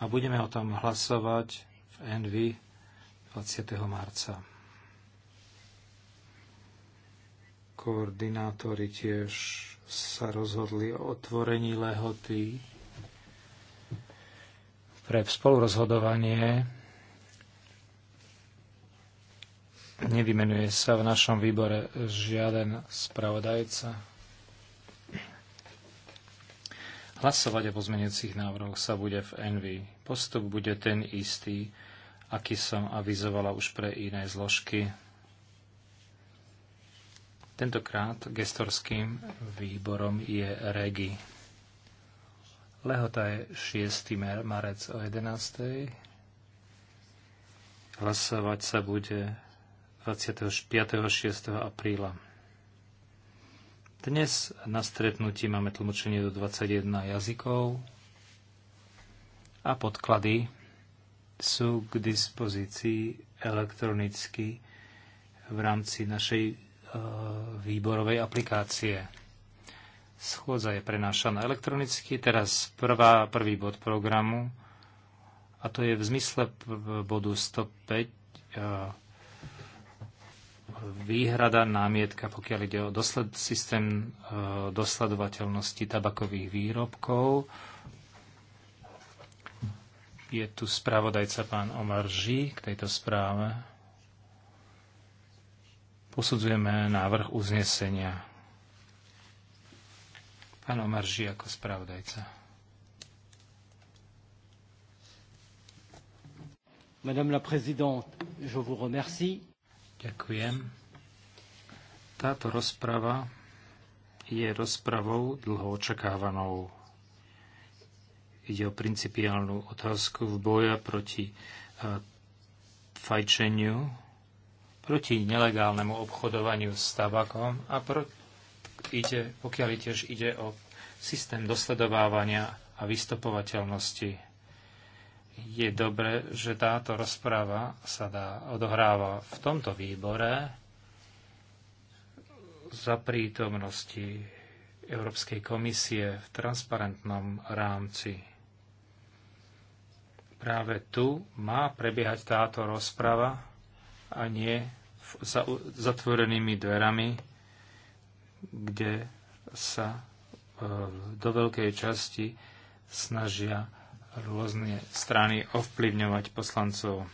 a budeme o tom hlasovať v Envy 20. marca. Koordinátori tiež sa rozhodli o otvorení lehoty pre spolurozhodovanie nevymenuje sa v našom výbore žiaden spravodajca Hlasovať o pozmeniacich návrhoch sa bude v Envy. Postup bude ten istý, aký som avizovala už pre iné zložky. Tentokrát gestorským výborom je REGI. Lehota je 6. marec o 11. Hlasovať sa bude 25. 6. apríla. Dnes na stretnutí máme tlmočenie do 21 jazykov a podklady sú k dispozícii elektronicky v rámci našej e, výborovej aplikácie. Schôdza je prenášaná elektronicky. Teraz prvá, prvý bod programu, a to je v zmysle bodu 105 výhrada, námietka, pokiaľ ide o dosled, systém e, dosledovateľnosti tabakových výrobkov. Je tu spravodajca pán Omar Ži k tejto správe. Posudzujeme návrh uznesenia. Pán Omar Ži ako spravodajca. Madame la Présidente, je vous remercie. Ďakujem. Táto rozprava je rozpravou dlho očakávanou. Ide o principiálnu otázku v boja proti e, fajčeniu, proti nelegálnemu obchodovaniu s tabakom a pro, ide, pokiaľ tiež ide o systém dosledovávania a vystopovateľnosti je dobre, že táto rozpráva sa dá, odohráva v tomto výbore za prítomnosti Európskej komisie v transparentnom rámci. Práve tu má prebiehať táto rozprava a nie za zatvorenými dverami, kde sa e, do veľkej časti snažia rôzne strany ovplyvňovať poslancov.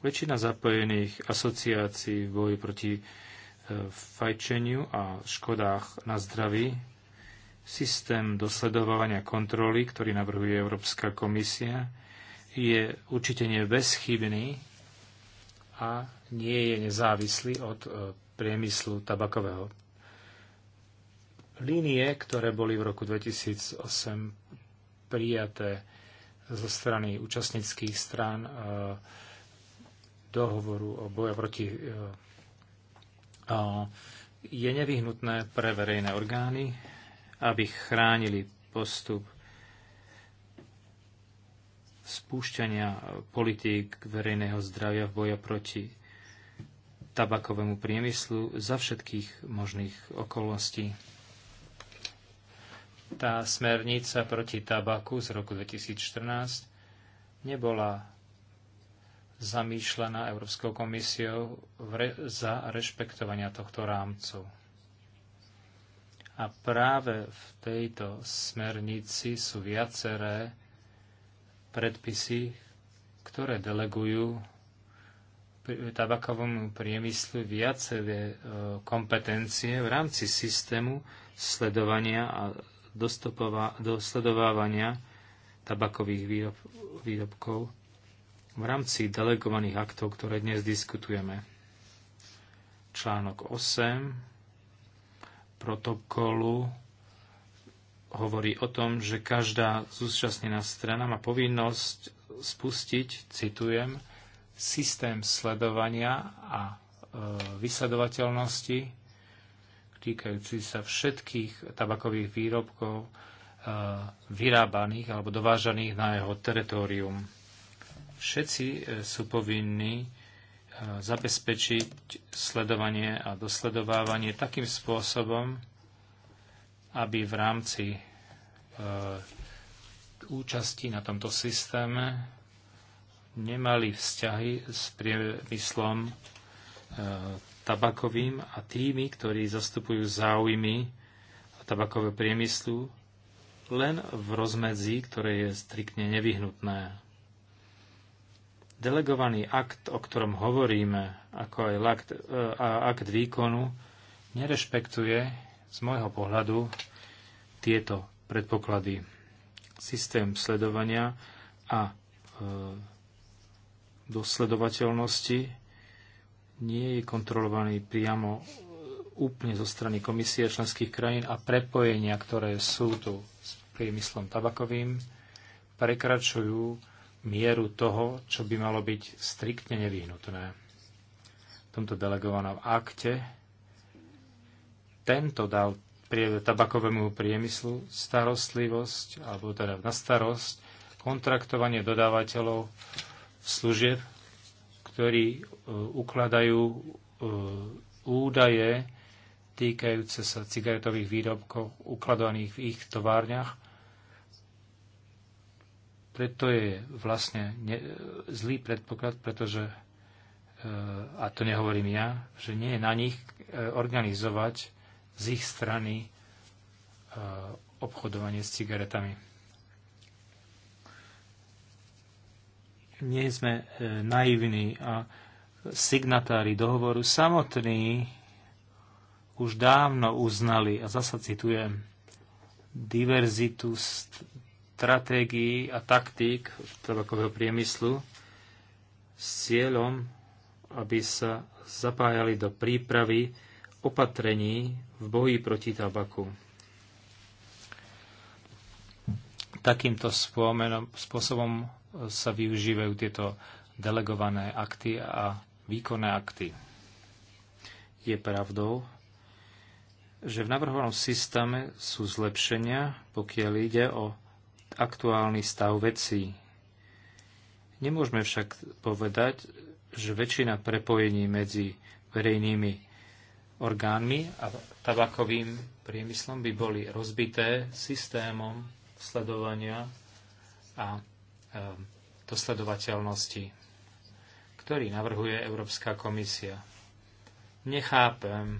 Väčšina zapojených asociácií v boji proti e, fajčeniu a škodách na zdraví systém dosledovania kontroly, ktorý navrhuje Európska komisia, je určite bezchybný a nie je nezávislý od e, priemyslu tabakového. Línie, ktoré boli v roku 2008 prijaté zo strany účastníckých strán e, dohovoru o boja proti e, je nevyhnutné pre verejné orgány, aby chránili postup spúšťania politík verejného zdravia v boja proti tabakovému priemyslu za všetkých možných okolností. Tá smernica proti tabaku z roku 2014 nebola zamýšľaná Európskou komisiou re- za rešpektovania tohto rámcu. A práve v tejto smernici sú viaceré predpisy, ktoré delegujú tabakovému priemyslu viaceré e, kompetencie v rámci systému sledovania a dosledovávania tabakových výrob, výrobkov v rámci delegovaných aktov, ktoré dnes diskutujeme. Článok 8 protokolu hovorí o tom, že každá zúčastnená strana má povinnosť spustiť, citujem, systém sledovania a e, vysledovateľnosti týkajúci sa všetkých tabakových výrobkov eh, vyrábaných alebo dovážaných na jeho teritorium. Všetci eh, sú povinní eh, zabezpečiť sledovanie a dosledovávanie takým spôsobom, aby v rámci účasti na tomto systéme nemali vzťahy s priemyslom tabakovým a tými, ktorí zastupujú záujmy tabakového priemyslu len v rozmedzi, ktoré je striktne nevyhnutné. Delegovaný akt, o ktorom hovoríme, ako aj akt, e, akt výkonu, nerešpektuje z môjho pohľadu tieto predpoklady. Systém sledovania a e, dosledovateľnosti nie je kontrolovaný priamo e, úplne zo strany komisie členských krajín a prepojenia, ktoré sú tu s priemyslom tabakovým, prekračujú mieru toho, čo by malo byť striktne nevyhnutné. V tomto delegovanom akte tento dal tabakovému priemyslu starostlivosť, alebo teda na starosť, kontraktovanie dodávateľov služieb ktorí e, ukladajú e, údaje týkajúce sa cigaretových výrobkov ukladovaných v ich továrniach. Preto je vlastne ne, zlý predpoklad, pretože, e, a to nehovorím ja, že nie je na nich organizovať z ich strany obchodovanie s cigaretami. nie sme e, naivní a signatári dohovoru samotní už dávno uznali, a zasa citujem, diverzitu stratégií a taktík tabakového priemyslu s cieľom, aby sa zapájali do prípravy opatrení v boji proti tabaku. Takýmto spômenom, spôsobom sa využívajú tieto delegované akty a výkonné akty. Je pravdou, že v navrhovanom systéme sú zlepšenia, pokiaľ ide o aktuálny stav vecí. Nemôžeme však povedať, že väčšina prepojení medzi verejnými orgánmi a tabakovým priemyslom by boli rozbité systémom sledovania a Um, dosledovateľnosti, ktorý navrhuje Európska komisia. Nechápem,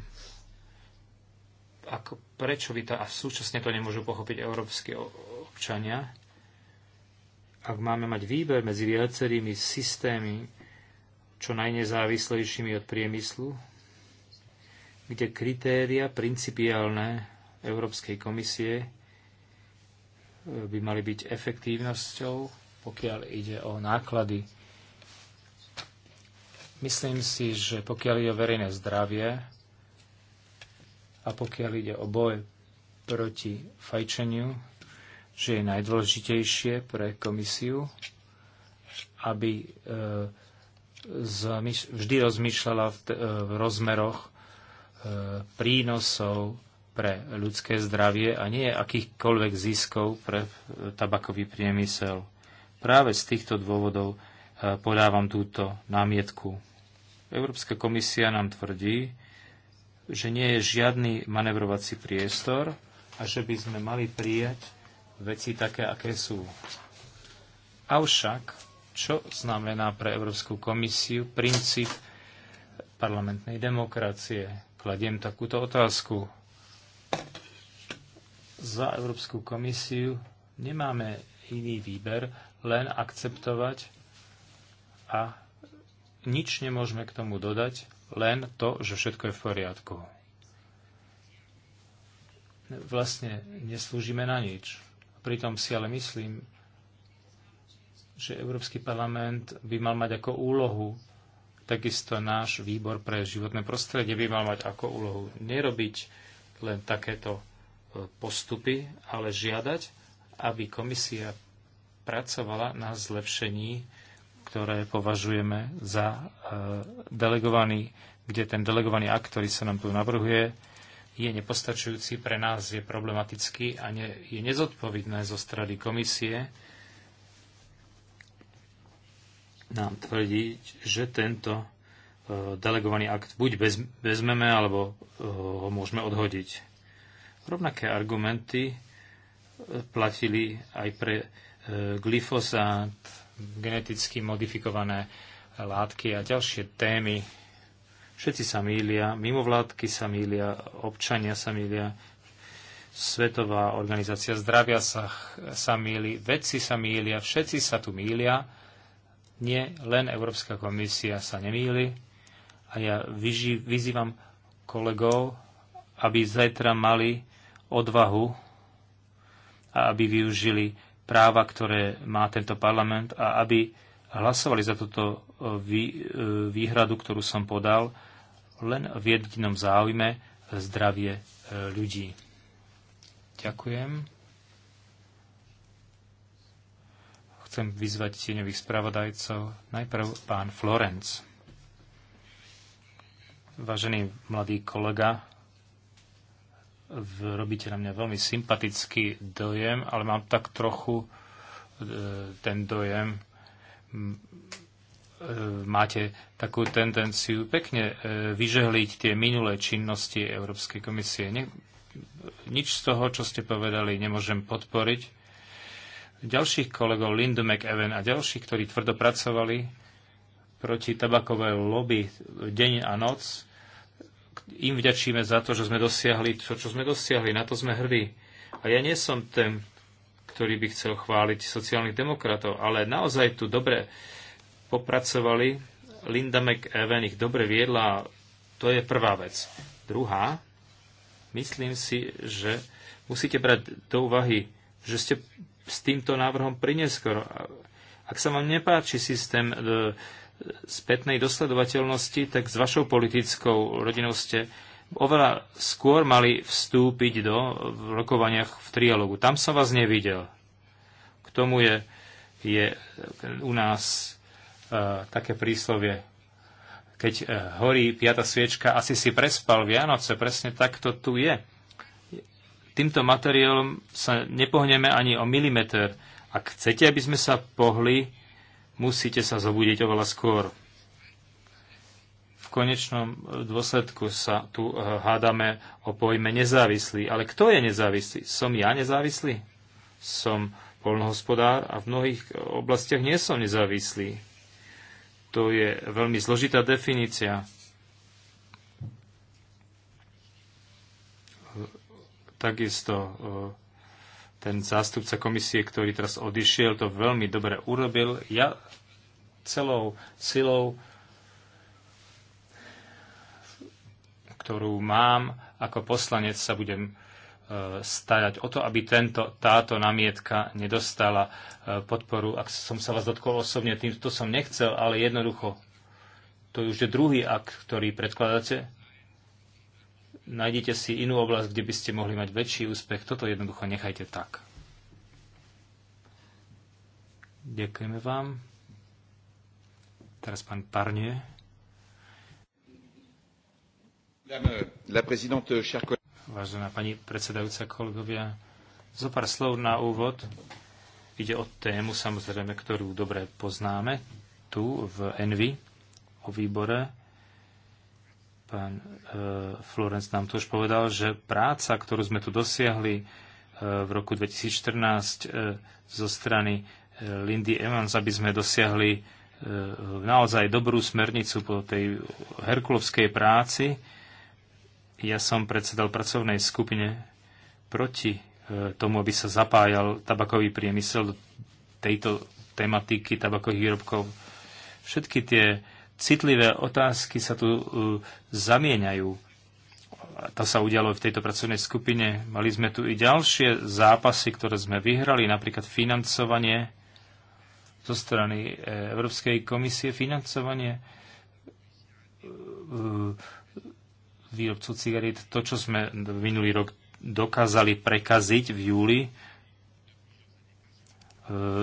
ako, prečo by to, a súčasne to nemôžu pochopiť európske občania, ak máme mať výber medzi viacerými systémy, čo najnezávislejšími od priemyslu, kde kritéria principiálne Európskej komisie e, by mali byť efektívnosťou, pokiaľ ide o náklady. Myslím si, že pokiaľ ide o verejné zdravie a pokiaľ ide o boj proti fajčeniu, že je najdôležitejšie pre komisiu, aby e, vždy rozmýšľala v e, rozmeroch e, prínosov pre ľudské zdravie a nie akýchkoľvek ziskov pre tabakový priemysel. Práve z týchto dôvodov e, podávam túto námietku. Európska komisia nám tvrdí, že nie je žiadny manevrovací priestor a že by sme mali prijať veci také, aké sú. Avšak, čo znamená pre Európsku komisiu princíp parlamentnej demokracie? Kladiem takúto otázku. Za Európsku komisiu nemáme iný výber, len akceptovať a nič nemôžeme k tomu dodať, len to, že všetko je v poriadku. Vlastne neslúžime na nič. Pritom si ale myslím, že Európsky parlament by mal mať ako úlohu, takisto náš výbor pre životné prostredie by mal mať ako úlohu nerobiť len takéto e, postupy, ale žiadať, aby komisia pracovala na zlepšení, ktoré považujeme za e, delegovaný, kde ten delegovaný akt, ktorý sa nám tu navrhuje, je nepostačujúci, pre nás je problematický a ne, je nezodpovedné zo strany komisie nám tvrdiť, že tento e, delegovaný akt buď bez, vezmeme, alebo e, ho môžeme odhodiť. Rovnaké argumenty platili aj pre glyfosát, geneticky modifikované látky a ďalšie témy. Všetci sa mýlia, mimovládky sa mýlia, občania sa mýlia, Svetová organizácia zdravia sa, sa mýli, vedci sa mýlia, všetci sa tu mýlia. Nie len Európska komisia sa nemýli. A ja vyži, vyzývam kolegov, aby zajtra mali odvahu a aby využili práva, ktoré má tento parlament a aby hlasovali za túto e, e, výhradu, ktorú som podal, len v jedinom záujme zdravie e, ľudí. Ďakujem. Chcem vyzvať tieňových spravodajcov. Najprv pán Florenc. Vážený mladý kolega, robíte na mňa veľmi sympatický dojem, ale mám tak trochu e, ten dojem, e, máte takú tendenciu pekne e, vyžehliť tie minulé činnosti Európskej komisie. Ne, nič z toho, čo ste povedali, nemôžem podporiť. Ďalších kolegov, Lindu McEwen a ďalších, ktorí tvrdo pracovali proti tabakovej lobby deň a noc, im vďačíme za to, že sme dosiahli to, čo sme dosiahli. Na to sme hrdí. A ja nie som ten, ktorý by chcel chváliť sociálnych demokratov, ale naozaj tu dobre popracovali. Linda McEwen ich dobre viedla. To je prvá vec. Druhá, myslím si, že musíte brať do úvahy, že ste s týmto návrhom prineskoro. Ak sa vám nepáči systém e, spätnej dosledovateľnosti, tak s vašou politickou rodinou ste oveľa skôr mali vstúpiť do rokovaniach v trialogu. Tam som vás nevidel. K tomu je, je u nás uh, také príslovie. Keď uh, horí piata sviečka, asi si prespal Vianoce. Presne tak to tu je. Týmto materiálom sa nepohneme ani o milimeter. Ak chcete, aby sme sa pohli, musíte sa zobudiť oveľa skôr. V konečnom e, dôsledku sa tu e, hádame o pojme nezávislý. Ale kto je nezávislý? Som ja nezávislý? Som polnohospodár a v mnohých e, oblastiach nie som nezávislý. To je veľmi zložitá definícia. Takisto ten zástupca komisie, ktorý teraz odišiel, to veľmi dobre urobil. Ja celou silou, ktorú mám ako poslanec, sa budem e, starať o to, aby tento, táto namietka nedostala e, podporu. Ak som sa vás dotkol osobne, týmto to som nechcel, ale jednoducho to už je druhý akt, ktorý predkladáte nájdete si inú oblasť, kde by ste mohli mať väčší úspech. Toto jednoducho nechajte tak. Ďakujeme vám. Teraz pán Parnie. Vážená pani predsedajúca, kolegovia, zo pár slov na úvod. Ide o tému, samozrejme, ktorú dobre poznáme tu v Envy, o výbore Pán e, Florenc nám to už povedal, že práca, ktorú sme tu dosiahli e, v roku 2014 e, zo strany Lindy Evans, aby sme dosiahli naozaj dobrú smernicu po tej herkulovskej práci. Ja som predsedal pracovnej skupine proti tomu, aby sa zapájal tabakový priemysel do tejto tematiky tabakových výrobkov. Všetky tie citlivé otázky sa tu e, zamieňajú. To sa udialo v tejto pracovnej skupine. Mali sme tu i ďalšie zápasy, ktoré sme vyhrali, napríklad financovanie zo strany e, Európskej komisie, financovanie e, výrobcu cigaret. To, čo sme minulý rok dokázali prekaziť v júli,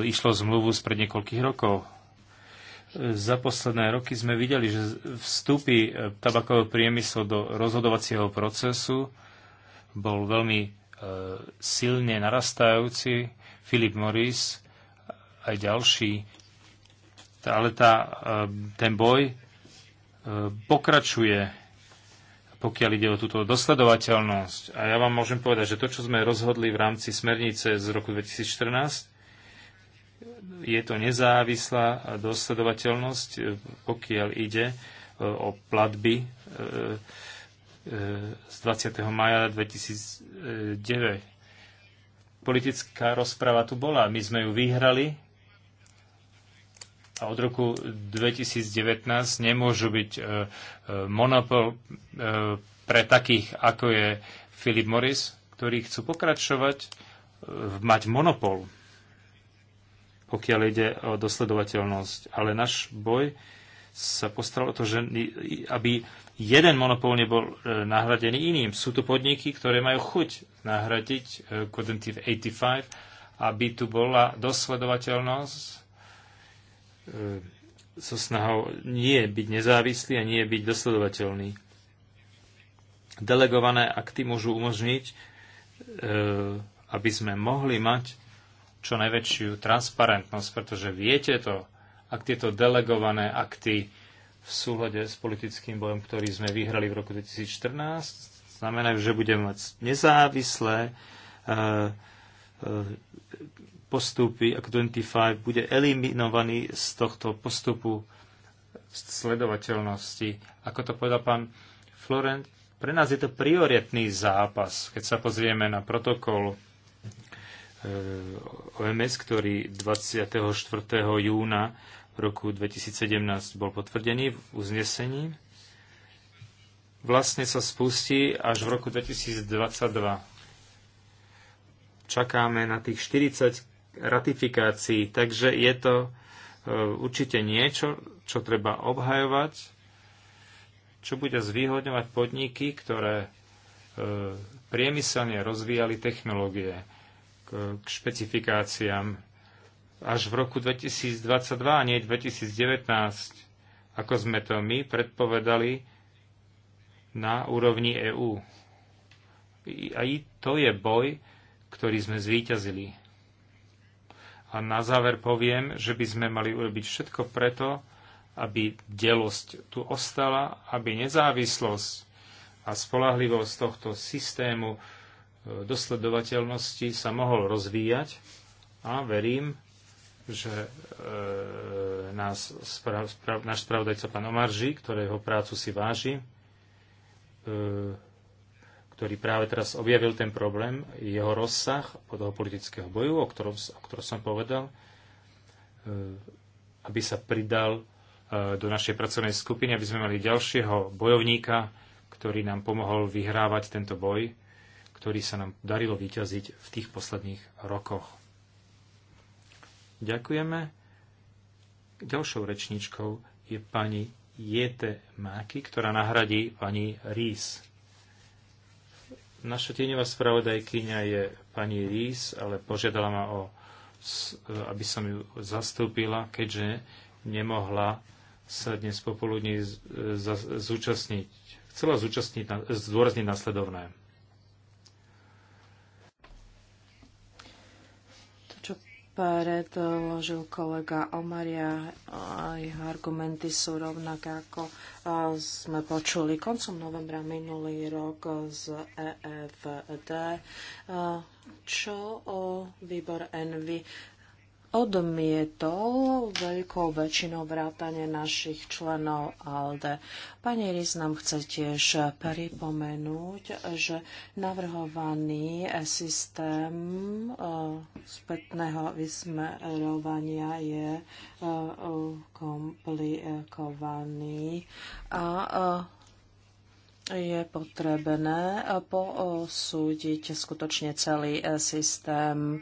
išlo zmluvu z pred niekoľkých rokov za posledné roky sme videli, že vstupy e, tabakového priemyslu do rozhodovacieho procesu bol veľmi e, silne narastajúci. Philip Morris aj ďalší. Ale tá, e, ten boj pokračuje, pokiaľ ide o túto dosledovateľnosť. A ja vám môžem povedať, že to, čo sme rozhodli v rámci smernice z roku 2014, je to nezávislá dosledovateľnosť, e, pokiaľ ide e, o platby e, z 20. maja 2009. Politická rozprava tu bola, my sme ju vyhrali a od roku 2019 nemôžu byť monopol pre takých, ako je Philip Morris, ktorí chcú pokračovať mať monopol pokiaľ ide o dosledovateľnosť. Ale náš boj sa postaral o to, že aby jeden monopol nebol e, nahradený iným. Sú tu podniky, ktoré majú chuť nahradiť e, Codentiv 85, aby tu bola dosledovateľnosť e, so snahou nie byť nezávislý a nie byť dosledovateľný. Delegované akty môžu umožniť, aby sme mohli mať čo najväčšiu transparentnosť, pretože viete to, ak tieto delegované akty v súhľade s politickým bojom, ktorý sme vyhrali v roku 2014, znamenajú, že budeme mať nezávislé eh, eh, postupy, ak 25 bude eliminovaný z tohto postupu sledovateľnosti. Ako to povedal pán Florent, pre nás je to prioritný zápas. Keď sa pozrieme na protokol Eh, OMS, ktorý 24. júna roku 2017 bol potvrdený v uznesení, vlastne sa spustí až v roku 2022. Čakáme na tých 40 ratifikácií, takže je to eh, určite niečo, čo treba obhajovať, čo bude zvýhodňovať podniky, ktoré eh, priemyselne rozvíjali technológie k, k špecifikáciám až v roku 2022, a nie 2019, ako sme to my predpovedali na úrovni EÚ. A i to je boj, ktorý sme zvíťazili. A na záver poviem, že by sme mali urobiť všetko preto, aby delosť tu ostala, aby nezávislosť a spolahlivosť tohto systému dosledovateľnosti sa mohol rozvíjať a verím, že e, nás spra- spra- náš spravodajca pán Omarži, ktorého prácu si váži, e, ktorý práve teraz objavil ten problém, jeho rozsah toho politického boju, o ktorom, o ktorom som povedal, e, aby sa pridal e, do našej pracovnej skupiny, aby sme mali ďalšieho bojovníka, ktorý nám pomohol vyhrávať tento boj ktorý sa nám darilo vyťaziť v tých posledných rokoch. Ďakujeme. Ďalšou rečničkou je pani Jete Máky, ktorá nahradí pani Rís. Naša tieňová spravodajkyňa je pani Rís, ale požiadala ma o aby som ju zastúpila, keďže nemohla sa dnes popoludní e, zúčastniť. Chcela zúčastniť, zdôrazniť nasledovné. predložil kolega Omaria. jeho argumenty sú rovnaké, ako sme počuli koncom novembra minulý rok z EFD, čo výbor Envy odmietol veľkou väčšinou vrátane našich členov ALDE. Pani Riz nám chce tiež pripomenúť, že navrhovaný systém eh, spätného vysmerovania je eh, komplikovaný a eh, je potrebné posúdiť skutočne celý systém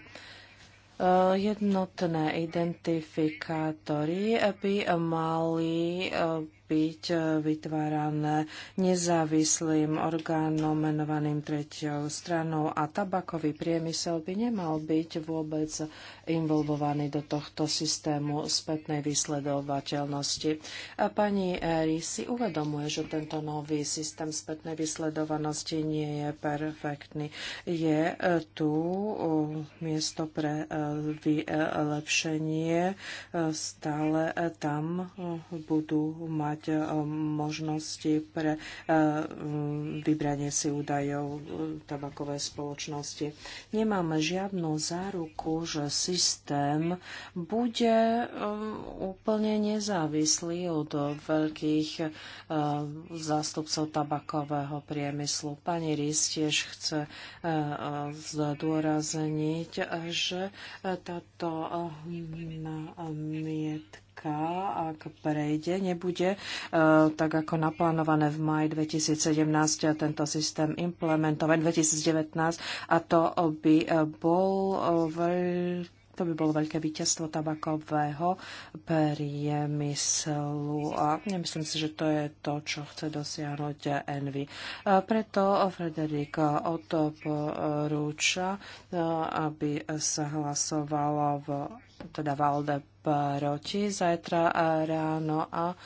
Jednotné identifikátory by mali eh, byť e, vytvárané nezávislým orgánom menovaným tretiou stranou a tabakový priemysel by nemal byť vôbec involvovaný do tohto systému spätnej vysledovateľnosti. A pani Eri si uvedomuje, že tento nový systém spätnej vysledovanosti nie je perfektný. Je e, tu e, miesto pre vylepšenie. Stále tam budú mať mať e, možnosti pre e, vybranie si údajov e, tabakové spoločnosti. Nemáme žiadnu záruku, že systém bude úplne nezávislý od veľkých zástupcov tabakového priemyslu. Pani Rís tiež chce zdôrazniť, že táto mietka banka, ak prejde, nebude e, tak ako naplánované v maj 2017 tento systém implementovať 2019 a to by e, bol e, veľký to by bolo veľké víťazstvo tabakového priemyslu. A nemyslím si, že to je to, čo chce dosiahnuť Envy. Preto Frederik odporúča, aby sa hlasovalo v teda Valde proti zajtra ráno a e,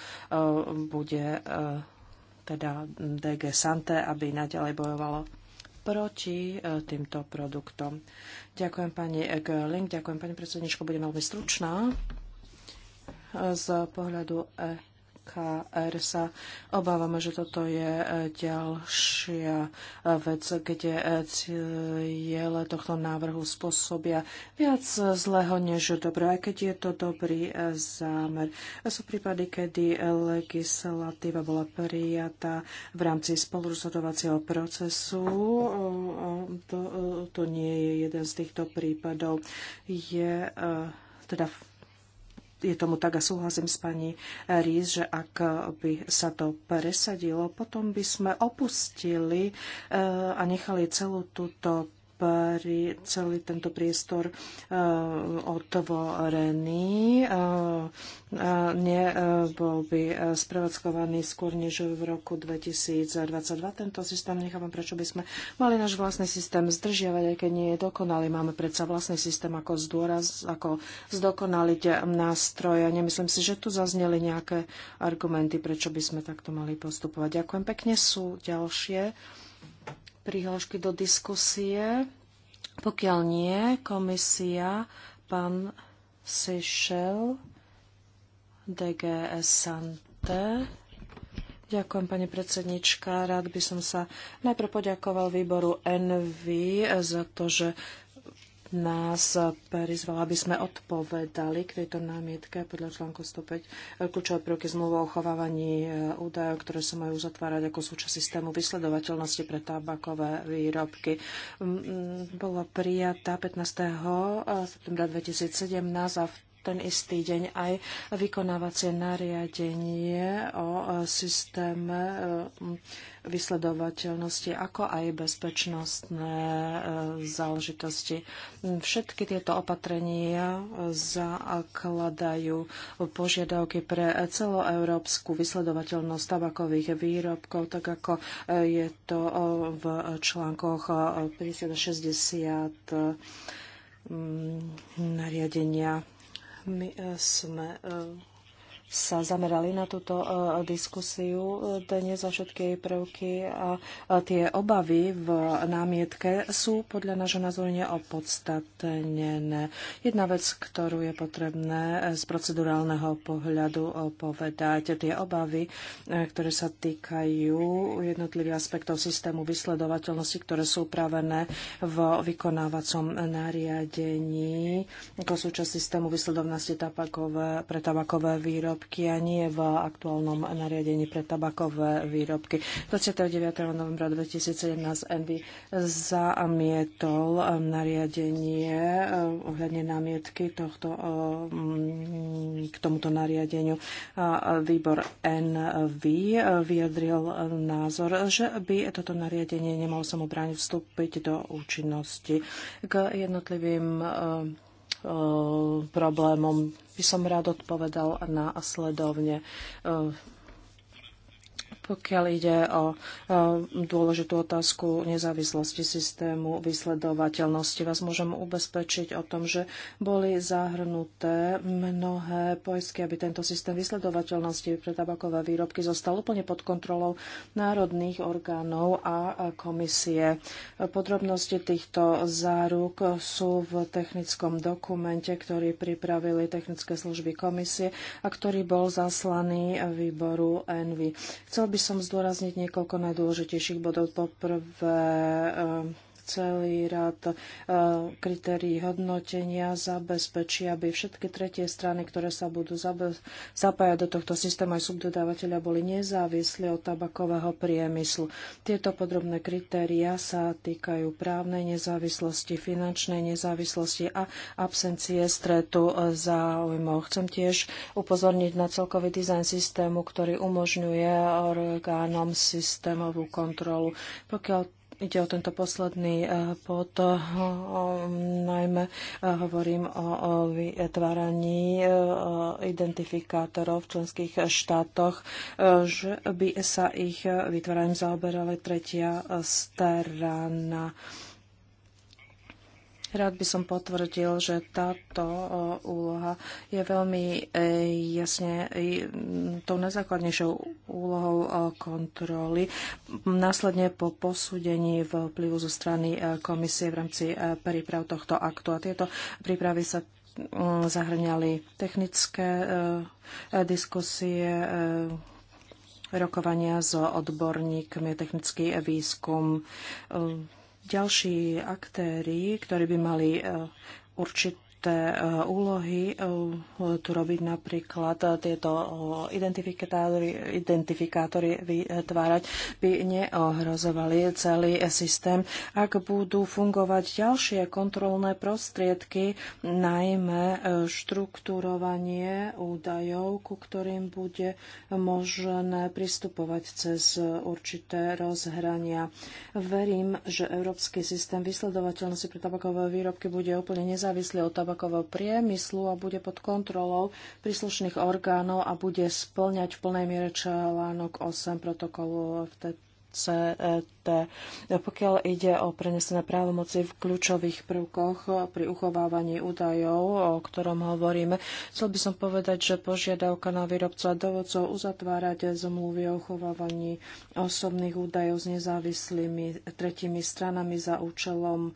bude e, teda DG Sante, aby naďalej bojovalo proti e, týmto produktom. Ďakujem pani Görling, ďakujem pani predsedničko, budem veľmi stručná z pohľadu e KR sa obávame, že toto je e, ďalšia e, vec, kde e, ciele tohto návrhu spôsobia viac zlého než dobré, aj keď je to dobrý zámer. Sú prípady, kedy legislatíva bola prijatá v rámci spolurozhodovacieho procesu. To, to nie je jeden z týchto prípadov. Je teda je tomu tak a súhlasím s pani Rís, že ak by sa to presadilo, potom by sme opustili eh, a nechali celú túto celý tento priestor e, otvorený. E, e, Nebol by sprevádzkovaný skôr než v roku 2022 tento systém. Nechávam, prečo by sme mali náš vlastný systém zdržiavať, aj keď nie je dokonalý. Máme predsa vlastný systém ako zdôraz, ako zdokonaliť A Nemyslím si, že tu zazneli nejaké argumenty, prečo by sme takto mali postupovať. Ďakujem pekne. Sú ďalšie prihlášky do diskusie? Pokiaľ nie, komisia, pán Seychelles, DGS Sante. Ďakujem, pani predsednička. Rád by som sa najprv poďakoval výboru NV za to, že nás prizvala, aby sme odpovedali k tejto námietke podľa článku 105 kľúčové prvky zmluvy o chovávaní eh, údajov, ktoré sa majú uzatvárať ako súčasť systému vysledovateľnosti pre tabakové výrobky. Mm, mm, bola prijatá 15. Eh, septembra 2017 a v ten istý deň aj vykonávacie nariadenie o e, systéme e, vysledovateľnosti, ako aj bezpečnostné e, záležitosti. Všetky tieto opatrenia zakladajú požiadavky pre celoeurópsku vysledovateľnosť tabakových výrobkov, tak ako je to v článkoch 50 60 mm, nariadenia my e, sme e, sa zamerali na túto e, diskusiu e, dnes za všetky jej prvky a tie obavy v námietke sú podľa nášho názoru neopodstatnené. Jedna vec, ktorú je potrebné e, z procedurálneho pohľadu povedať, tie obavy, ktoré sa týkajú jednotlivých aspektov systému vysledovateľnosti, ktoré sú upravené v vykonávacom nariadení ako súčasť systému vysledovnosti pre tabakové výrobky výrobky a nie v aktuálnom nariadení pre tabakové výrobky. 29. novembra 2017 Envy zamietol um, nariadenie uh, ohľadne námietky tohto, um, k tomuto nariadeniu. Výbor NV uh, vyjadril názor, že by toto nariadenie nemalo samobráne vstúpiť do účinnosti k jednotlivým uh, problémom by som rád odpovedal následovne. Pokiaľ ide o dôležitú otázku nezávislosti systému vysledovateľnosti, vás môžem ubezpečiť o tom, že boli zahrnuté mnohé poistky, aby tento systém vysledovateľnosti pre tabakové výrobky zostal úplne pod kontrolou národných orgánov a komisie. Podrobnosti týchto záruk sú v technickom dokumente, ktorý pripravili technické služby komisie a ktorý bol zaslaný výboru ENVI. Chcel by som zdôrazniť niekoľko najdôležitejších bodov. Poprvé, celý rad eh, kritérií hodnotenia zabezpečí, aby všetky tretie strany, ktoré sa budú zapájať do tohto systému aj subdodávateľa, boli nezávislí od tabakového priemyslu. Tieto podrobné kritéria sa týkajú právnej nezávislosti, finančnej nezávislosti a absencie stretu eh, záujmov. Chcem tiež upozorniť na celkový dizajn systému, ktorý umožňuje eh, orgánom systémovú kontrolu. Pokiaľ Ide o tento posledný eh, pod, eh, najmä eh, hovorím o vytváraní identifikátorov v členských štátoch, že by sa ich vytváraním zaoberala tretia strana. Rád by som potvrdil, že táto úloha je veľmi e, jasne e, tou najzákladnejšou úlohou e, kontroly. Následne po posúdení vplyvu zo strany komisie v rámci príprav tohto aktu. A tieto prípravy sa zahrňali technické diskusie, rokovania s odborníkmi, technický výskum, ďalší aktéry, ktorí by mali eh, určiť dôležité eh, úlohy eh, tu robiť napríklad eh, tieto identifikátory, identifikátory vytvárať, by neohrozovali celý systém, ak budú fungovať ďalšie kontrolné prostriedky, najmä štruktúrovanie údajov, ku ktorým bude možné pristupovať cez určité rozhrania. Verím, že Európsky systém vysledovateľnosti pre tabakové výrobky bude úplne nezávislý od tabakové tabakového priemyslu a bude pod kontrolou príslušných orgánov a bude splňať v plnej miere článok 8 protokolu v CET. E Pokiaľ ide o prenesené právomoci v kľúčových prvkoch pri uchovávaní údajov, o ktorom hovoríme, chcel by som povedať, že požiadavka na výrobcov a dovodcov uzatvárať zmluvy o uchovávaní osobných údajov s nezávislými tretimi stranami za účelom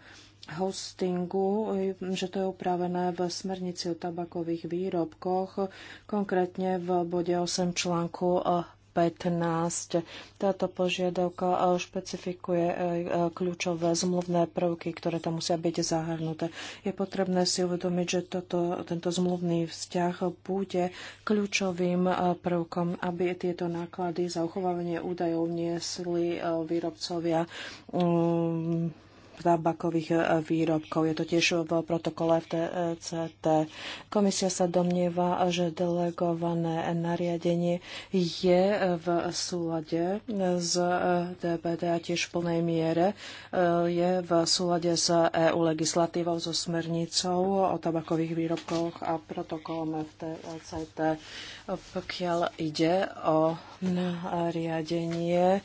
hostingu, že to je upravené v smernici o tabakových výrobkoch, konkrétne v bode 8 článku 15. Táto požiadavka e, špecifikuje e, e, kľúčové zmluvné prvky, ktoré tam musia byť zahrnuté. Je potrebné si uvedomiť, že toto, tento zmluvný vzťah bude kľúčovým prvkom, aby tieto náklady za uchovávanie údajov niesli výrobcovia um, tabakových e, výrobkov. Je to tiež v protokole FTCT. E Komisia sa domnieva, že delegované nariadenie je v súlade s DPD, e, a tiež v plnej miere je v súlade s EU legislatívou, so smernicou o tabakových výrobkoch a protokolom FTCT. Pokiaľ ide o nariadenie, e,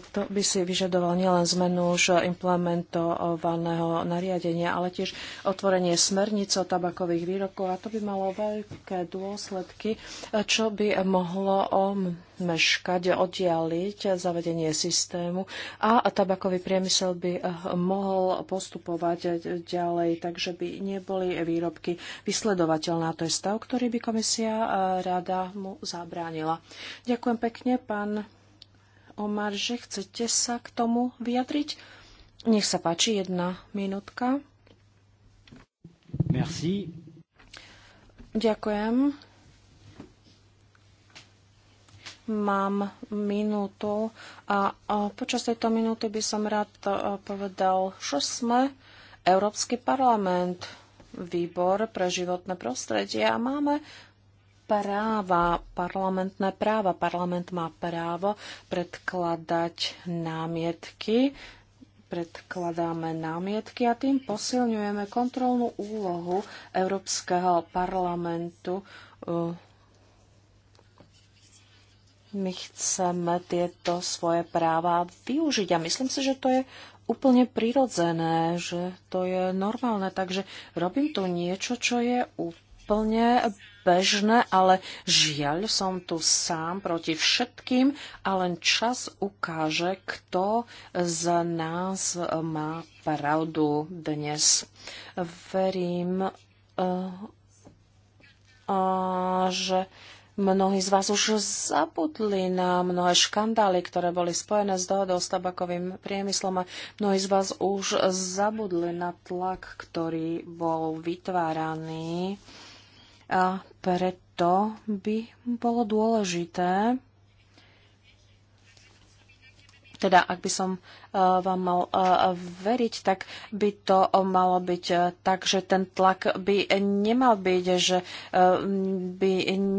to by si vyžadoval nielen zmenu už implementovaného nariadenia, ale tiež otvorenie smernice o tabakových výrokov a to by malo veľké dôsledky, čo by mohlo o meškať, oddialiť zavedenie systému a tabakový priemysel by eh, mohol postupovať ďalej, takže by neboli výrobky vysledovateľná. To je stav, ktorý by komisia eh, rada mu zabránila. Ďakujem pekne, pán Omar, že chcete sa k tomu vyjadriť? Nech sa páči, jedna minútka. Merci. Ďakujem. Mám minútu a počas tejto minúty by som rád e, povedal, že sme Európsky parlament, výbor pre životné prostredie a máme práva, parlamentné práva. Parlament má právo predkladať námietky predkladáme námietky a tým posilňujeme kontrolnú úlohu Európskeho parlamentu e, my chceme tieto svoje práva využiť. A myslím si, že to je úplne prirodzené, že to je normálne. Takže robím tu niečo, čo je úplne bežné, ale žiaľ som tu sám proti všetkým a len čas ukáže, kto z nás má pravdu dnes. Verím, uh, uh, že Mnohí z vás už zabudli na mnohé škandály, ktoré boli spojené s dohodou s tabakovým priemyslom a mnohí z vás už zabudli na tlak, ktorý bol vytváraný. A preto by bolo dôležité teda, ak by som e, vám mal e, veriť, tak by to malo byť e, tak, že ten tlak by nemal byť, že by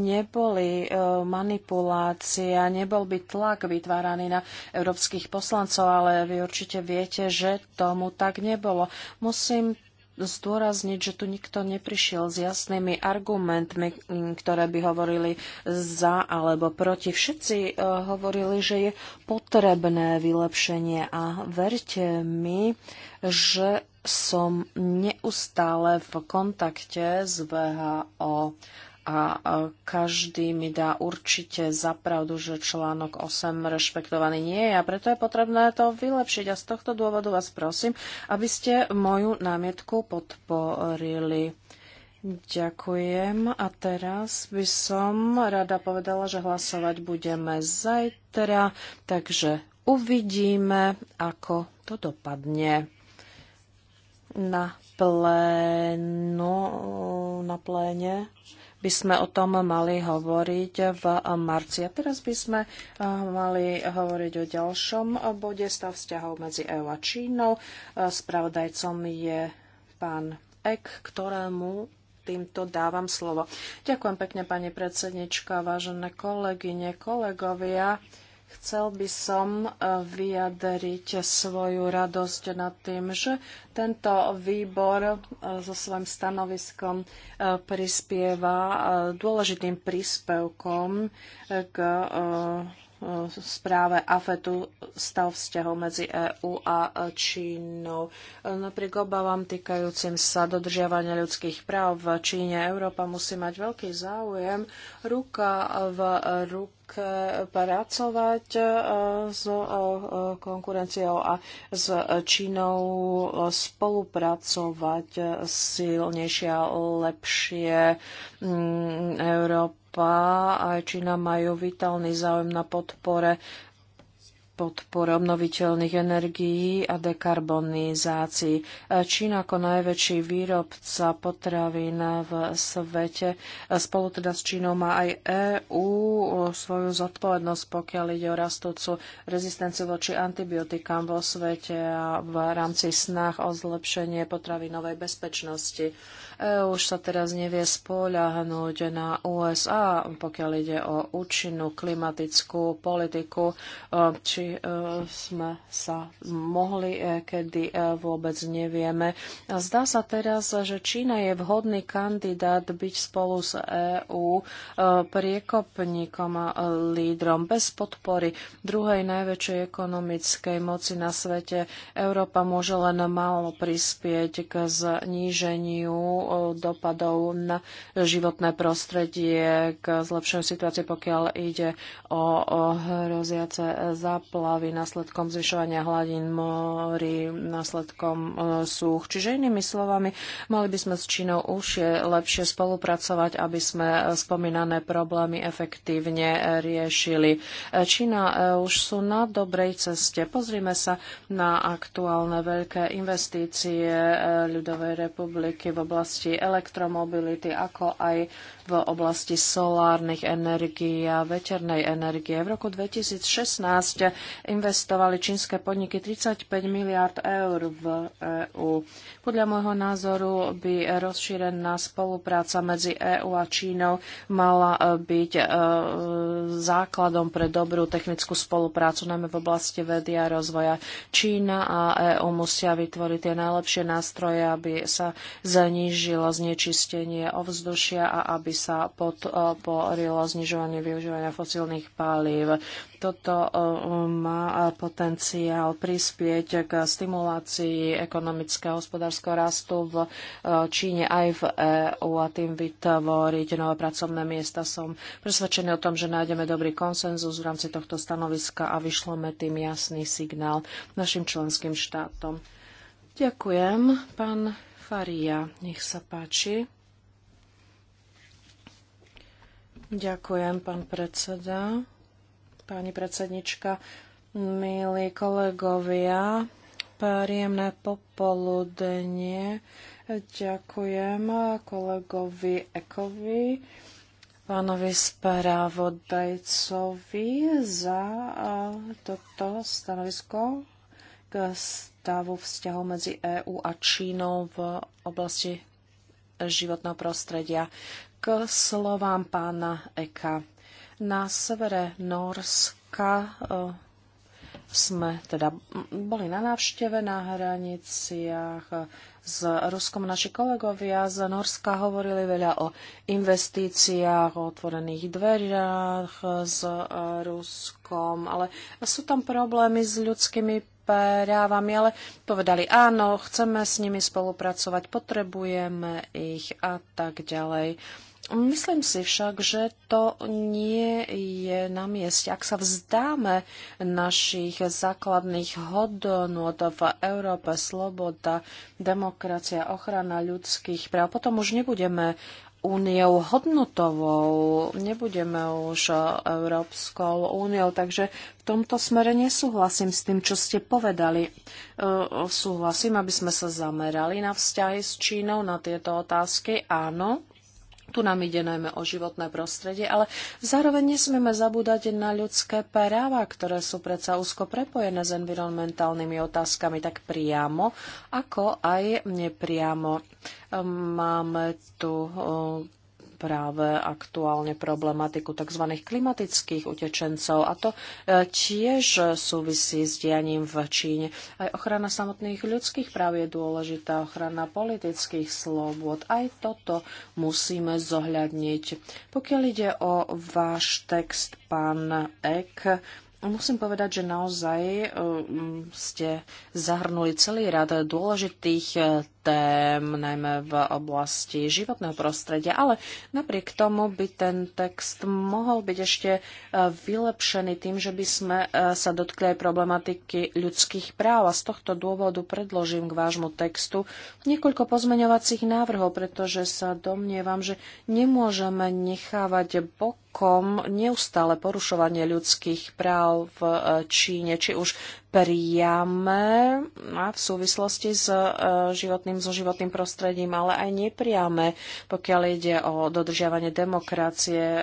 neboli manipulácia, nebol by tlak vytváraný na európskych poslancov, ale vy určite viete, že tomu tak nebolo. Musím zdôrazniť, že tu nikto neprišiel s jasnými argumentmi, ktoré by hovorili za alebo proti. Všetci e, hovorili, že je potrebné vylepšenie a verte mi, že som neustále v kontakte s VHO a každý mi dá určite zapravdu, že článok 8 rešpektovaný nie je a preto je potrebné to vylepšiť a z tohto dôvodu vás prosím, aby ste moju námietku podporili. Ďakujem a teraz by som rada povedala, že hlasovať budeme zajtra, takže uvidíme, ako to dopadne na plénu, na pléne by sme o tom mali hovoriť v marci. A teraz by sme eh, mali hovoriť o ďalšom bode stav vzťahov medzi EU a Čínou. Eh, spravodajcom je pán Ek, ktorému týmto dávam slovo. Ďakujem pekne, pani predsednička, vážené kolegyne, kolegovia. Chcel by som e, vyjadriť svoju radosť nad tým, že tento výbor e, so svojím stanoviskom e, prispieva dôležitým príspevkom k správe AFETu stav vzťahov medzi EÚ a Čínou. Napriek obavám týkajúcim sa dodržiavania ľudských práv v Číne, Európa musí mať veľký záujem ruka v ruke pracovať e, s e, konkurenciou a s Čínou spolupracovať silnejšie a lepšie mm, Európa Európa aj Čína majú vitálny záujem na podpore podpore obnoviteľných energií a dekarbonizácii. Čína ako najväčší výrobca potravín v svete. Spolu teda s Čínou má aj EÚ svoju zodpovednosť, pokiaľ ide o rastúcu rezistenciu voči antibiotikám vo svete a v rámci snah o zlepšenie potravinovej bezpečnosti. EÚ už sa teraz nevie spoľahnúť na USA, pokiaľ ide o účinnú klimatickú politiku. Čína či e, sme sa mohli, e, kedy e, vôbec nevieme. Zdá sa teraz, že Čína je vhodný kandidát byť spolu s EÚ priekopníkom a lídrom bez podpory druhej najväčšej ekonomickej moci na svete. Európa môže len málo prispieť k zníženiu dopadov na životné prostredie, k zlepšeniu situácie, pokiaľ ide o hroziace zápasy splavy následkom zvyšovania hladín mori, následkom e, súch. Čiže inými slovami, mali by sme s Čínou je lepšie spolupracovať, aby sme spomínané problémy efektívne riešili. E, Čína e, už sú na dobrej ceste. Pozrime sa na aktuálne veľké investície Ľudovej republiky v oblasti elektromobility, ako aj v oblasti solárnych energií a veternej energie. V roku 2016 investovali čínske podniky 35 miliard eur v EÚ. Podľa môjho názoru by rozšírená spolupráca medzi EÚ a Čínou mala e, byť e, základom pre dobrú technickú spoluprácu, najmä v oblasti vedy a rozvoja. Čína a EÚ musia vytvoriť tie najlepšie nástroje, aby sa znížilo znečistenie ovzdušia a aby sa podporilo eh, znižovanie využívania fosílnych palív. Toto eh, má potenciál prispieť k stimulácii ekonomického a hospodárskeho rastu v eh, Číne aj v EU a tým vytvoriť nové pracovné miesta. Som presvedčený o tom, že nájdeme dobrý konsenzus v rámci tohto stanoviska a vyšlome tým jasný signál našim členským štátom. Ďakujem, pán Faria. Nech sa páči. Ďakujem, pán predseda. Pani predsednička, milí kolegovia, príjemné popoludenie. Ďakujem kolegovi Ekovi, pánovi správodajcovi za toto stanovisko k stavu vzťahu medzi EÚ a Čínou v oblasti životného prostredia k slovám pána Eka. Na severe Norska eh, sme teda boli na návšteve na hraniciach eh, s Ruskom. Naši kolegovia z Norska hovorili veľa o investíciách, o otvorených dverách eh, s Ruskom, ale sú tam problémy s ľudskými právami, ale povedali áno, chceme s nimi spolupracovať, potrebujeme ich a tak ďalej. Myslím si však, že to nie je na mieste. Ak sa vzdáme našich základných hodnot v Európe, sloboda, demokracia, ochrana ľudských práv, potom už nebudeme úniou hodnotovou, nebudeme už Európskou úniou, takže v tomto smere nesúhlasím s tým, čo ste povedali. E, súhlasím, aby sme sa zamerali na vzťahy s Čínou, na tieto otázky, áno, tu nám ide najmä o životné prostredie, ale zároveň nesmieme zabúdať na ľudské práva, ktoré sú predsa úzko prepojené s environmentálnymi otázkami tak priamo, ako aj nepriamo. Ehm, máme tu ehm, práve aktuálne problematiku tzv. klimatických utečencov a to e, tiež súvisí s dianím v Číne. Aj ochrana samotných ľudských práv je dôležitá, ochrana politických slobod. Aj toto musíme zohľadniť. Pokiaľ ide o váš text, pán Ek, Musím povedať, že naozaj e, ste zahrnuli celý rad dôležitých e, tém, najmä v oblasti životného prostredia, ale napriek tomu by ten text mohol byť ešte e, vylepšený tým, že by sme e, sa dotkli aj problematiky ľudských práv a z tohto dôvodu predložím k vášmu textu niekoľko pozmeňovacích návrhov, pretože sa domnievam, že nemôžeme nechávať bokom neustále porušovanie ľudských práv v e, Číne, či už priame a v súvislosti s e, životným, so životným prostredím, ale aj nepriame, pokiaľ ide o dodržiavanie demokracie e,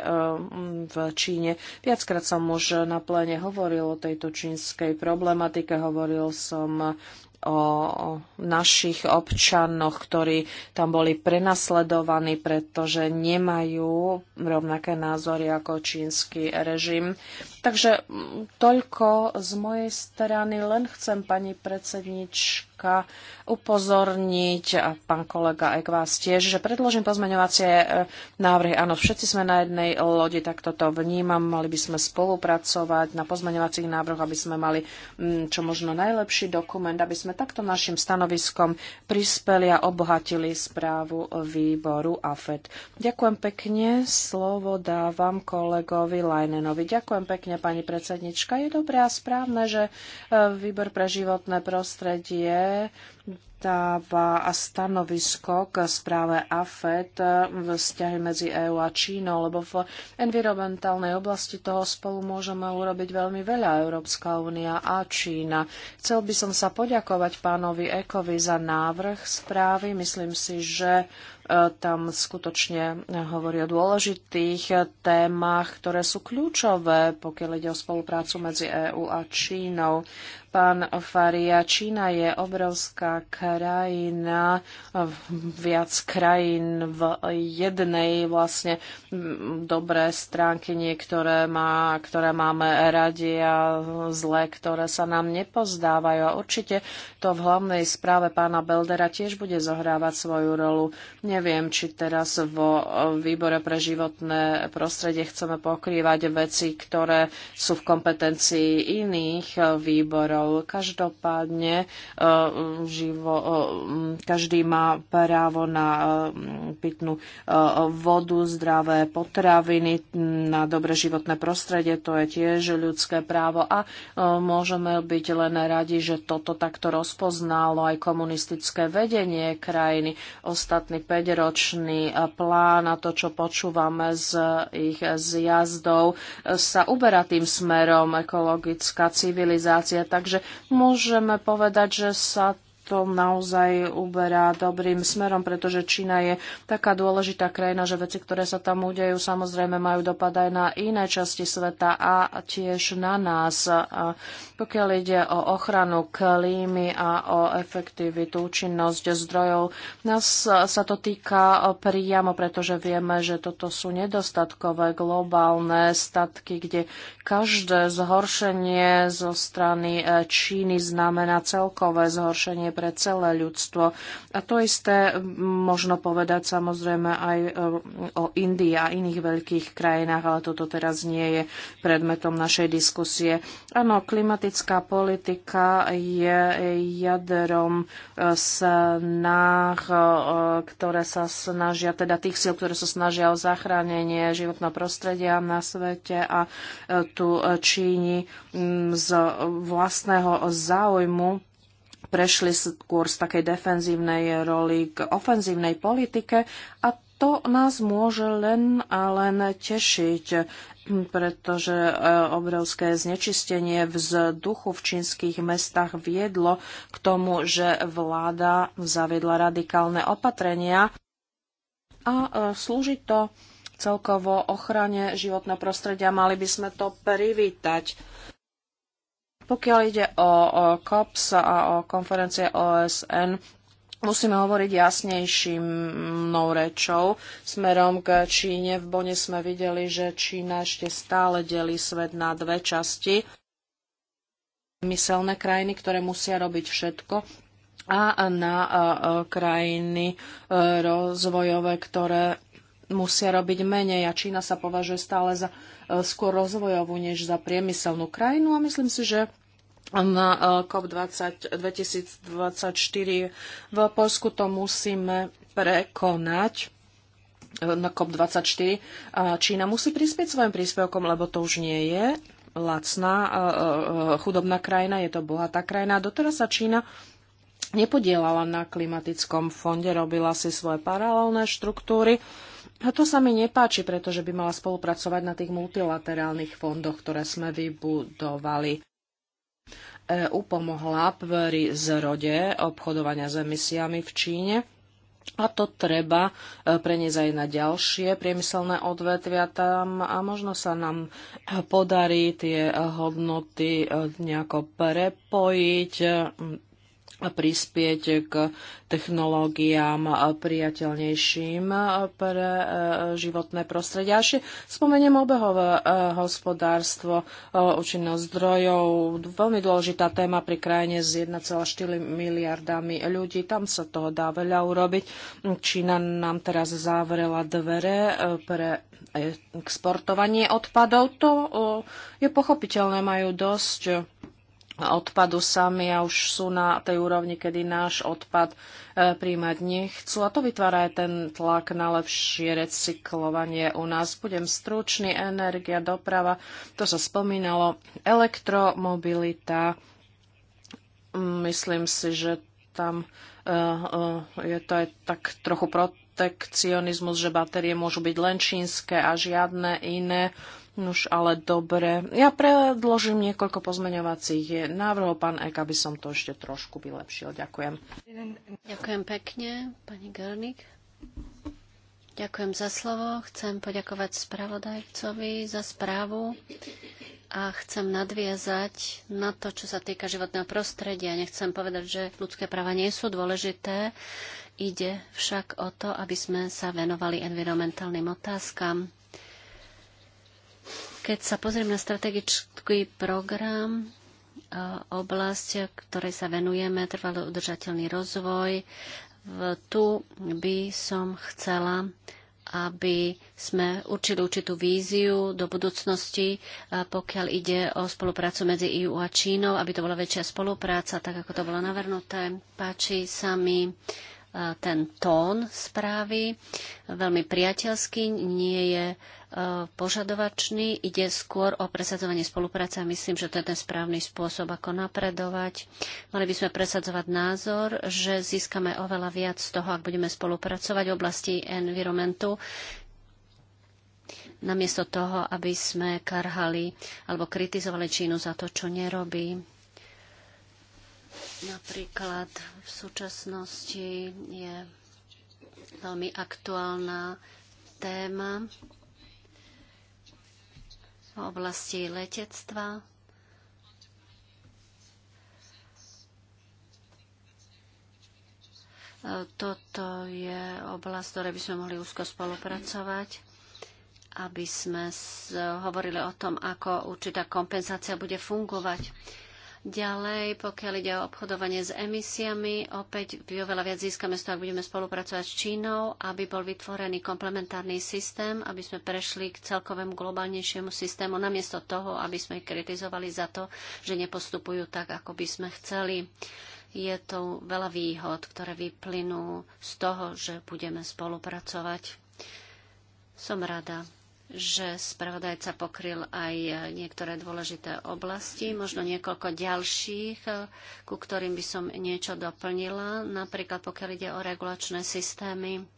v Číne. Viackrát som už na pléne hovoril o tejto čínskej problematike, hovoril som o našich občanoch, ktorí tam boli prenasledovaní, pretože nemajú rovnaké názory ako čínsky režim. Takže toľko z mojej strany. Len chcem, pani predsednička, Kováčka upozorniť, a pán kolega aj k vás tiež, že predložím pozmeňovacie e, návrhy. Áno, všetci sme na jednej lodi, tak toto vnímam. Mali by sme spolupracovať na pozmeňovacích návrhoch, aby sme mali mm, čo možno najlepší dokument, aby sme takto našim stanoviskom prispeli a obohatili správu výboru AFED. Ďakujem pekne. Slovo dávam kolegovi Lajnenovi. Ďakujem pekne, pani predsednička. Je dobré a správne, že e, výbor pre životné prostredie že dáva stanovisko k správe AFET vzťahy medzi EÚ a Čínou, lebo v environmentálnej oblasti toho spolu môžeme urobiť veľmi veľa Európska únia a Čína. Chcel by som sa poďakovať pánovi Ekovi za návrh správy. Myslím si, že e, tam skutočne hovorí o dôležitých témach, ktoré sú kľúčové, pokiaľ ide o spoluprácu medzi EÚ a Čínou. Pán Faria, Čína je obrovská krajina, viac krajín v jednej vlastne mm, dobré stránky niektoré má, ktoré máme radi a zlé, ktoré sa nám nepozdávajú. A určite to v hlavnej správe pána Beldera tiež bude zohrávať svoju rolu. Neviem, či teraz vo výbore pre životné prostredie chceme pokrývať veci, ktoré sú v kompetencii iných výborov. Každopádne e, živo, každý má právo na pitnú vodu, zdravé potraviny, na dobré životné prostredie, to je tiež ľudské právo a môžeme byť len radi, že toto takto rozpoznalo aj komunistické vedenie krajiny. Ostatný 5-ročný e, plán a to, čo počúvame z ich zjazdov, e, sa uberá tým smerom ekologická civilizácia, takže môžeme povedať, že sa to naozaj uberá dobrým smerom, pretože Čína je taká dôležitá krajina, že veci, ktoré sa tam udejú, samozrejme majú dopad aj na iné časti sveta a tiež na nás. A pokiaľ ide o ochranu klímy a o efektivitu, účinnosť zdrojov, nás sa to týka priamo, pretože vieme, že toto sú nedostatkové globálne statky, kde každé zhoršenie zo strany Číny znamená celkové zhoršenie pre pre celé ľudstvo. A to isté možno povedať samozrejme aj e, o Indii a iných veľkých krajinách, ale toto teraz nie je predmetom našej diskusie. Áno, klimatická politika je jadrom e, snách, e, ktoré sa snažia, teda tých síl, ktoré sa snažia o zachránenie životného prostredia na svete a tu Číni z vlastného záujmu prešli skôr z takej defenzívnej roli k ofenzívnej politike a to nás môže len a len tešiť, pretože e, obrovské znečistenie vzduchu v čínskych mestách viedlo k tomu, že vláda zaviedla radikálne opatrenia a e, slúži to celkovo ochrane životného prostredia. Mali by sme to privítať. Pokiaľ ide o, o COPS a o konferencie OSN, musíme hovoriť jasnejším mnou rečou. Smerom k Číne v Bone sme videli, že Čína ešte stále delí svet na dve časti. Myselné krajiny, ktoré musia robiť všetko, a na e, e, krajiny e, rozvojové, ktoré musia robiť menej a Čína sa považuje stále za E, skôr rozvojovú než za priemyselnú krajinu a myslím si, že na e, COP 20, 2024 v Polsku to musíme prekonať e, na COP24. Čína musí prispieť svojim príspevkom, lebo to už nie je lacná, chudobná krajina, je to bohatá krajina. Doteraz sa Čína nepodielala na klimatickom fonde, robila si svoje paralelné štruktúry a no to sa mi nepáči, pretože by mala spolupracovať na tých multilaterálnych fondoch, ktoré sme vybudovali. EU pomohla pri zrode obchodovania s emisiami v Číne. A to treba e, preniesť aj na ďalšie priemyselné odvetvia tam a možno sa nám e, podarí tie e, hodnoty nejako prepojiť prispieť k technológiám priateľnejším pre eh, životné prostredie. Až spomeniem obehové eh, hospodárstvo, eh, účinnosť zdrojov, veľmi dôležitá téma pri krajine s 1,4 miliardami ľudí. Tam sa toho dá veľa urobiť. Čína nám teraz zavrela dvere pre exportovanie odpadov. To je pochopiteľné, majú dosť odpadu sami a už sú na tej úrovni, kedy náš odpad e, príjmať nechcú. A to vytvára aj ten tlak na lepšie recyklovanie u nás. Budem stručný, energia, doprava, to sa spomínalo, elektromobilita. Myslím si, že tam e, e, je to aj tak trochu protekcionizmus, že batérie môžu byť len čínske a žiadne iné. Nuž, ale dobre. Ja predložím niekoľko pozmeňovacích návrhov. Pán Ek, aby som to ešte trošku vylepšil. Ďakujem. Ďakujem pekne, pani Gernik. Ďakujem za slovo. Chcem poďakovať spravodajcovi za správu a chcem nadviazať na to, čo sa týka životného prostredia. Nechcem povedať, že ľudské práva nie sú dôležité. Ide však o to, aby sme sa venovali environmentálnym otázkam keď sa pozriem na strategický program, e, oblasť, ktorej sa venujeme, trvalý udržateľný rozvoj, tu by som chcela aby sme určili určitú víziu do budúcnosti, e, pokiaľ ide o spoluprácu medzi EU a Čínou, aby to bola väčšia spolupráca, tak ako to bolo navrhnuté. Páči sa mi uh, E, ten tón správy, veľmi priateľský, nie je e, požadovačný, ide skôr o presadzovanie spolupráce a myslím, že to je ten správny spôsob, ako napredovať. Mali by sme presadzovať názor, že získame oveľa viac z toho, ak budeme spolupracovať v oblasti environmentu, namiesto toho, aby sme karhali alebo kritizovali Čínu za to, čo nerobí Napríklad v súčasnosti je veľmi aktuálna téma v oblasti letectva. Toto je oblasť, ktoré by sme mohli úzko spolupracovať, aby sme hovorili o tom, ako určitá kompenzácia bude fungovať Ďalej, pokiaľ ide o obchodovanie s emisiami, opäť oveľa viac získame z toho, ak budeme spolupracovať s Čínou, aby bol vytvorený komplementárny systém, aby sme prešli k celkovému globálnejšiemu systému, namiesto toho, aby sme ich kritizovali za to, že nepostupujú tak, ako by sme chceli je tu veľa výhod, ktoré vyplynú z toho, že budeme spolupracovať. Som rada, že spravodajca pokryl aj niektoré dôležité oblasti, možno niekoľko ďalších, eh, ku ktorým by som niečo doplnila, napríklad pokiaľ ide o regulačné systémy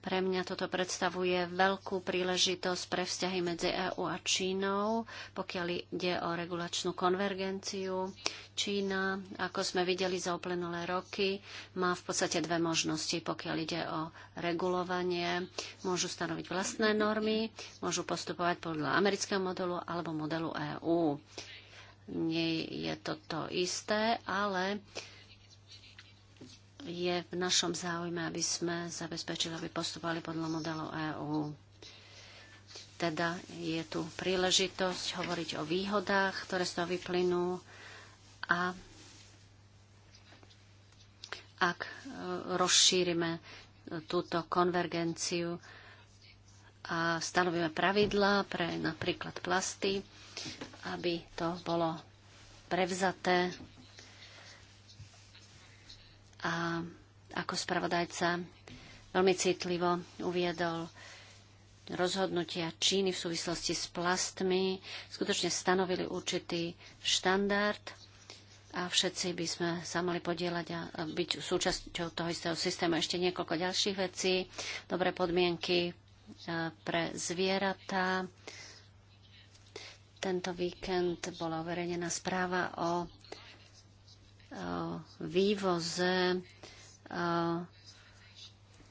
pre mňa toto predstavuje veľkú príležitosť pre vzťahy medzi EÚ a Čínou, pokiaľ ide o regulačnú konvergenciu. Čína, ako sme videli za uplynulé roky, má v podstate dve možnosti, pokiaľ ide o regulovanie. Môžu stanoviť vlastné normy, môžu postupovať podľa amerického modelu alebo modelu EÚ nie je toto isté, ale je v našom záujme, aby sme zabezpečili, aby postupovali podľa modelu EÚ. Teda je tu príležitosť hovoriť o výhodách, ktoré z toho vyplynú a ak e, rozšírime e, túto konvergenciu a stanovíme pravidlá pre napríklad plasty, aby to bolo prevzaté a ako spravodajca veľmi citlivo uviedol rozhodnutia Číny v súvislosti s plastmi, skutočne stanovili určitý štandard a všetci by sme sa mali podielať a byť súčasťou toho istého systému. Ešte niekoľko ďalších vecí, dobré podmienky e, pre zvieratá. Tento víkend bola uverejnená správa o Eh, vývoze eh,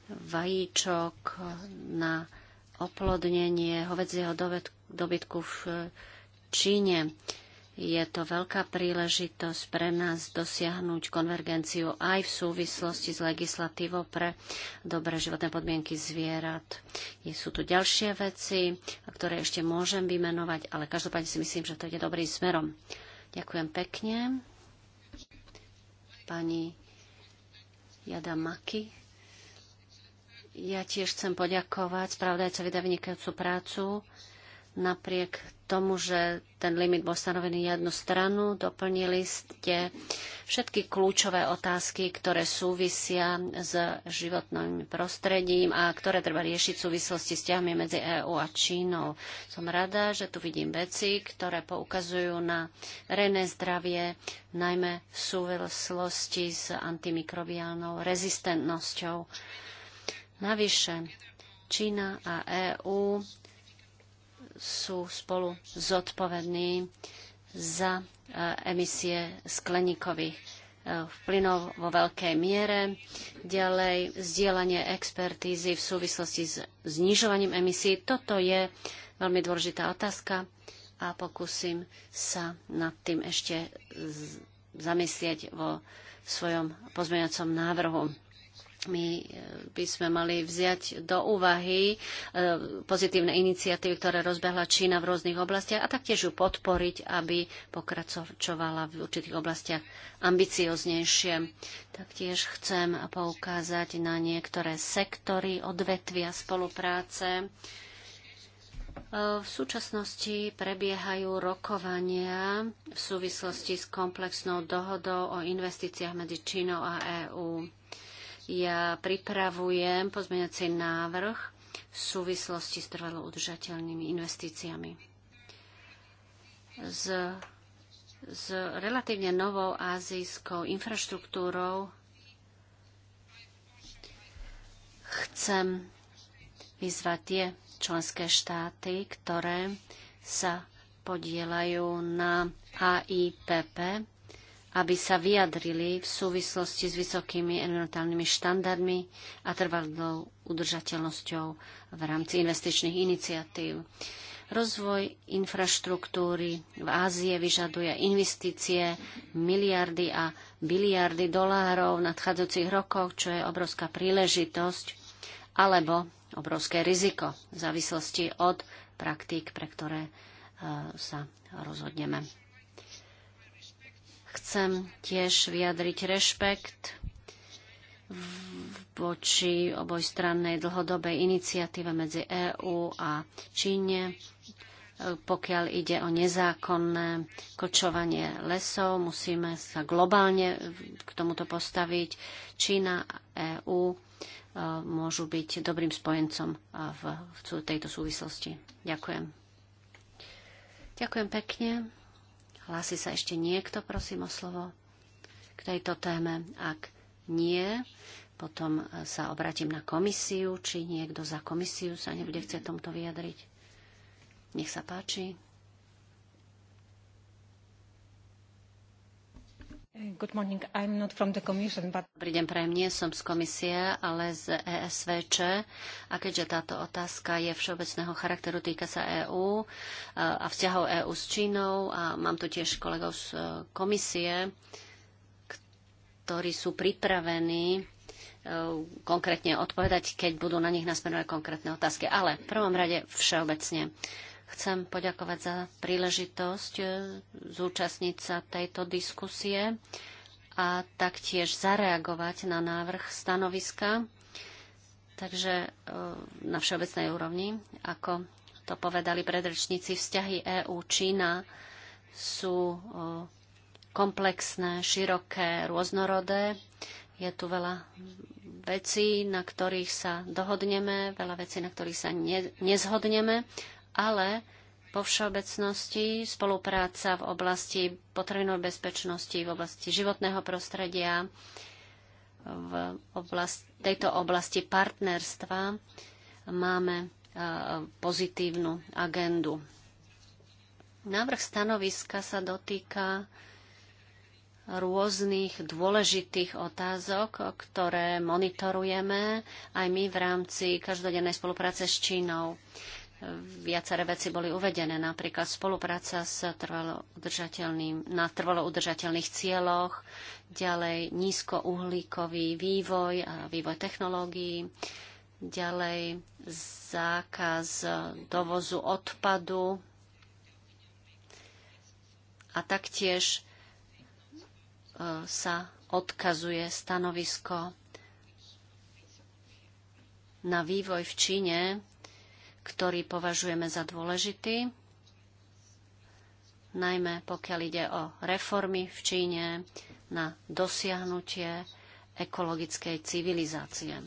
vajíčok na oplodnenie hovedzieho dobytku v Číne. Je to veľká príležitosť pre nás dosiahnuť konvergenciu aj v súvislosti s legislatívou pre dobré životné podmienky zvierat. Je, sú tu ďalšie veci, ktoré ešte môžem vymenovať, ale každopádne si myslím, že to ide dobrým smerom. Ďakujem pekne pani Jada Maki. Ja tiež chcem poďakovať spravodajcovi za vynikajúcu prácu napriek tomu, že ten limit bol stanovený jednu stranu, doplnili ste všetky kľúčové otázky, ktoré súvisia s životným prostredím a ktoré treba riešiť v súvislosti s ťahmi medzi EÚ a Čínou. Som rada, že tu vidím veci, ktoré poukazujú na rené zdravie, najmä v súvislosti s antimikrobiálnou rezistentnosťou. Navyše, Čína a EÚ sú spolu zodpovední za e, emisie skleníkových e, plynov vo veľkej miere. Ďalej zdieľanie expertízy v súvislosti s znižovaním emisí. Toto je veľmi dôležitá otázka a pokúsim sa nad tým ešte zamyslieť vo svojom pozmeňacom návrhu my e, by sme mali vziať do úvahy e, pozitívne iniciatívy, ktoré rozbehla Čína v rôznych oblastiach a taktiež ju podporiť, aby pokračovala v určitých oblastiach ambicioznejšie. Taktiež chcem poukázať na niektoré sektory odvetvia spolupráce. E, v súčasnosti prebiehajú rokovania v súvislosti s komplexnou dohodou o investíciách medzi Čínou a EÚ. Ja pripravujem pozmeňací návrh v súvislosti s trvalo udržateľnými investíciami. S, s relatívne novou azijskou infraštruktúrou chcem vyzvať tie členské štáty, ktoré sa podielajú na AIPP, aby sa vyjadrili v súvislosti s vysokými environmentálnymi štandardmi a trvalou udržateľnosťou v rámci investičných iniciatív. Rozvoj infraštruktúry v Ázie vyžaduje investície miliardy a biliardy dolárov v nadchádzajúcich rokoch, čo je obrovská príležitosť alebo obrovské riziko v závislosti od praktík, pre ktoré e, sa rozhodneme chcem tiež vyjadriť rešpekt voči obojstrannej dlhodobej iniciatíve medzi EÚ a Číne, e, pokiaľ ide o nezákonné kočovanie lesov. Musíme sa globálne k tomuto postaviť. Čína a EÚ e, môžu byť dobrým spojencom v tejto súvislosti. Ďakujem. Ďakujem pekne. Hlási sa ešte niekto, prosím o slovo, k tejto téme? Ak nie, potom e, sa obratím na komisiu, či niekto za komisiu sa nebude chcieť tomto vyjadriť. Nech sa páči. Dobrý deň, prajem, nie som z komisie, ale z ESVČ. A keďže táto otázka je všeobecného charakteru, týka sa EÚ e, a vzťahov EÚ s Čínou a mám tu tiež kolegov z e, komisie, ktorí sú pripravení e, konkrétne odpovedať, keď budú na nich nasmerované konkrétne otázky. Ale v prvom rade všeobecne. Chcem poďakovať za príležitosť e, zúčastniť sa tejto diskusie a taktiež zareagovať na návrh stanoviska. Takže e, na všeobecnej úrovni, ako to povedali predrečníci, vzťahy EÚ-Čína sú e, komplexné, široké, rôznorodé. Je tu veľa vecí, na ktorých sa dohodneme, veľa vecí, na ktorých sa ne, nezhodneme ale vo všeobecnosti spolupráca v oblasti potravinovej bezpečnosti, v oblasti životného prostredia, v oblast, tejto oblasti partnerstva máme e, pozitívnu agendu. Návrh stanoviska sa dotýka rôznych dôležitých otázok, ktoré monitorujeme aj my v rámci každodennej spolupráce s Čínou viaceré veci boli uvedené, napríklad spolupráca s trvalo udržateľným, na trvalo udržateľných cieľoch, ďalej nízkouhlíkový vývoj a vývoj technológií, ďalej zákaz dovozu odpadu a taktiež e, sa odkazuje stanovisko na vývoj v Číne, ktorý považujeme za dôležitý, najmä pokiaľ ide o reformy v Číne na dosiahnutie ekologickej civilizácie.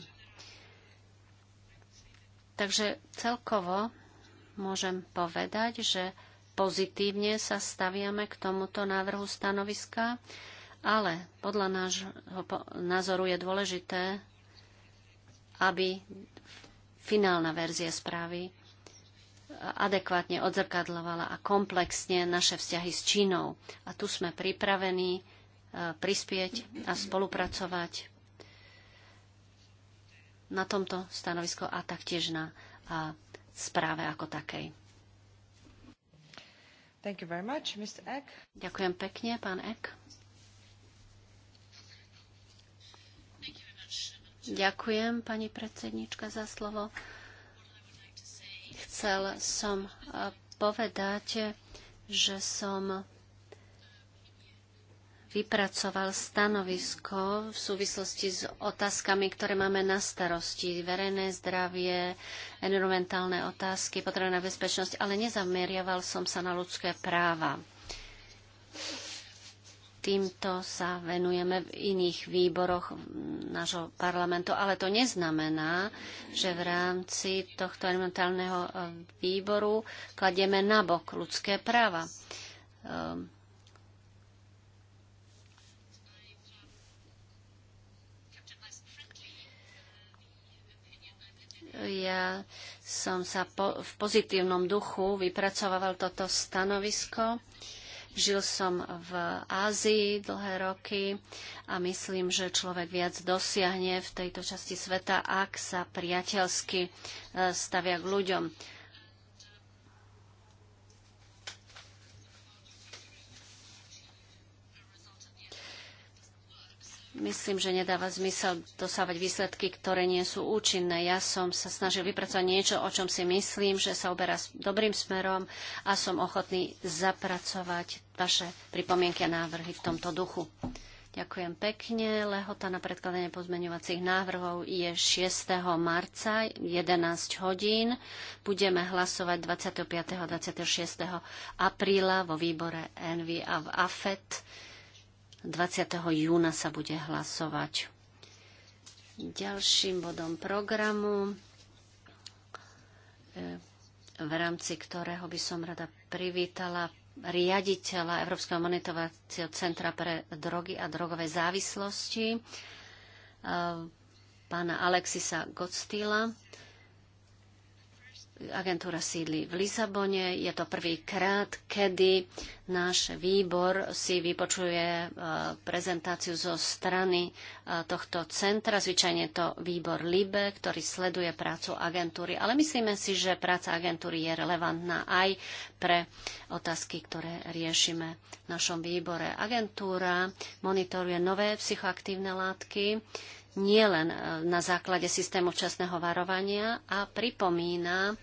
Takže celkovo môžem povedať, že pozitívne sa staviame k tomuto návrhu stanoviska, ale podľa nášho názoru je dôležité, aby v finálna verzia správy adekvátne odzrkadlovala a komplexne naše vzťahy s Čínou. A tu sme pripravení e, prispieť a spolupracovať na tomto stanovisko a taktiež na a správe ako takej. Thank you very much, Mr. Eck. Ďakujem pekne, pán Eck. Ďakujem, pani predsednička, za slovo. Chcel som e, povedať, že som vypracoval stanovisko v súvislosti s otázkami, ktoré máme na starosti. Verejné zdravie, environmentálne otázky, potrebná bezpečnosť, ale nezameriaval som sa na ľudské práva. Týmto sa venujeme v iných výboroch nášho parlamentu, ale to neznamená, že v rámci tohto elementálneho eh, výboru kladieme nabok ľudské práva. Ja som sa po, v pozitívnom duchu vypracovával toto stanovisko Žil som v Ázii dlhé roky a myslím, že človek viac dosiahne v tejto časti sveta, ak sa priateľsky eh, stavia k ľuďom. Myslím, že nedáva zmysel dosávať výsledky, ktoré nie sú účinné. Ja som sa snažil vypracovať niečo, o čom si myslím, že sa uberá dobrým smerom a som ochotný zapracovať vaše pripomienky a návrhy v tomto duchu. Ďakujem pekne. Lehota na predkladanie pozmeňovacích návrhov je 6. marca 11 hodín. Budeme hlasovať 25. a 26. apríla vo výbore Envy a v AFET 20. júna sa bude hlasovať. Ďalším bodom programu, e, v rámci ktorého by som rada privítala riaditeľa Európskeho monitorovacieho centra pre drogy a drogové závislosti, e, pána Alexisa Gottstila. Agentúra sídli v Lisabone. Je to prvýkrát, kedy náš výbor si vypočuje e, prezentáciu zo strany e, tohto centra. Zvyčajne je to výbor LIBE, ktorý sleduje prácu agentúry. Ale myslíme si, že práca agentúry je relevantná aj pre otázky, ktoré riešime v našom výbore. Agentúra monitoruje nové psychoaktívne látky, nielen e, na základe systému včasného varovania a pripomína,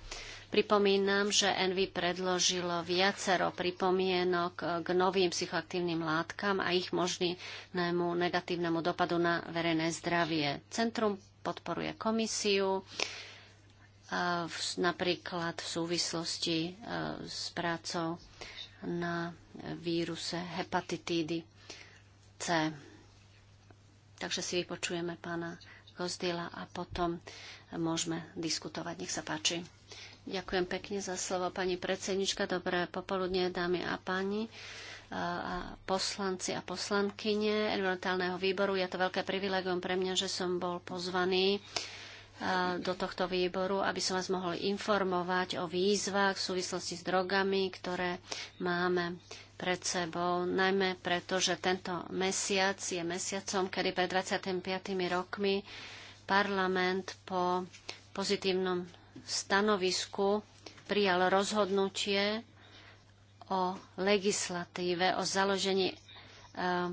pripomínam, že NV predložilo viacero pripomienok e, k novým psychoaktívnym látkam a ich možnému negatívnemu dopadu na verejné zdravie. Centrum podporuje komisiu, e, napríklad v súvislosti s prácou na víruse hepatitídy C. Takže si vypočujeme pána Gozdila a potom môžeme diskutovať. Nech sa páči. Ďakujem pekne za slovo, pani predsednička. Dobré popoludne, dámy a páni a poslanci a poslankyne environmentálneho výboru. Je to veľké privilegium pre mňa, že som bol pozvaný uh, Eh, do tohto výboru, aby som vás mohol informovať o výzvach v súvislosti s drogami, ktoré máme pred sebou, najmä preto, že tento mesiac je mesiacom, kedy pred 25 rokmi parlament po pozitívnom stanovisku prijal rozhodnutie o legislatíve, o založení eh,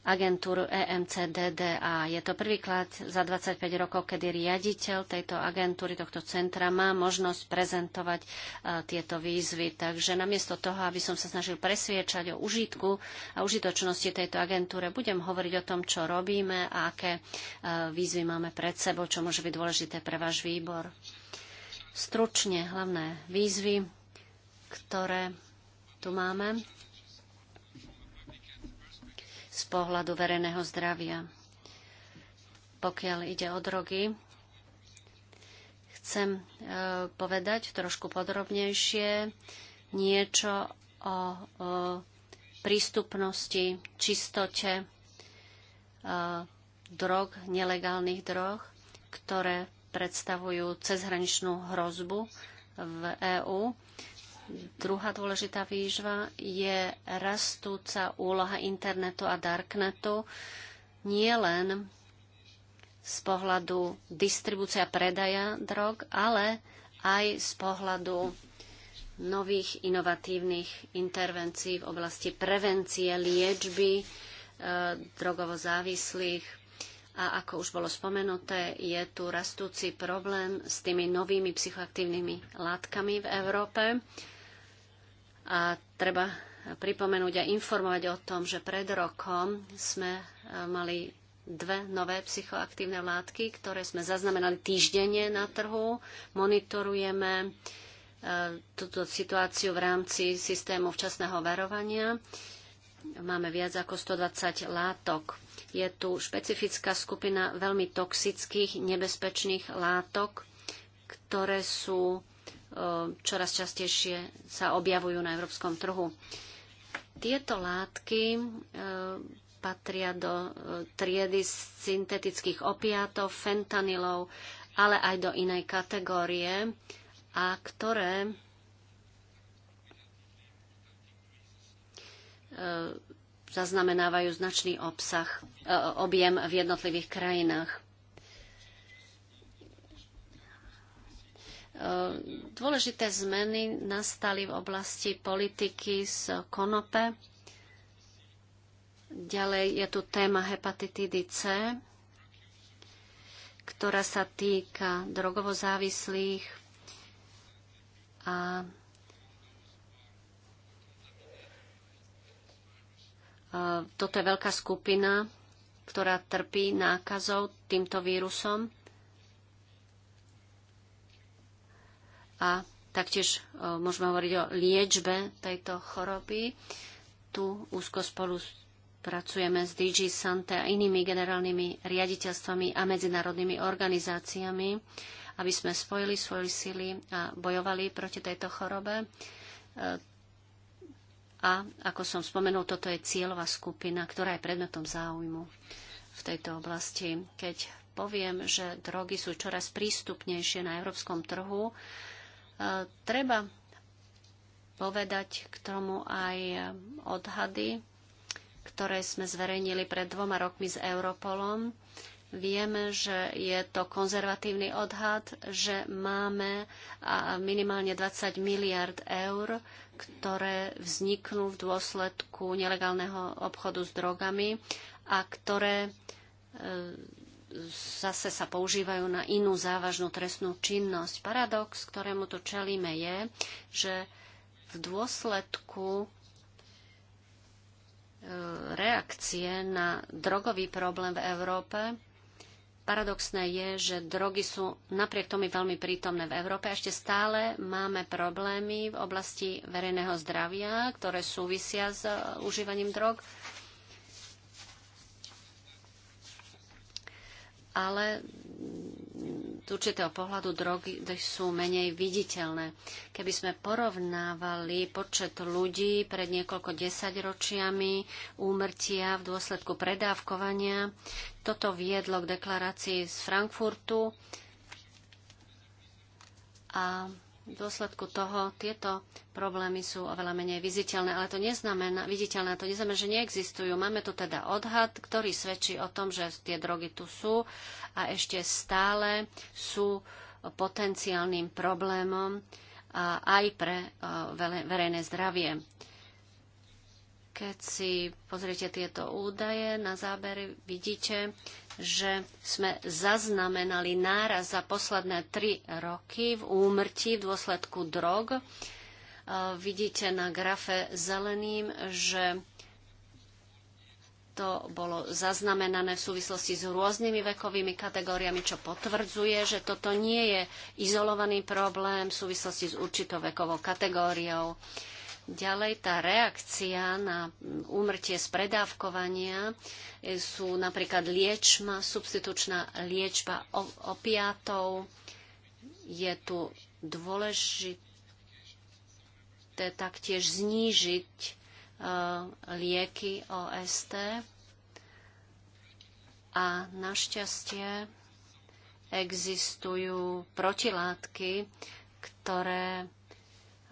agentúru EMCDDA. Je to prvýklad za 25 rokov, kedy riaditeľ tejto agentúry, tohto centra má možnosť prezentovať e, tieto výzvy. Takže namiesto toho, aby som sa snažil presviečať o užitku a užitočnosti tejto agentúre, budem hovoriť o tom, čo robíme a aké e, výzvy máme pred sebou, čo môže byť dôležité pre váš výbor. Stručne hlavné výzvy, ktoré tu máme z pohľadu verejného zdravia. Pokiaľ ide o drogy, chcem e, povedať trošku podrobnejšie niečo o, prístupnosti, čistote e, drog, nelegálnych drog, ktoré predstavujú cezhraničnú hrozbu v EÚ. Druhá dôležitá výžva je rastúca úloha internetu a darknetu nie len z pohľadu distribúcia predaja drog, ale aj z pohľadu nových inovatívnych intervencií v oblasti prevencie, liečby e, drogovo závislých. A ako už bolo spomenuté, je tu rastúci problém s tými novými psychoaktívnymi látkami v Európe. A treba pripomenúť a informovať o tom, že pred rokom sme e, mali dve nové psychoaktívne látky, ktoré sme zaznamenali týždenne na trhu. Monitorujeme e, túto situáciu v rámci systému včasného varovania. Máme viac ako 120 látok. Je tu špecifická skupina veľmi toxických, nebezpečných látok, ktoré sú Eh, čoraz častejšie sa objavujú na európskom trhu. Tieto látky eh, patria do eh, triedy syntetických opiátov, fentanylov, ale aj do inej kategórie, a ktoré zaznamenávajú značný obsah, objem v jednotlivých krajinách. Ehm, dôležité zmeny nastali v oblasti politiky z konope. Ďalej je tu téma hepatitidy C, ktorá sa týka drogovo závislých a ehm, toto je veľká skupina, ktorá trpí nákazou týmto vírusom. a taktiež e, môžeme hovoriť o liečbe tejto choroby. Tu úzko spolu pracujeme s DG Sante a inými generálnymi riaditeľstvami a medzinárodnými organizáciami, aby sme spojili svoje sily a bojovali proti tejto chorobe. E, a ako som spomenul, toto je cieľová skupina, ktorá je predmetom záujmu v tejto oblasti. Keď poviem, že drogy sú čoraz prístupnejšie na európskom trhu, E, treba povedať k tomu aj odhady, ktoré sme zverejnili pred dvoma rokmi s Europolom. Vieme, že je to konzervatívny odhad, že máme minimálne 20 miliard eur, ktoré vzniknú v dôsledku nelegálneho obchodu s drogami a ktoré e, zase sa používajú na inú závažnú trestnú činnosť. Paradox, ktorému tu čelíme, je, že v dôsledku e, reakcie na drogový problém v Európe paradoxné je, že drogy sú napriek tomu veľmi prítomné v Európe. Ešte stále máme problémy v oblasti verejného zdravia, ktoré súvisia s e, užívaním drog. ale z určitého pohľadu drogy sú menej viditeľné. Keby sme porovnávali počet ľudí pred niekoľko desaťročiami úmrtia v dôsledku predávkovania, toto viedlo k deklarácii z Frankfurtu a v dôsledku toho tieto problémy sú oveľa menej viditeľné, ale to neznamená, viditeľné, to neznamená, že neexistujú. Máme tu teda odhad, ktorý svedčí o tom, že tie drogy tu sú a ešte stále sú potenciálnym problémom aj pre verejné zdravie. Keď si pozriete tieto údaje na zábery, vidíte, že sme zaznamenali náraz za posledné tri roky v úmrtí v dôsledku drog. E, vidíte na grafe zeleným, že to bolo zaznamenané v súvislosti s rôznymi vekovými kategóriami, čo potvrdzuje, že toto nie je izolovaný problém v súvislosti s určitou vekovou kategóriou. Uh, Ďalej tá reakcia na úmrtie z predávkovania e, sú napríklad liečma, substitučná liečba opiatov, Je tu dôležité taktiež znížiť e, lieky OST. A našťastie existujú protilátky, ktoré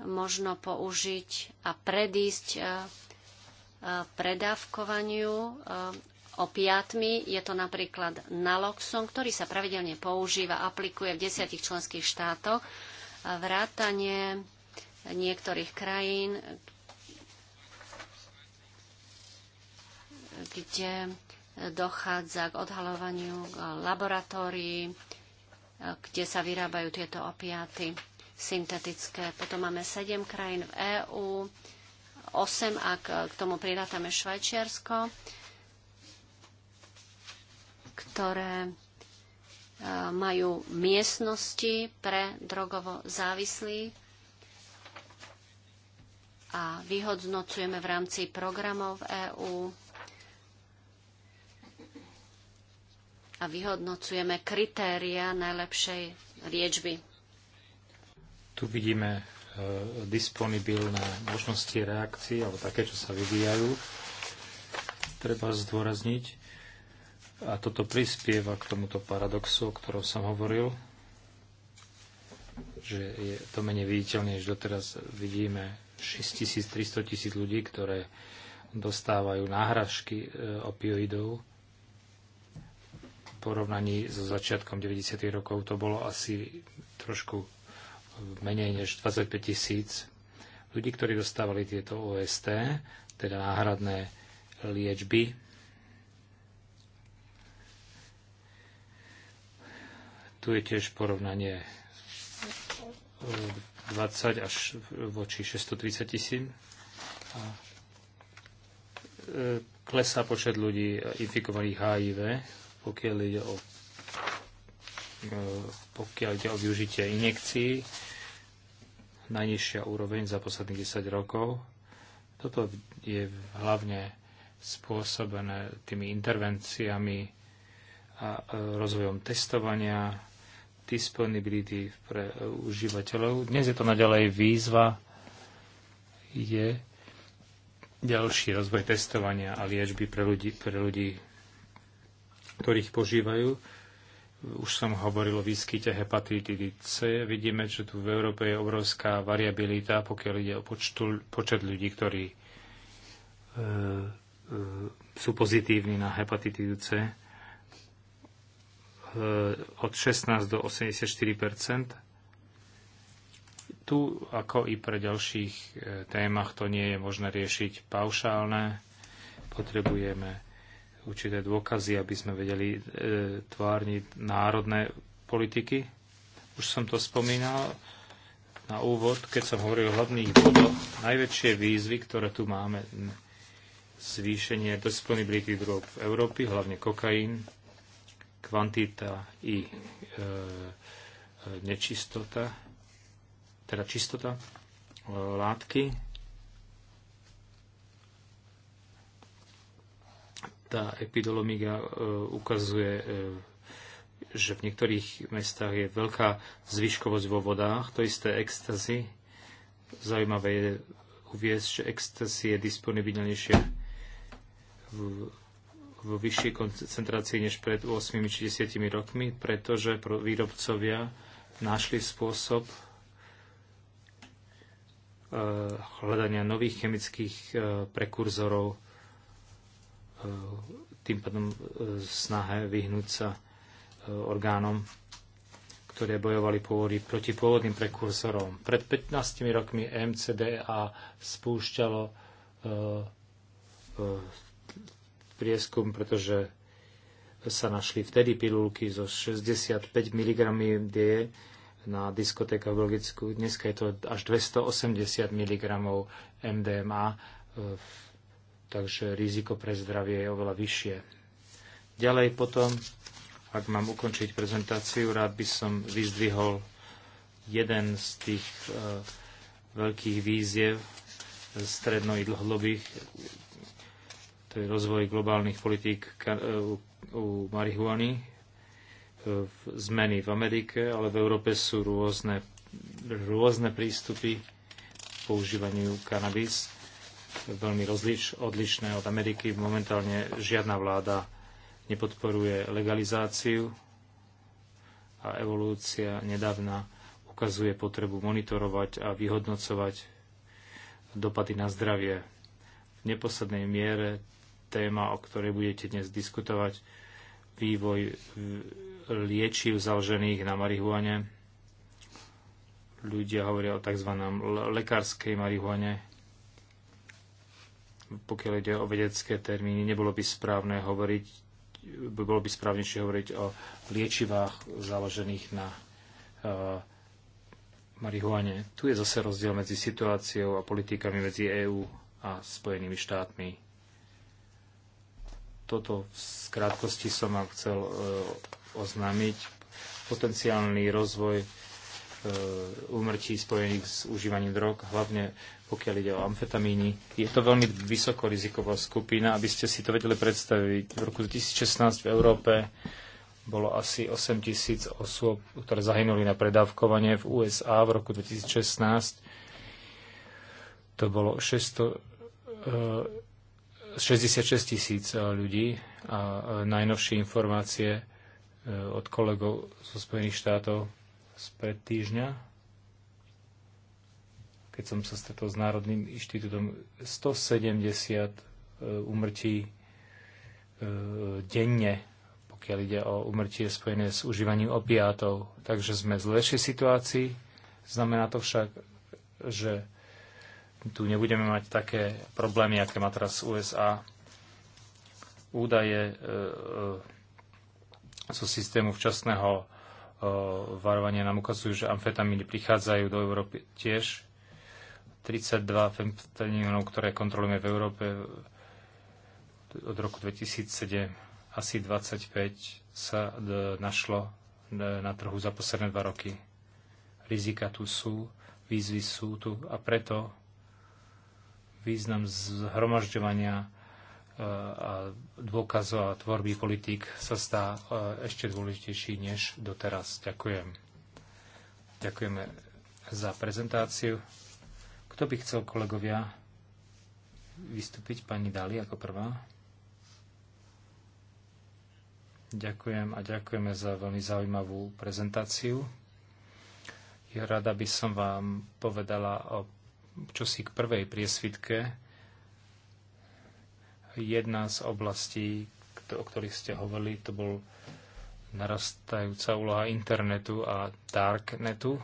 možno použiť a predísť e, e, predávkovaniu e, opiatmi. Je to napríklad naloxon, ktorý sa pravidelne používa, aplikuje v desiatich členských štátoch, vrátanie niektorých krajín, kde dochádza k odhalovaniu laboratórií, kde sa vyrábajú tieto opiaty syntetické. Potom máme 7 krajín v EÚ, 8, ak k tomu prirátame Švajčiarsko, ktoré e, majú miestnosti pre drogovo závislí. a vyhodnocujeme v rámci programov EÚ a vyhodnocujeme kritéria najlepšej liečby. Tu vidíme e, disponibilné možnosti reakcií, alebo také, čo sa vyvíjajú. Treba zdôrazniť, a toto prispieva k tomuto paradoxu, o ktorom som hovoril, že je to menej viditeľné, že doteraz vidíme 6300 tisíc ľudí, ktoré dostávajú náhražky e, opioidov. V porovnaní so začiatkom 90. rokov to bolo asi trošku menej než 25 tisíc ľudí, ktorí dostávali tieto OST, teda náhradné liečby. Tu je tiež porovnanie 20 až voči 630 tisíc. E, klesá počet ľudí infikovaných HIV, pokiaľ ide o e, pokiaľ ide o využitie injekcií najnižšia úroveň za posledných 10 rokov. Toto je hlavne spôsobené tými intervenciami a e, rozvojom testovania, disponibility pre e, užívateľov. Dnes je to naďalej výzva, je ďalší rozvoj testovania a liečby pre ľudí, pre ľudí ktorých požívajú už som hovoril o výskyte hepatitidy C. Vidíme, že tu v Európe je obrovská variabilita, pokiaľ ide o počtu, počet ľudí, ktorí e, e, sú pozitívni na hepatitidu C. E, od 16 do 84 Tu, ako i pre ďalších e, témach, to nie je možné riešiť paušálne. Potrebujeme určité dôkazy, aby sme vedeli e, tvárniť národné politiky. Už som to spomínal na úvod, keď som hovoril o hlavných bodoch. Najväčšie výzvy, ktoré tu máme, zvýšenie disponibility drog v Európy, hlavne kokain, kvantita i e, e, nečistota, teda čistota e, látky, tá epidolomika e, ukazuje, e, že v niektorých mestách je veľká zvyškovosť vo vodách, to isté extazy. Zaujímavé je uviezť, že extazy je disponibilnejšie v, v vyššej koncentrácii než pred 8 či 10 rokmi, pretože výrobcovia našli spôsob e, hľadania nových chemických prekurzorov E, tým pádom e, snahe vyhnúť sa e, orgánom, ktoré bojovali pôvody proti pôvodným prekursorom. Pred 15 rokmi MCDA spúšťalo prieskum, pretože sa našli vtedy pilulky zo 65 mg die na diskotéka v Belgicku. Dneska je to až 280 mg MDMA v takže riziko pre zdravie je oveľa vyššie. Ďalej potom, ak mám ukončiť prezentáciu, rád by som vyzdvihol jeden z tých e, veľkých víziev stredno- i dlhodobých, to je rozvoj globálnych politík e, u, u marihuany, e, zmeny v Amerike, ale v Európe sú rôzne, rôzne prístupy k používaniu kanabis veľmi rozliš, odlišné od Ameriky. Momentálne žiadna vláda nepodporuje legalizáciu a evolúcia nedávna ukazuje potrebu monitorovať a vyhodnocovať dopady na zdravie. V neposlednej miere téma, o ktorej budete dnes diskutovať, vývoj liečiv založených na marihuane. Ľudia hovoria o tzv. lekárskej marihuane pokiaľ ide o vedecké termíny, nebolo by správne hovoriť, by bolo by správnejšie hovoriť o liečivách založených na uh, marihuane. Tu je zase rozdiel medzi situáciou a politikami medzi EÚ a Spojenými štátmi. Toto v krátkosti som vám chcel e, oznámiť. Potenciálny rozvoj e, úmrtí spojených s užívaním drog, hlavne pokiaľ ide o amfetamíny. Je to veľmi vysokoriziková skupina, aby ste si to vedeli predstaviť. V roku 2016 v Európe bolo asi 8 tisíc osôb, ktoré zahynuli na predávkovanie v USA v roku 2016. To bolo 600, 66 eh, tisíc eh, ľudí a eh, najnovšie informácie od kolegov zo Spojených štátov z pred týždňa keď som sa stretol s Národným inštitútom, 170 umrtí e, e, denne, pokiaľ ide o umrtie spojené s užívaním opiátov. Takže sme v zlejšej situácii. Znamená to však, že tu nebudeme mať také problémy, aké má teraz USA. Údaje e, zo so systému včasného varovania nám ukazujú, že amfetamíny prichádzajú do Európy tiež 32 fentanyónov, ktoré kontrolujeme v Európe od roku 2007, asi 25 sa e, našlo e, na trhu za posledné dva roky. Rizika tu sú, výzvy sú tu a preto význam zhromažďovania e, a dôkazov a tvorby politík sa stá ešte dôležitejší než doteraz. Ďakujem. Ďakujeme za prezentáciu. Kto by chcel, kolegovia, vystúpiť? Pani Dali ako prvá. Ďakujem a ďakujeme za veľmi zaujímavú prezentáciu. Ja rada by som vám povedala o čosi k prvej priesvitke. Jedna z oblastí, o ktorých ste hovorili, to bol narastajúca úloha internetu a darknetu,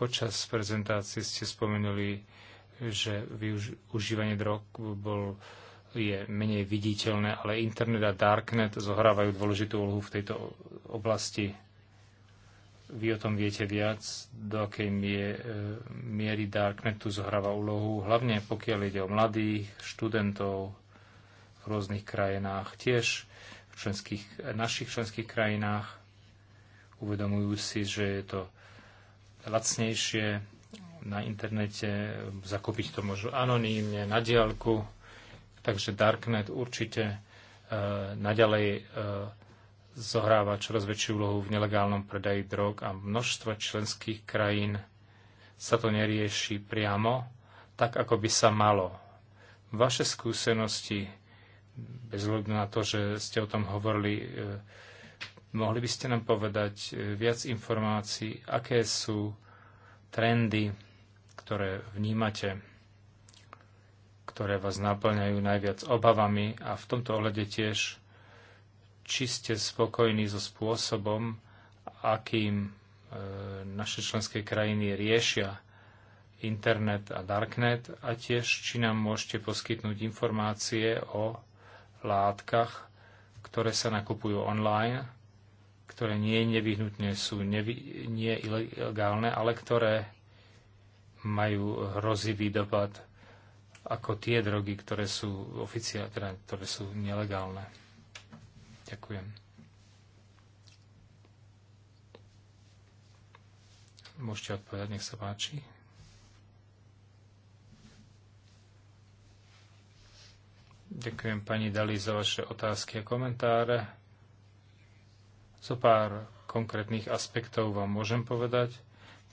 Počas prezentácie ste spomenuli, že využívanie drog bol, je menej viditeľné, ale internet a darknet zohrávajú dôležitú úlohu v tejto oblasti. Vy o tom viete viac, do akej mie, miery tu zohráva úlohu, hlavne pokiaľ ide o mladých, študentov v rôznych krajinách, tiež v členských, našich členských krajinách. Uvedomujú si, že je to lacnejšie na internete, zakúpiť to môžu anonímne, na diálku, takže Darknet určite e, naďalej e, zohráva čoraz väčšiu úlohu v nelegálnom predaji drog a množstvo členských krajín sa to nerieši priamo, tak ako by sa malo. Vaše skúsenosti, bez hľadu na to, že ste o tom hovorili, e, Mohli by ste nám povedať e, viac informácií, aké sú trendy, ktoré vnímate, ktoré vás naplňajú najviac obavami a v tomto ohľade tiež, či ste spokojní so spôsobom, akým e, naše členské krajiny riešia internet a darknet a tiež, či nám môžete poskytnúť informácie o látkach, ktoré sa nakupujú online, ktoré nie nevyhnutne sú nevy, nie ilegálne, ale ktoré majú hrozivý dopad ako tie drogy, ktoré sú oficiálne, teda, ktoré sú nelegálne. Ďakujem. Môžete odpovedať, nech sa páči. Ďakujem pani Dali za vaše otázky a komentáre. Zo pár konkrétnych aspektov vám môžem povedať.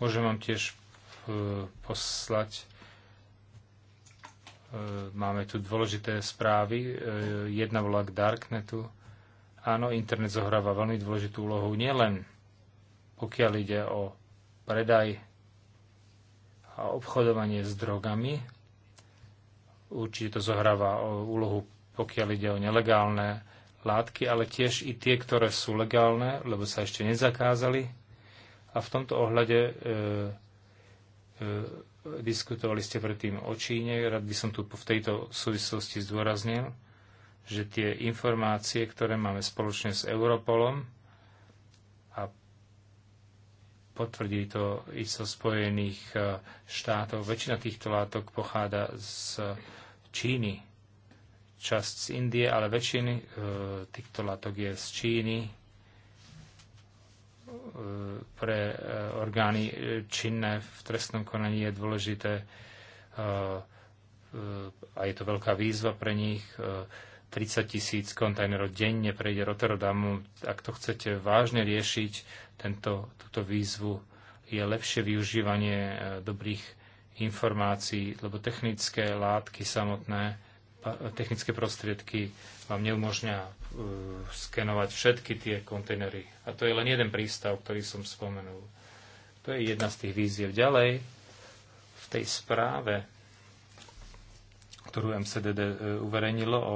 Môžem vám tiež e, poslať. E, máme tu dôležité správy. E, jedna volá k Darknetu. Áno, internet zohráva veľmi dôležitú úlohu nielen pokiaľ ide o predaj a obchodovanie s drogami. Určite to zohráva úlohu, pokiaľ ide o nelegálne látky, ale tiež i tie, ktoré sú legálne, lebo sa ešte nezakázali. A v tomto ohľade e, e, diskutovali ste predtým o Číne. Rád by som tu v tejto súvislosti zdôraznil, že tie informácie, ktoré máme spoločne s Europolom, a potvrdí to i zo Spojených e, štátov, väčšina týchto látok pochádza z Číny časť z Indie, ale väčšiny e, týchto látok je z Číny e, pre e, orgány e, činné v trestnom konaní je dôležité a je to veľká výzva pre nich. 30 tisíc kontajnerov denne prejde Rotterdamu. Ak to chcete vážne riešiť, tento, túto výzvu je lepšie využívanie dobrých informácií, lebo technické látky samotné technické prostriedky vám neumožňa e, skenovať všetky tie kontajnery. A to je len jeden prístav, ktorý som spomenul. To je jedna z tých víziev. Ďalej, v tej správe, ktorú MCDD e, uverejnilo o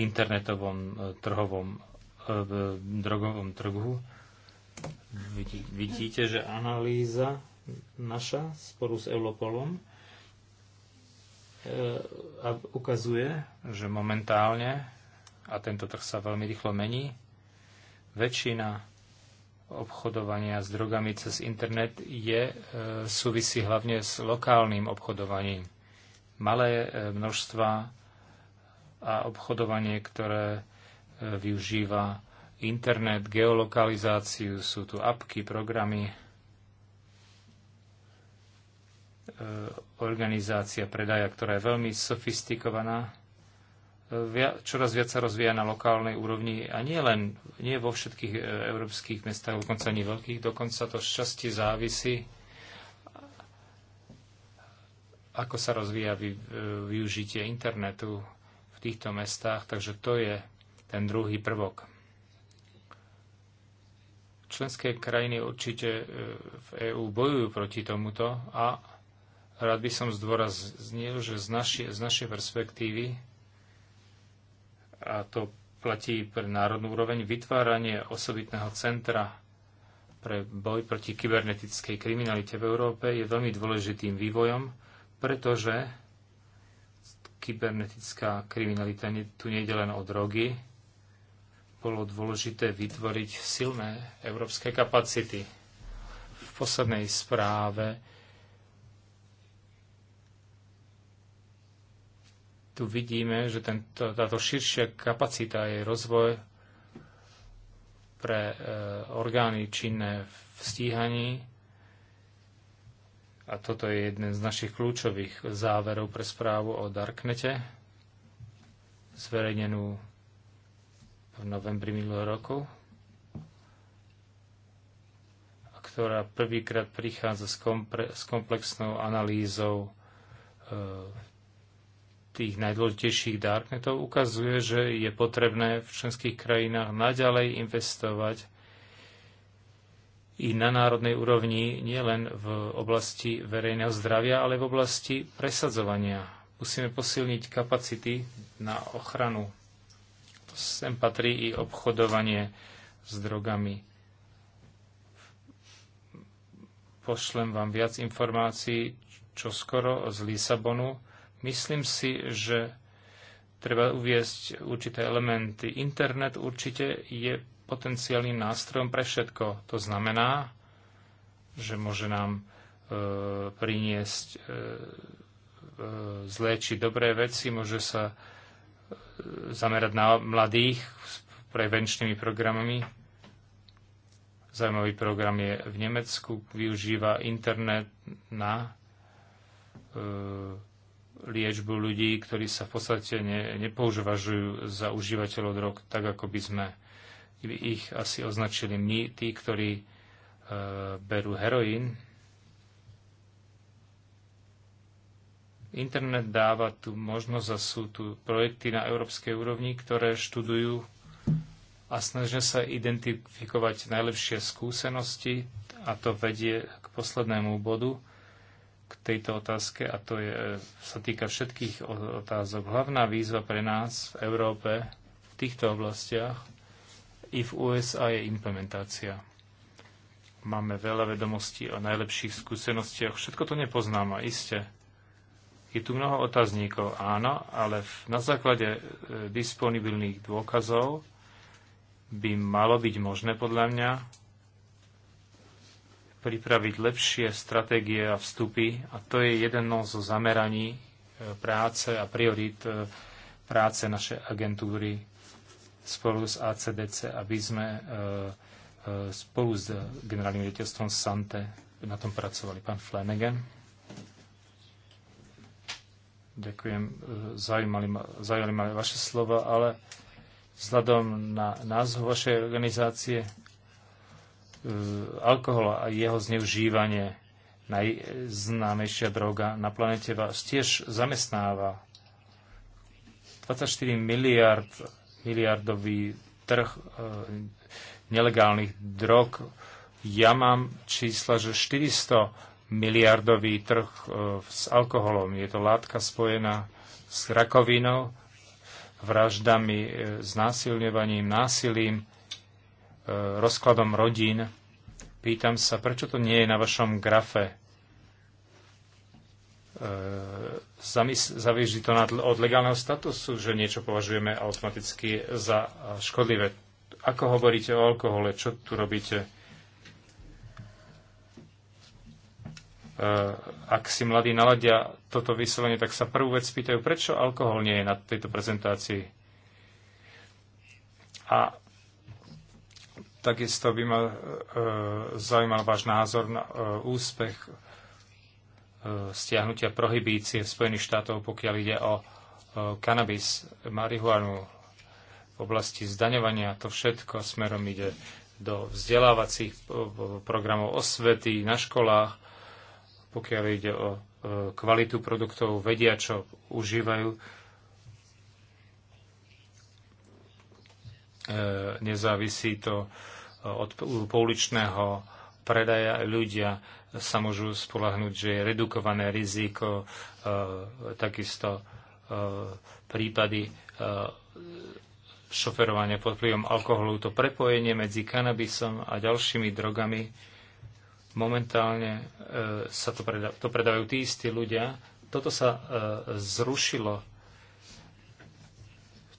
internetovom e, trhovom drogovom trhu, vidíte, že analýza naša spolu s Europolom E, a ukazuje, že momentálne, a tento trh sa veľmi rýchlo mení, väčšina obchodovania s drogami cez internet je, e, súvisí hlavne s lokálnym obchodovaním. Malé e, množstva a obchodovanie, ktoré využíva internet, geolokalizáciu, sú tu apky, programy, E, organizácia predaja, ktorá je veľmi sofistikovaná, e, čoraz viac sa rozvíja na lokálnej úrovni a nie len nie vo všetkých e, európskych mestách, dokonca ani veľkých, dokonca to šťastie závisí, ako sa rozvíja využitie internetu v týchto mestách, takže to je ten druhý prvok. Členské krajiny určite v EÚ bojujú proti tomuto a Rád by som zdôraznil, že z, naši, z našej perspektívy, a to platí pre národnú úroveň, vytváranie osobitného centra pre boj proti kybernetickej kriminalite v Európe je veľmi dôležitým vývojom, pretože kybernetická kriminalita tu je len o drogy. Bolo dôležité vytvoriť silné európske kapacity. V poslednej správe tu vidíme, že tento, táto širšia kapacita je rozvoj pre e, orgány činné v stíhaní a toto je jeden z našich kľúčových záverov pre správu o Darknete, zverejnenú v novembri minulého roku, a ktorá prvýkrát prichádza s, komplexnou analýzou e, tých najdôležitejších darknetov ukazuje, že je potrebné v členských krajinách naďalej investovať i na národnej úrovni, nielen v oblasti verejného zdravia, ale v oblasti presadzovania. Musíme posilniť kapacity na ochranu. Sem patrí i obchodovanie s drogami. Pošlem vám viac informácií čoskoro z Lisabonu Myslím si, že treba uviesť určité elementy. Internet určite je potenciálnym nástrojom pre všetko. To znamená, že môže nám e, priniesť e, e zlé či dobré veci, môže sa e, zamerať na mladých s prevenčnými programami. Zaujímavý program je v Nemecku, využíva internet na e, liečbu ľudí, ktorí sa v podstate ne, nepoužvažujú za užívateľov drog, tak ako by sme by ich asi označili my, tí, ktorí e, berú heroín. Internet dáva tu možnosť a sú tu projekty na európskej úrovni, ktoré študujú a snažia sa identifikovať najlepšie skúsenosti a to vedie k poslednému bodu – k tejto otázke a to je, sa týka všetkých otázok. Hlavná výzva pre nás v Európe v týchto oblastiach i v USA je implementácia. Máme veľa vedomostí o najlepších skúsenostiach. Všetko to nepoznáme, iste. Je tu mnoho otázníkov, áno, ale na základe e, disponibilných dôkazov by malo byť možné podľa mňa pripraviť lepšie stratégie a vstupy a to je jedno zo zameraní e, práce a priorit e, práce našej agentúry spolu s ACDC, aby sme e, spolu s generálnym riaditeľstvom Sante na tom pracovali. Pán Flanagan. Ďakujem, zaujímali ma, zaujímali ma vaše slova, ale vzhľadom na názov vašej organizácie Eh, alkohol a jeho zneužívanie, najznámejšia droga na planete, vás tiež zamestnáva. 24 miliard, miliardový trh e, nelegálnych drog. Ja mám čísla, že 400 miliardový trh e, s alkoholom. Je to látka spojená s rakovinou, vraždami, e, násilňovaním, násilím E, rozkladom rodín. Pýtam sa, prečo to nie je na vašom grafe? E, Zavíži to od legálneho statusu, že niečo považujeme automaticky za škodlivé. Ako hovoríte o alkohole? Čo tu robíte? E, ak si mladí naladia toto vyslovenie, tak sa prvú vec pýtajú, prečo alkohol nie je na tejto prezentácii. A Takisto by ma e, e, zaujímal váš názor na e, úspech stiahnutia prohibície v Spojených štátov, pokiaľ ide o kanabis, marihuanu v oblasti zdaňovania. To všetko smerom ide do vzdelávacích programov osvety na školách, pokiaľ ide o kvalitu produktov, vedia, čo užívajú E, nezávisí to e, od pouličného predaja. Ľudia sa môžu spolahnúť, že je redukované riziko, e, takisto prípady šoferovania pod vplyvom alkoholu, to prepojenie medzi kanabisom a ďalšími drogami, momentálne sa to, predajú tí istí ľudia. Toto sa zrušilo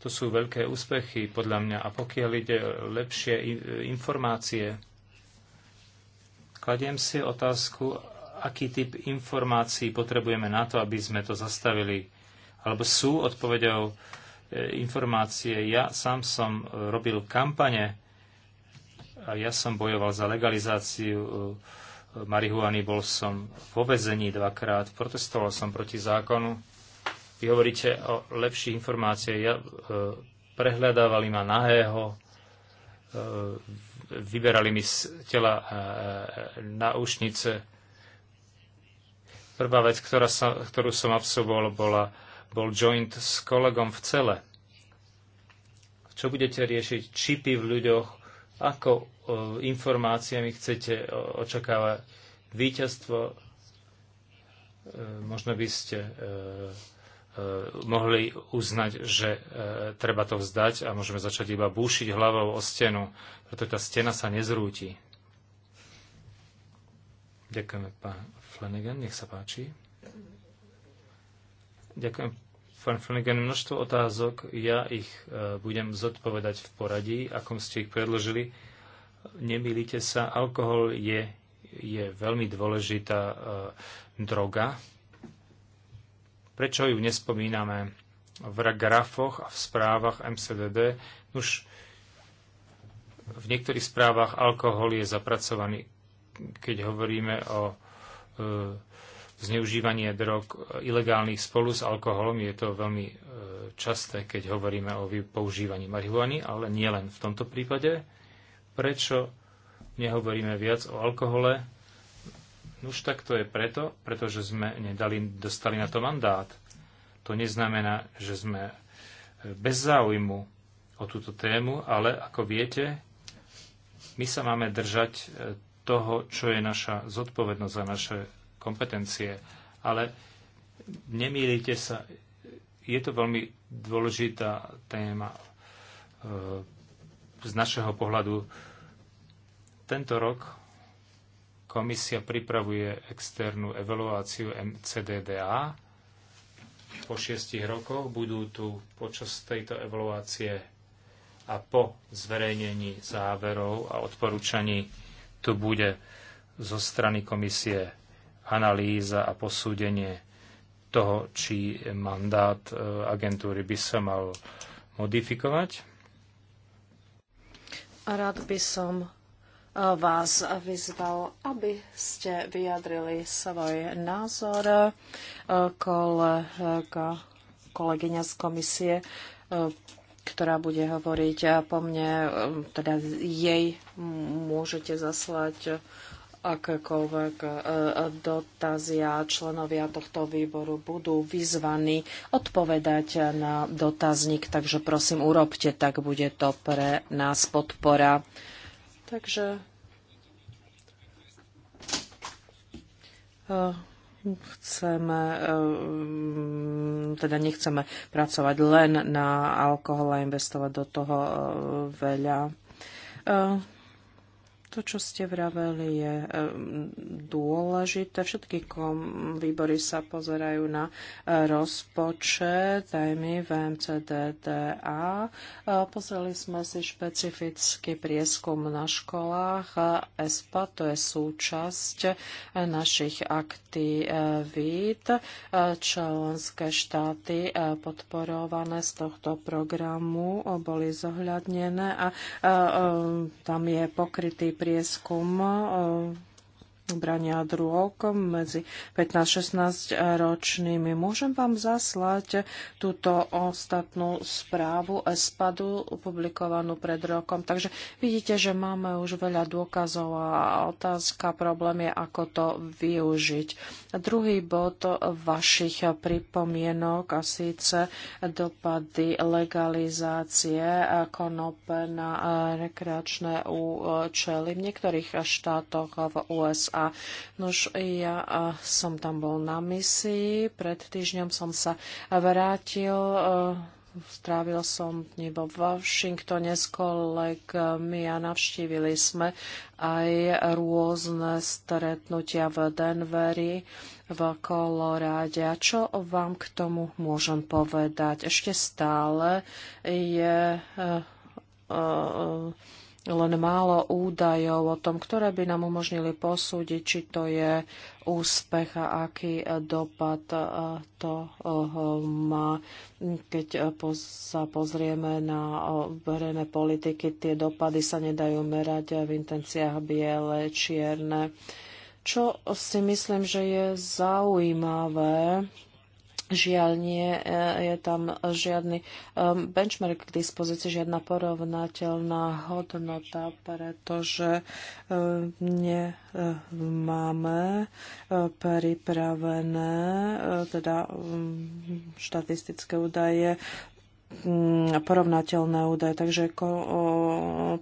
to sú veľké úspechy podľa mňa. A pokiaľ ide lepšie informácie, kladiem si otázku, aký typ informácií potrebujeme na to, aby sme to zastavili. Alebo sú odpovedou e, informácie. Ja sám som e, robil kampane a ja som bojoval za legalizáciu e, marihuany, bol som vo vezení dvakrát, protestoval som proti zákonu vy hovoríte o lepších informáciách. Ja, e, prehľadávali ma nahého, e, vyberali mi z tela e, na ušnice. Prvá vec, ktorá sa, ktorú som absolvoval, bola, bol joint s kolegom v cele. Čo budete riešiť? Čipy v ľuďoch? Ako e, informáciami chcete o, očakávať víťazstvo? E, možno by ste e, Eh, mohli uznať, že eh, treba to vzdať a môžeme začať iba búšiť hlavou o stenu, pretože tá stena sa nezrúti. Ďakujeme, pán Flanagan, nech sa páči. Ďakujem, pán Flanagan, množstvo otázok, ja ich eh, budem zodpovedať v poradí, akom ste ich predložili. Nemýlite sa, alkohol je, je veľmi dôležitá droga, Prečo ju nespomíname v grafoch a v správach MCDD? Už v niektorých správach alkohol je zapracovaný, keď hovoríme o e, zneužívanie drog ilegálnych spolu s alkoholom. Je to veľmi e, časté, keď hovoríme o používaní marihuany, ale nielen v tomto prípade. Prečo nehovoríme viac o alkohole? Už tak to je preto, pretože sme nedali, dostali na to mandát. To neznamená, že sme e, bez záujmu o túto tému, ale ako viete, my sa máme držať e, toho, čo je naša zodpovednosť za naše kompetencie. Ale nemýlite sa, je to veľmi dôležitá téma e, z našeho pohľadu. Tento rok Komisia pripravuje externú evaluáciu MCDDA. Po šiestich rokoch budú tu počas tejto evaluácie a po zverejnení záverov a odporúčaní tu bude zo strany komisie analýza a posúdenie toho, či mandát e, agentúry by sa mal modifikovať? A rád by som vás vyzval, aby ste vyjadrili svoj názor. Kolega, kolegyňa z komisie, ktorá bude hovoriť po mne, teda jej môžete zaslať akékoľvek e, dotazy a členovia tohto výboru budú vyzvaní odpovedať na dotazník, takže prosím urobte, tak bude to pre nás podpora. Takže e, chceme, e, teda nechceme pracovať len na alkohol a investovať do toho e, veľa. To, čo ste vraveli, je dôležité. Všetky kom, výbory sa pozerajú na e, rozpočet, aj my v MCDDA. E, pozreli sme si špecifický prieskum na školách. ESPA to je súčasť e, našich aktivít. Členské štáty podporované z tohto programu boli zohľadnené a tam je pokrytý prieskum brania drog medzi 15-16 ročnými. Môžem vám zaslať túto ostatnú správu ESPADu publikovanú pred rokom. Takže vidíte, že máme už veľa dôkazov a otázka, problém je, ako to využiť. Druhý bod vašich pripomienok a síce dopady legalizácie konope na rekreačné účely v niektorých štátoch v USA a Nož ja som tam bol na misii, pred týždňom som sa vrátil e, Strávil som dní vo Washingtone s kolegmi a navštívili sme aj rôzne stretnutia v Denveri, v Koloráde. A čo vám k tomu môžem povedať? Ešte stále je uh, uh, len málo údajov o tom, ktoré by nám umožnili posúdiť, či to je úspech a aký dopad e, to e, má. Keď e, sa pozrieme na verejné politiky, tie dopady sa nedajú merať v intenciách biele, čierne. Čo si myslím, že je zaujímavé, Žiaľ nie, e, je tam žiadny benchmark k dispozícii, žiadna porovnateľná hodnota, pretože e, nemáme e, pripravené teda štatistické údaje porovnateľné údaje, takže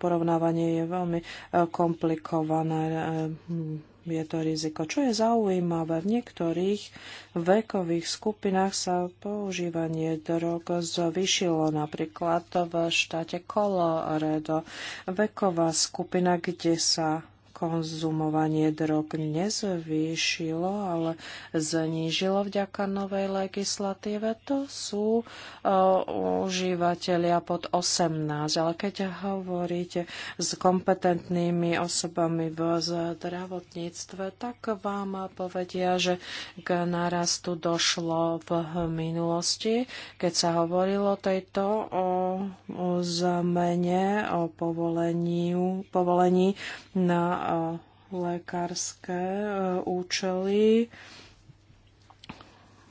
porovnávanie je veľmi komplikované je to riziko. Čo je zaujímavé, v niektorých vekových skupinách sa používanie drog zvyšilo, napríklad v štáte Colorado. Veková skupina, kde sa konzumovanie drog nezvýšilo, ale znížilo vďaka novej legislatíve. To sú uh, užívateľia pod 18. Ale keď hovoríte s kompetentnými osobami v zdravotníctve, tak vám povedia, že k narastu došlo v minulosti, keď sa hovorilo tejto o, o zmene, o povolení, povolení na lekárske e, účely.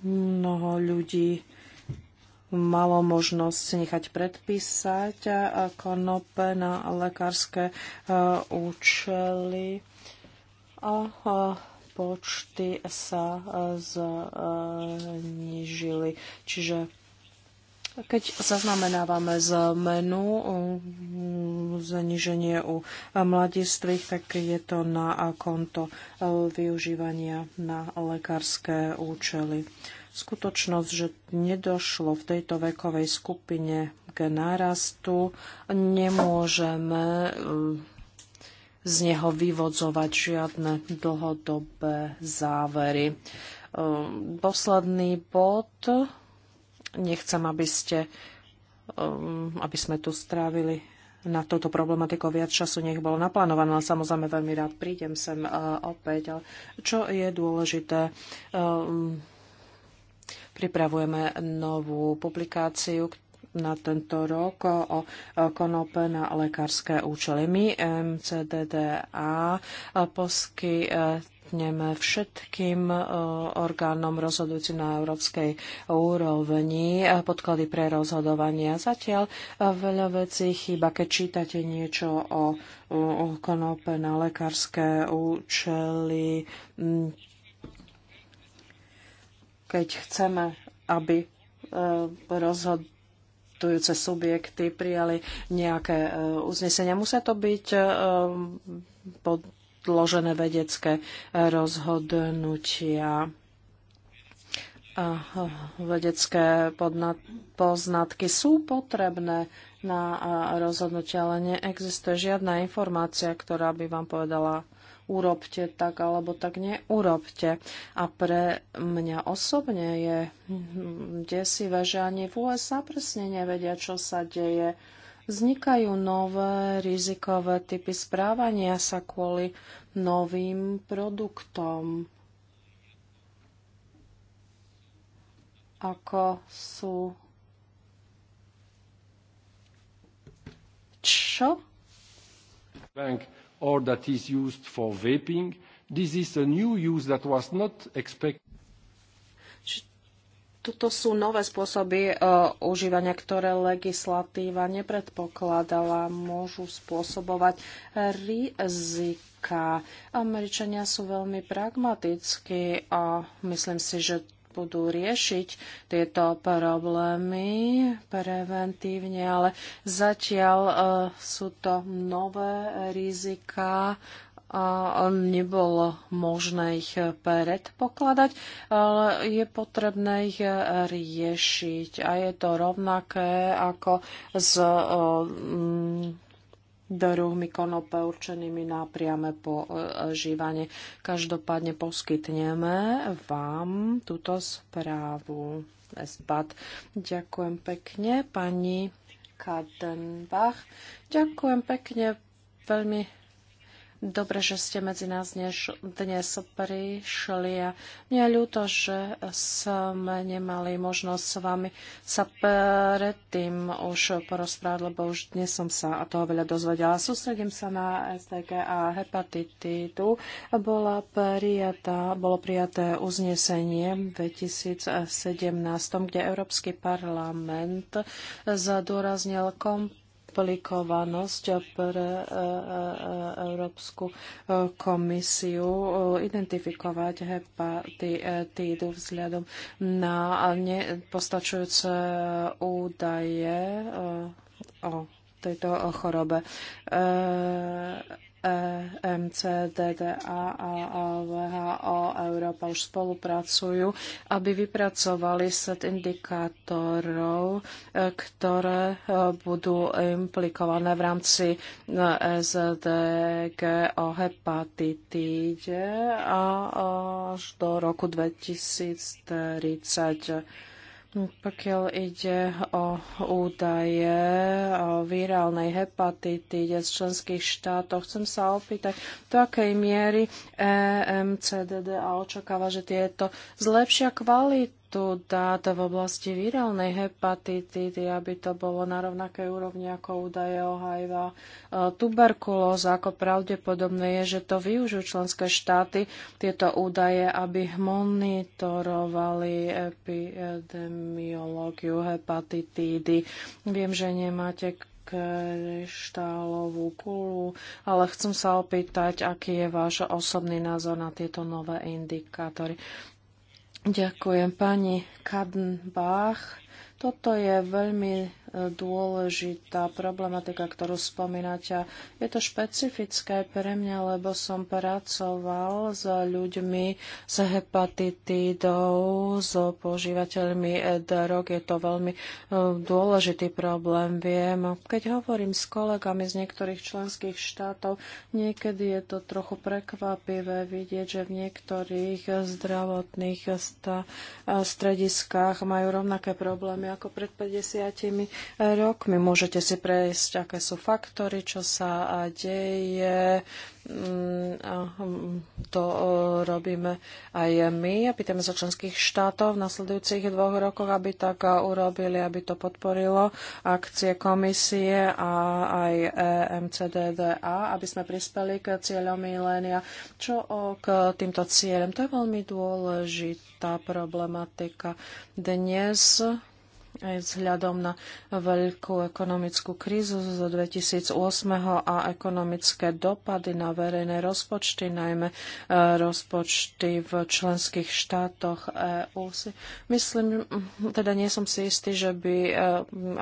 Mnoho ľudí malo možnosť nechať predpísať konope na lekárske e, účely a počty sa e, znižili. Čiže keď zaznamenávame zmenu, zaniženie u mladistvých, tak je to na konto využívania na lekárske účely. Skutočnosť, že nedošlo v tejto vekovej skupine k nárastu, nemôžeme e, z neho vyvodzovať žiadne dlhodobé závery. E, posledný bod Nechcem, aby ste um, aby sme tu strávili na toto problematiku viac času, nech bolo naplánované, ale samozrejme veľmi rád prídem sem uh, opäť. Ale čo je dôležité, um, pripravujeme novú publikáciu na tento rok o konope na lekárske účely. My MCDDA posky eh, poskytneme všetkým e, orgánom rozhodujúcim na európskej úrovni e, podklady pre rozhodovanie. Zatiaľ e, veľa vecí chýba, keď čítate niečo o, konope na lekárske účely. Keď chceme, aby rozhodovali subjekty prijali nejaké uznesenia. Musia to byť pod podložené vedecké rozhodnutia vedecké poznatky sú potrebné na rozhodnutie, ale neexistuje žiadna informácia, ktorá by vám povedala urobte tak alebo tak neurobte. A pre mňa osobne je hm, desivé, že ani v USA presne nevedia, čo sa deje Vznikajú nové rizikové typy správania sa kvôli novým produktom, ako sú čo? Bank or that is used for vaping. This is a new use that was not expected. Toto sú nové spôsoby uh, užívania, ktoré legislatíva nepredpokladala, môžu spôsobovať rizika. Američania sú veľmi pragmatickí a myslím si, že budú riešiť tieto problémy preventívne, ale zatiaľ uh, sú to nové rizika a nebolo možné ich eh, predpokladať, ale je potrebné ich eh, riešiť. A je to rovnaké ako s eh, mm, druhmi konope určenými na priame požívanie. Každopádne poskytneme vám túto správu. SPAD. Ďakujem pekne, pani Kadenbach. Ďakujem pekne, veľmi Dobre, že ste medzi nás dnes, dnes prišli a mne je ľúto, že sme nemali možnosť s vami sa predtým už porozprávať, lebo už dnes som sa toho veľa dozvedela. Sústredím sa na STK a hepatitídu. Bola prijatá, bolo prijaté uznesenie v 2017, kde Európsky parlament zadôraznil kompetenciu aplikovanosť pre e, e, Európsku e, komisiu identifikovať hepatitídu vzhľadom na nepostačujúce údaje o tejto chorobe. E MCDDA a VHO Európa už spolupracujú, aby vypracovali set indikátorov, e, ktoré e, budú implikované v rámci SDG o hepatitíde a až do roku 2030. Pokiaľ ide o údaje o virálnej hepatitíde z členských štátov, chcem sa opýtať, do akej miery e a očakáva, že tieto zlepšia kvalitu tu dát v oblasti virálnej hepatitidy, aby to bolo na rovnakej úrovni ako údaje o HIV. E, Tuberkulóza, ako pravdepodobné je, že to využijú členské štáty tieto údaje, aby monitorovali epidemiológiu hepatitídy. Viem, že nemáte kryštálovú kulu, ale chcem sa opýtať, aký je váš osobný názor na tieto nové indikátory. Ďakujem pani Kadenbach. Toto je veľmi dôležitá problematika, ktorú spomínate. Je to špecifické pre mňa, lebo som pracoval s ľuďmi s hepatitídou, s požívateľmi drog. Je to veľmi e, dôležitý problém, viem. Keď hovorím s kolegami z niektorých členských štátov, niekedy je to trochu prekvapivé vidieť, že v niektorých zdravotných strediskách majú rovnaké problémy ako pred 50 rokmi. Môžete si prejsť, aké sú faktory, čo sa deje. Mm, hm, to robíme aj my a pýtame sa členských štátov v nasledujúcich dvoch rokoch, aby tak urobili, aby to podporilo akcie komisie a aj e, MCDDA, aby sme prispeli k cieľom milénia. Čo k týmto cieľom? To je veľmi dôležitá problematika. Dnes aj vzhľadom na veľkú ekonomickú krízu zo 2008 a ekonomické dopady na verejné rozpočty, najmä e, rozpočty v členských štátoch EU. Myslím, teda nie som si istý, že by e,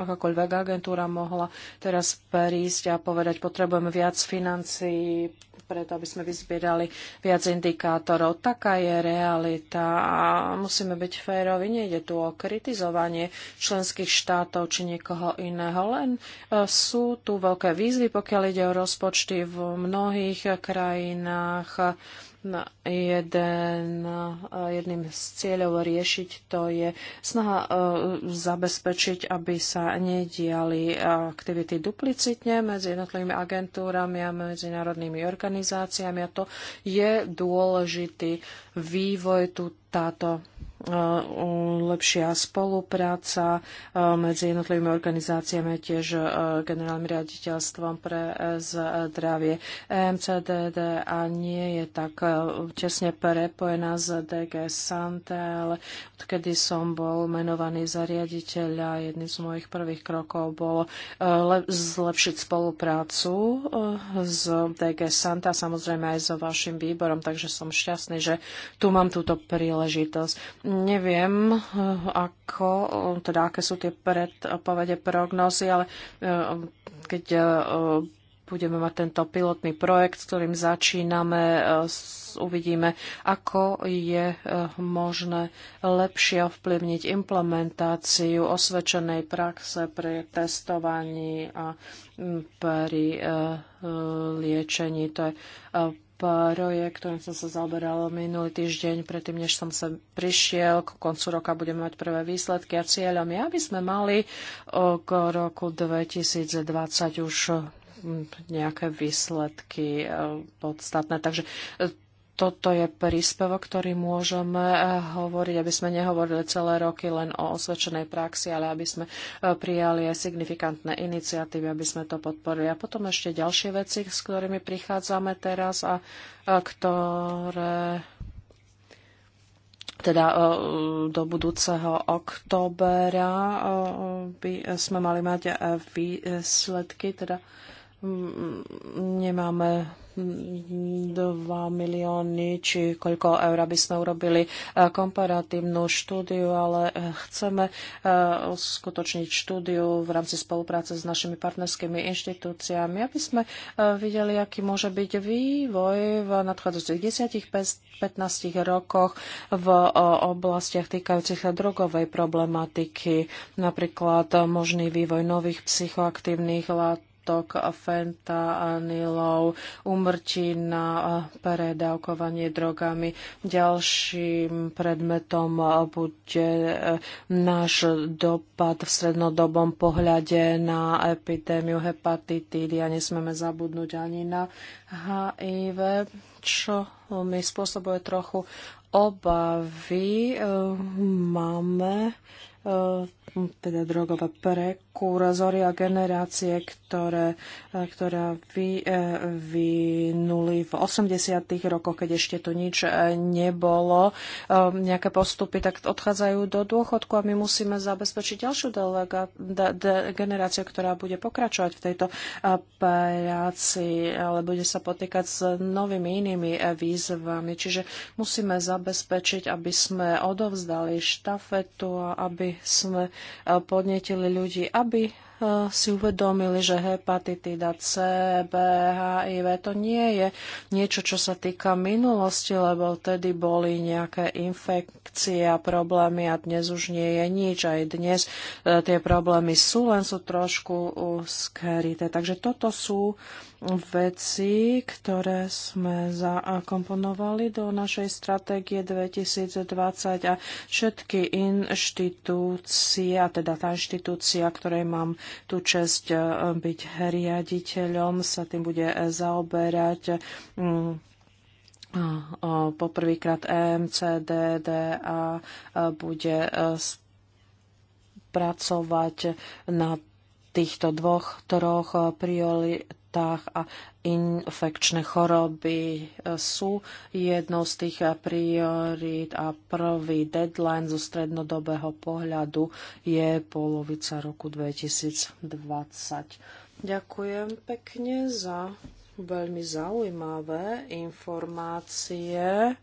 akákoľvek agentúra mohla teraz prísť a povedať, potrebujeme viac financií, preto aby sme vyzbierali viac indikátorov. Taká je realita a musíme byť férovi. Nejde tu o kritizovanie členských štátov či niekoho iného. Len e, sú tu veľké výzvy, pokiaľ ide o rozpočty v mnohých krajinách. Jeden, e, jedným z cieľov riešiť to je snaha e, zabezpečiť, aby sa nediali aktivity duplicitne medzi jednotlivými agentúrami a medzinárodnými organizáciami. A to je dôležitý vývoj, tu táto Eh, lepšia spolupráca eh, medzi jednotlivými organizáciami, tiež eh, generálnym riaditeľstvom pre zdravie. E MCDD a nie je tak tesne prepojená s DG Sante, ale odkedy som bol menovaný za riaditeľa, jedným z mojich prvých krokov bolo zlepšiť spoluprácu s DG Santa, samozrejme aj so vašim výborom, takže som šťastný, že tu mám túto príležitosť neviem, eh, ako, eh, teda aké sú tie predpovede, prognozy, ale eh, keď budeme mať tento pilotný projekt, s ktorým začíname, uvidíme, ako je možné lepšie ovplyvniť implementáciu osvedčenej praxe pri testovaní a pri liečení. To je projekt, ktorým som sa zaoberal minulý týždeň, predtým, než som sa prišiel. K koncu roka budeme mať prvé výsledky a cieľom je, aby sme mali k roku 2020 už nejaké výsledky eh, podstatné. Takže eh, toto je príspevok, ktorý môžeme eh, hovoriť, aby sme nehovorili celé roky len o osvedčenej praxi, ale aby sme eh, prijali aj signifikantné iniciatívy, aby sme to podporili. A potom ešte ďalšie veci, s ktorými prichádzame teraz a eh, ktoré teda do budúceho októbera by sme mali mať výsledky, teda Mm, nemáme 2 milióny, či koľko eur by sme urobili e, komparatívnu štúdiu, ale e, chceme e, uskutočniť štúdiu v rámci spolupráce s našimi partnerskými inštitúciami, aby sme videli, aký môže byť vývoj v nadchádzajúcich 10-15 rokoch v oblastiach týkajúcich sa drogovej problematiky, napríklad možný vývoj nových psychoaktívnych látok látok, fentanylov, umrtí na predávkovanie drogami. Ďalším predmetom bude eh, náš dopad v srednodobom pohľade na epidémiu hepatitídy a nesmeme zabudnúť ani na HIV, čo mi spôsobuje trochu obavy. Eh, máme eh, teda drogové prekurzory a generácie, ktoré, e, ktorá vy, e, vynuli v 80. rokoch, keď ešte tu nič e, nebolo, nejaké postupy, tak odchádzajú do dôchodku a my musíme zabezpečiť ďalšiu delega, de, de, generáciu, ktorá bude pokračovať v tejto práci, ale bude sa potýkať s novými inými výzvami. Čiže musíme zabezpečiť, aby sme odovzdali štafetu a aby sme podnetili ľudí, aby eh, si uvedomili, že hepatitida C, B, HIV to nie je niečo, čo sa týka minulosti, lebo vtedy boli nejaké infekcie a problémy a dnes už nie je nič. Aj dnes eh, tie problémy sú, len sú trošku eh, skerité. Takže toto sú veci, ktoré sme zakomponovali do našej stratégie 2020 a všetky inštitúcie, a teda tá inštitúcia, ktorej mám tú čest e, byť riaditeľom, sa tým bude zaoberať mm, poprvýkrát e a e, bude pracovať na týchto dvoch, troch priorit autách a infekčné choroby e, sú jednou z tých e, priorít a prvý deadline zo strednodobého pohľadu je polovica roku 2020. Ďakujem pekne za veľmi zaujímavé informácie.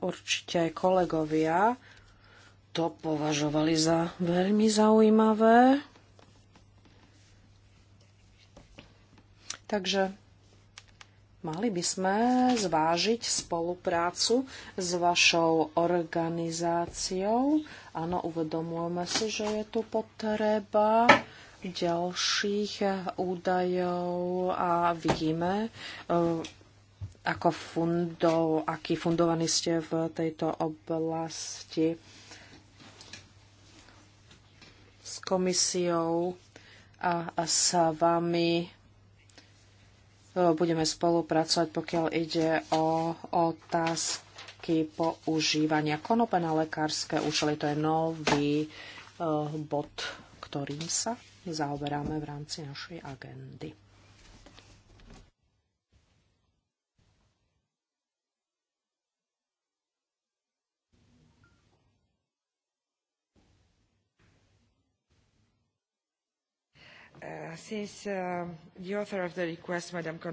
Určite aj kolegovia to považovali za veľmi zaujímavé. Takže mali by sme zvážiť spoluprácu s vašou organizáciou. Áno, uvedomujeme si, že je tu potreba ďalších údajov a vidíme, eh, ako fundov, aký fundovaní ste v tejto oblasti s komisiou a, a s vami budeme spolupracovať, pokiaľ ide o otázky používania konope na lekárske účely. To je nový eh, bod, ktorým sa zaoberáme v rámci našej agendy. Uh, um,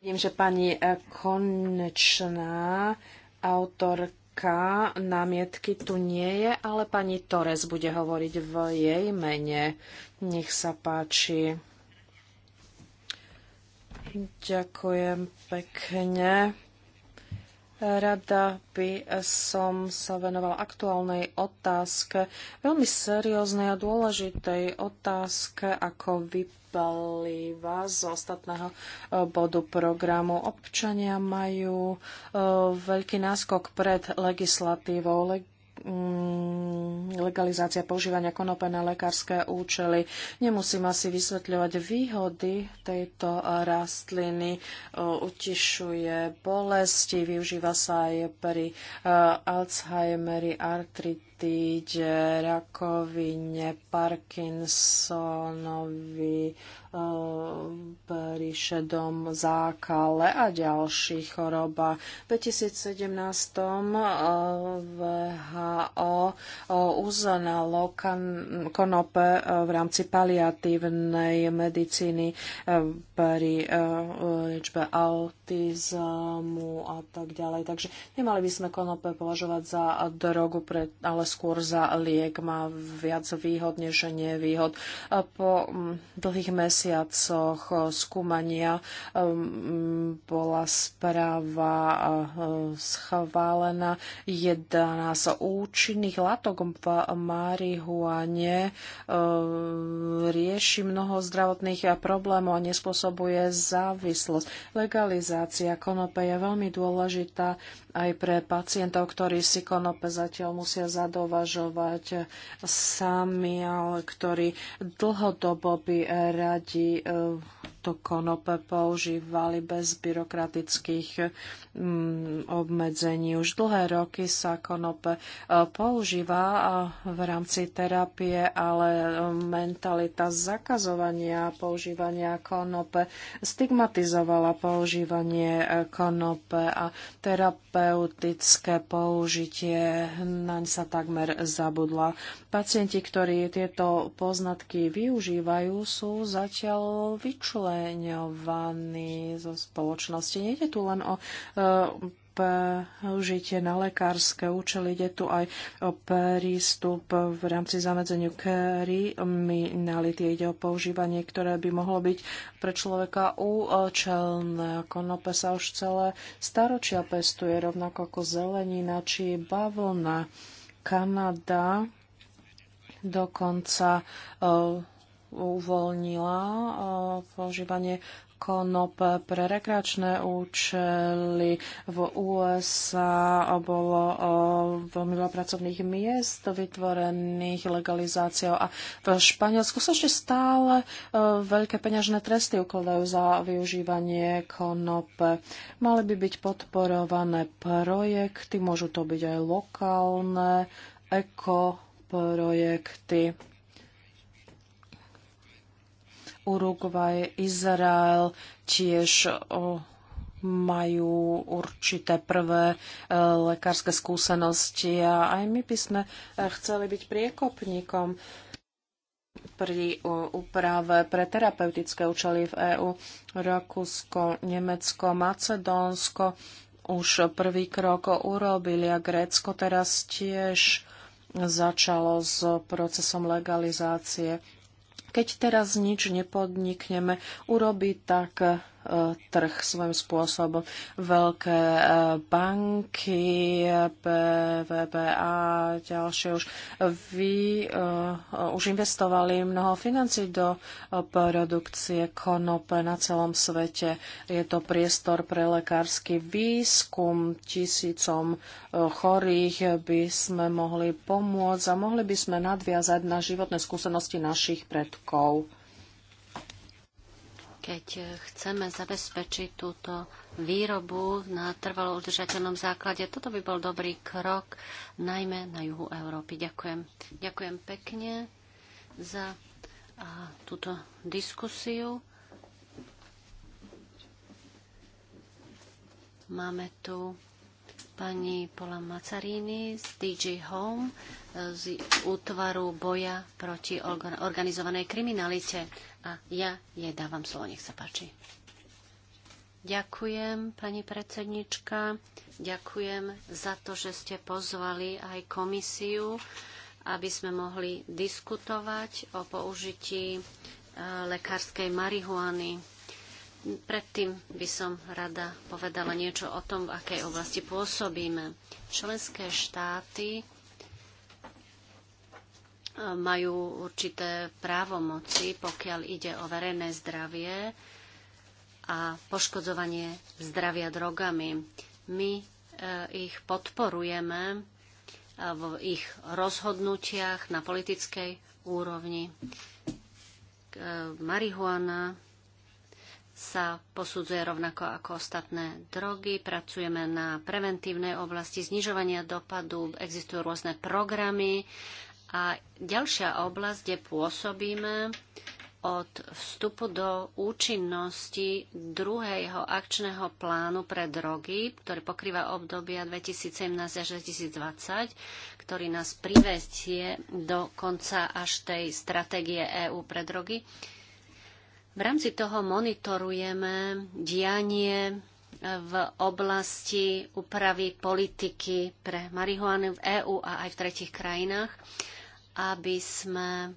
Vidím, že pani e, Konečná, autorka námietky tu nie je, ale pani Torres bude hovoriť v jej mene. Nech sa páči. Ďakujem pekne. Rada by som sa venovala aktuálnej otázke, veľmi serióznej a dôležitej otázke, ako vyplýva z ostatného eh, bodu programu. Občania majú eh, veľký náskok pred legislatívou. Mm, legalizácia používania konope na lekárske účely. Nemusím asi vysvetľovať výhody tejto eh, rastliny. Eh, utišuje bolesti, využíva sa aj pri eh, Alzheimeri, artrit, diabetíde, rakovine, Parkinsonovi, e, príšedom, zákale a ďalších choroba. V 2017 e, VHO e, uznalo konope v rámci paliatívnej medicíny pri liečbe aut autizmu a tak ďalej. Takže nemali by sme konope považovať za drogu, pre, ale skôr za liek. Má viac výhod než nevýhod. Po mm, dlhých mesiacoch e, skúmania e, mm, bola správa e, schválená 11 účinných látok v marihuane rieši mnoho zdravotných problémov a nespôsobuje závislosť. Legalizácia legalizácia konope je veľmi dôležitá aj pre pacientov, ktorí si konope zatiaľ musia zadovažovať sami, ale ktorí dlhodobo by radi eh, takto konope používali bez byrokratických mm, obmedzení. Už dlhé roky sa konope e, používa v rámci terapie, ale e, mentalita zakazovania používania konope stigmatizovala používanie e, konope a terapeutické použitie naň sa takmer zabudla. Pacienti, ktorí tieto poznatky využívajú, sú zatiaľ vyčlení vyčleňovaní zo spoločnosti. je tu len o e, použitie na lekárske účely. Ide tu aj o prístup v rámci zamedzeniu kriminality. Ide o používanie, ktoré by mohlo byť pre človeka účelné. Konope sa už celé staročia pestuje, rovnako ako zelenina či bavlna. Kanada dokonca uh, uvoľnila eh, používanie konop pre rekreačné účely. V USA bolo eh, veľmi veľa pracovných miest vytvorených legalizáciou a v Španielsku sa ešte stále eh, veľké peňažné tresty ukladajú za využívanie konope. Mali by byť podporované projekty, môžu to byť aj lokálne ekoprojekty Uruguay, Izrael tiež majú určité prvé e, lekárske skúsenosti a aj my by sme e, chceli byť priekopníkom pri úprave pre terapeutické účely v EÚ. Rakúsko, Nemecko, Macedónsko už prvý krok urobili a Grécko teraz tiež začalo s procesom legalizácie keď teraz nič nepodnikneme, urobí tak trh svojím spôsobom. Veľké e, banky, a ďalšie už, vy e, už investovali mnoho financí do e, produkcie konope na celom svete. Je to priestor pre lekársky výskum tisícom chorých by sme mohli pomôcť a mohli by sme nadviazať na životné skúsenosti našich predkov keď chceme zabezpečiť túto výrobu na trvalo udržateľnom základe, toto by bol dobrý krok, najmä na juhu Európy. Ďakujem. Ďakujem pekne za a, túto diskusiu. Máme tu pani Pola Macarini z DG Home e, z útvaru boja proti organizovanej kriminalite. A ja jej dávam slovo, nech sa páči. Ďakujem, pani predsednička. Ďakujem za to, že ste pozvali aj komisiu, aby sme mohli diskutovať o použití e, lekárskej marihuany Predtým by som rada povedala niečo o tom, v akej oblasti pôsobíme. Členské štáty e, majú určité právomoci, pokiaľ ide o verejné zdravie a poškodzovanie zdravia drogami. My e, ich podporujeme e, v ich rozhodnutiach na politickej úrovni. Marihuana sa posudzuje rovnako ako ostatné drogy. Pracujeme na preventívnej oblasti znižovania dopadu, existujú rôzne programy. A ďalšia oblasť, kde pôsobíme, od vstupu do účinnosti druhého akčného plánu pre drogy, ktorý pokrýva obdobia 2017 až 2020, ktorý nás privestie do konca až tej stratégie EÚ pre drogy. V rámci toho monitorujeme dianie e, v oblasti úpravy politiky pre marihuanu v EÚ a aj v tretich krajinách, aby sme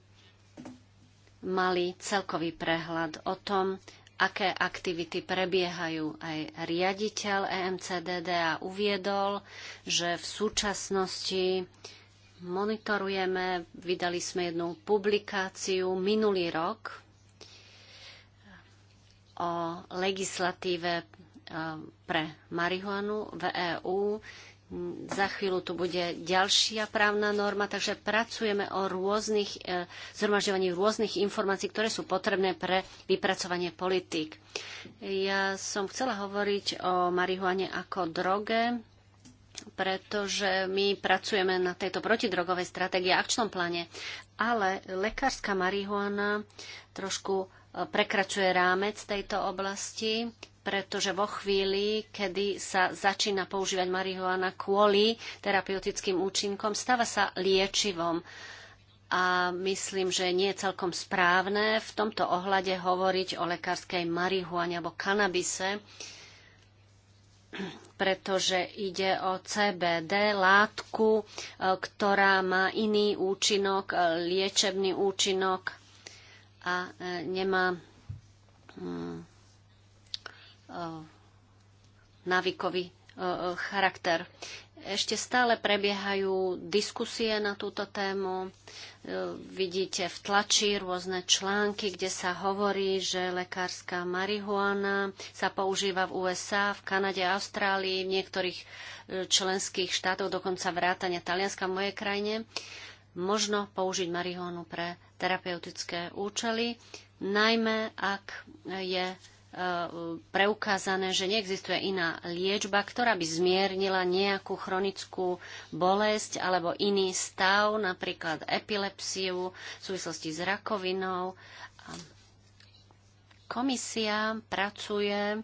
mali celkový prehľad o tom, aké aktivity prebiehajú. Aj riaditeľ EMCDDA uviedol, že v súčasnosti monitorujeme, vydali sme jednu publikáciu minulý rok o legislatíve e, pre marihuanu v EÚ. Za chvíľu tu bude ďalšia právna norma, takže pracujeme o rôznych, e, zhromažďovaní rôznych informácií, ktoré sú potrebné pre vypracovanie politík. Ja som chcela hovoriť o marihuane ako droge, pretože my pracujeme na tejto protidrogovej stratégie a akčnom pláne. Ale lekárska marihuana trošku e, prekračuje rámec tejto oblasti, pretože vo chvíli, kedy sa začína používať marihuana kvôli terapeutickým účinkom, stáva sa liečivom. A myslím, že nie je celkom správne v tomto ohľade hovoriť o lekárskej marihuane alebo kanabise, pretože ide o CBD látku, e, ktorá má iný účinok, e, liečebný účinok a e, nemá mm, navykový charakter. Ešte stále prebiehajú diskusie na túto tému. E, vidíte v tlači rôzne články, kde sa hovorí, že lekárska marihuana sa používa v USA, v Kanade, Austrálii, v niektorých e, členských štátoch, dokonca vrátane Talianska v mojej krajine. Možno použiť marihuanu pre terapeutické účely, najmä ak je Eh, preukázané, že neexistuje iná liečba, ktorá by zmiernila nejakú chronickú bolesť alebo iný stav, napríklad epilepsiu v súvislosti s rakovinou. Komisia pracuje eh,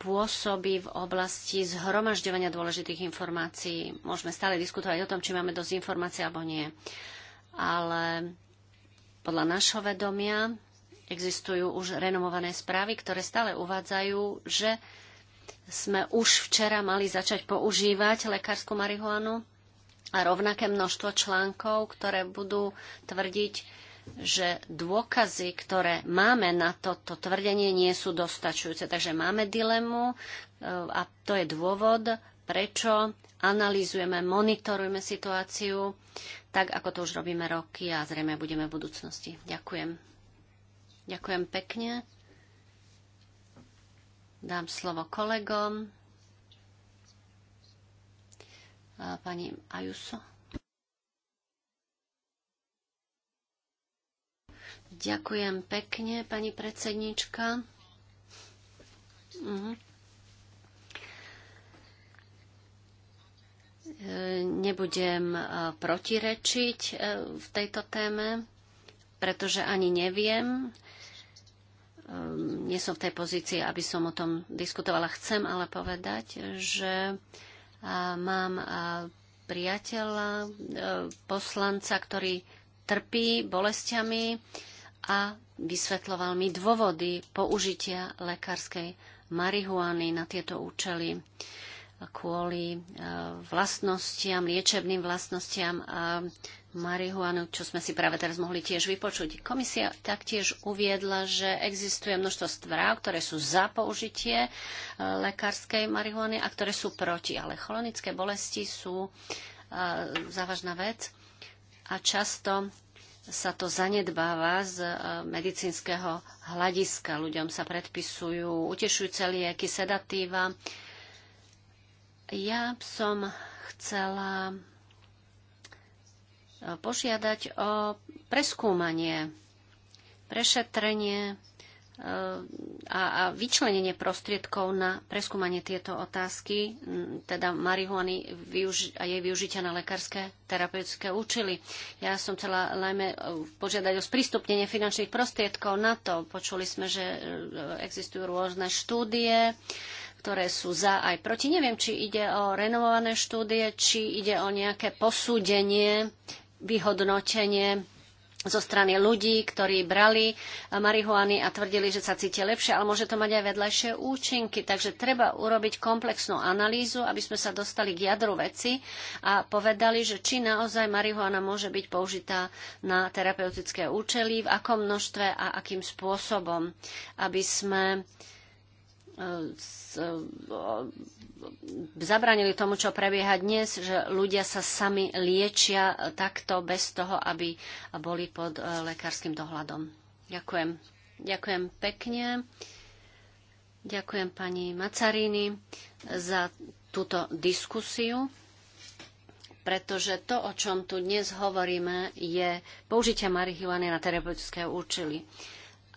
pôsobí v oblasti zhromažďovania dôležitých informácií. Môžeme stále diskutovať o tom, či máme dosť informácií alebo nie. Ale podľa našho vedomia Existujú už renomované správy, ktoré stále uvádzajú, že sme už včera mali začať používať lekárskú marihuanu a rovnaké množstvo článkov, ktoré budú tvrdiť, že dôkazy, ktoré máme na toto tvrdenie, nie sú dostačujúce. Takže máme dilemu e, a to je dôvod, prečo analýzujeme, monitorujeme situáciu, tak ako to už robíme roky a zrejme budeme v budúcnosti. Ďakujem. Ďakujem pekne. Dám slovo kolegom. Pani Ajuso. Ďakujem pekne, pani predsednička. Mhm. Nebudem e, protirečiť e, v tejto téme, pretože ani neviem, Ehm, nie som v tej pozícii, aby som o tom diskutovala. Chcem ale povedať, že mám priateľa, e, poslanca, ktorý trpí bolestiami a vysvetloval mi dôvody použitia lekárskej marihuany na tieto účely kvôli e, vlastnostiam, liečebným vlastnostiam marihuanu, čo sme si práve teraz mohli tiež vypočuť. Komisia taktiež uviedla, že existuje množstvo stvrav, ktoré sú za použitie e, lekárskej marihuany a ktoré sú proti. Ale chronické bolesti sú e, závažná vec a často sa to zanedbáva z e, medicínskeho hľadiska. Ľuďom sa predpisujú utešujúce lieky, sedatíva. Ja som chcela požiadať o preskúmanie, prešetrenie e, a, vyčlenenie prostriedkov na preskúmanie tieto otázky, teda marihuany a jej využitia na lekárske terapeutické účely. Ja som chcela najmä e, požiadať o sprístupnenie finančných prostriedkov na to. Počuli sme, že e, existujú rôzne štúdie, ktoré sú za aj proti. Neviem, či ide o renovované štúdie, či ide o nejaké posúdenie vyhodnotenie zo strany ľudí, ktorí brali eh, marihuany a tvrdili, že sa cítia lepšie, ale môže to mať aj vedľajšie účinky. Takže treba urobiť komplexnú analýzu, aby sme sa dostali k jadru veci a povedali, že či naozaj marihuana môže byť použitá na terapeutické účely, v akom množstve a akým spôsobom, aby sme uh, zabránili tomu, čo prebieha dnes, že ľudia sa sami liečia takto bez toho, aby boli pod e, lekárskym dohľadom. Ďakujem. Ďakujem pekne. Ďakujem pani Macaríny za túto diskusiu, pretože to, o čom tu dnes hovoríme, je použitie marihuany na terapeutické účely.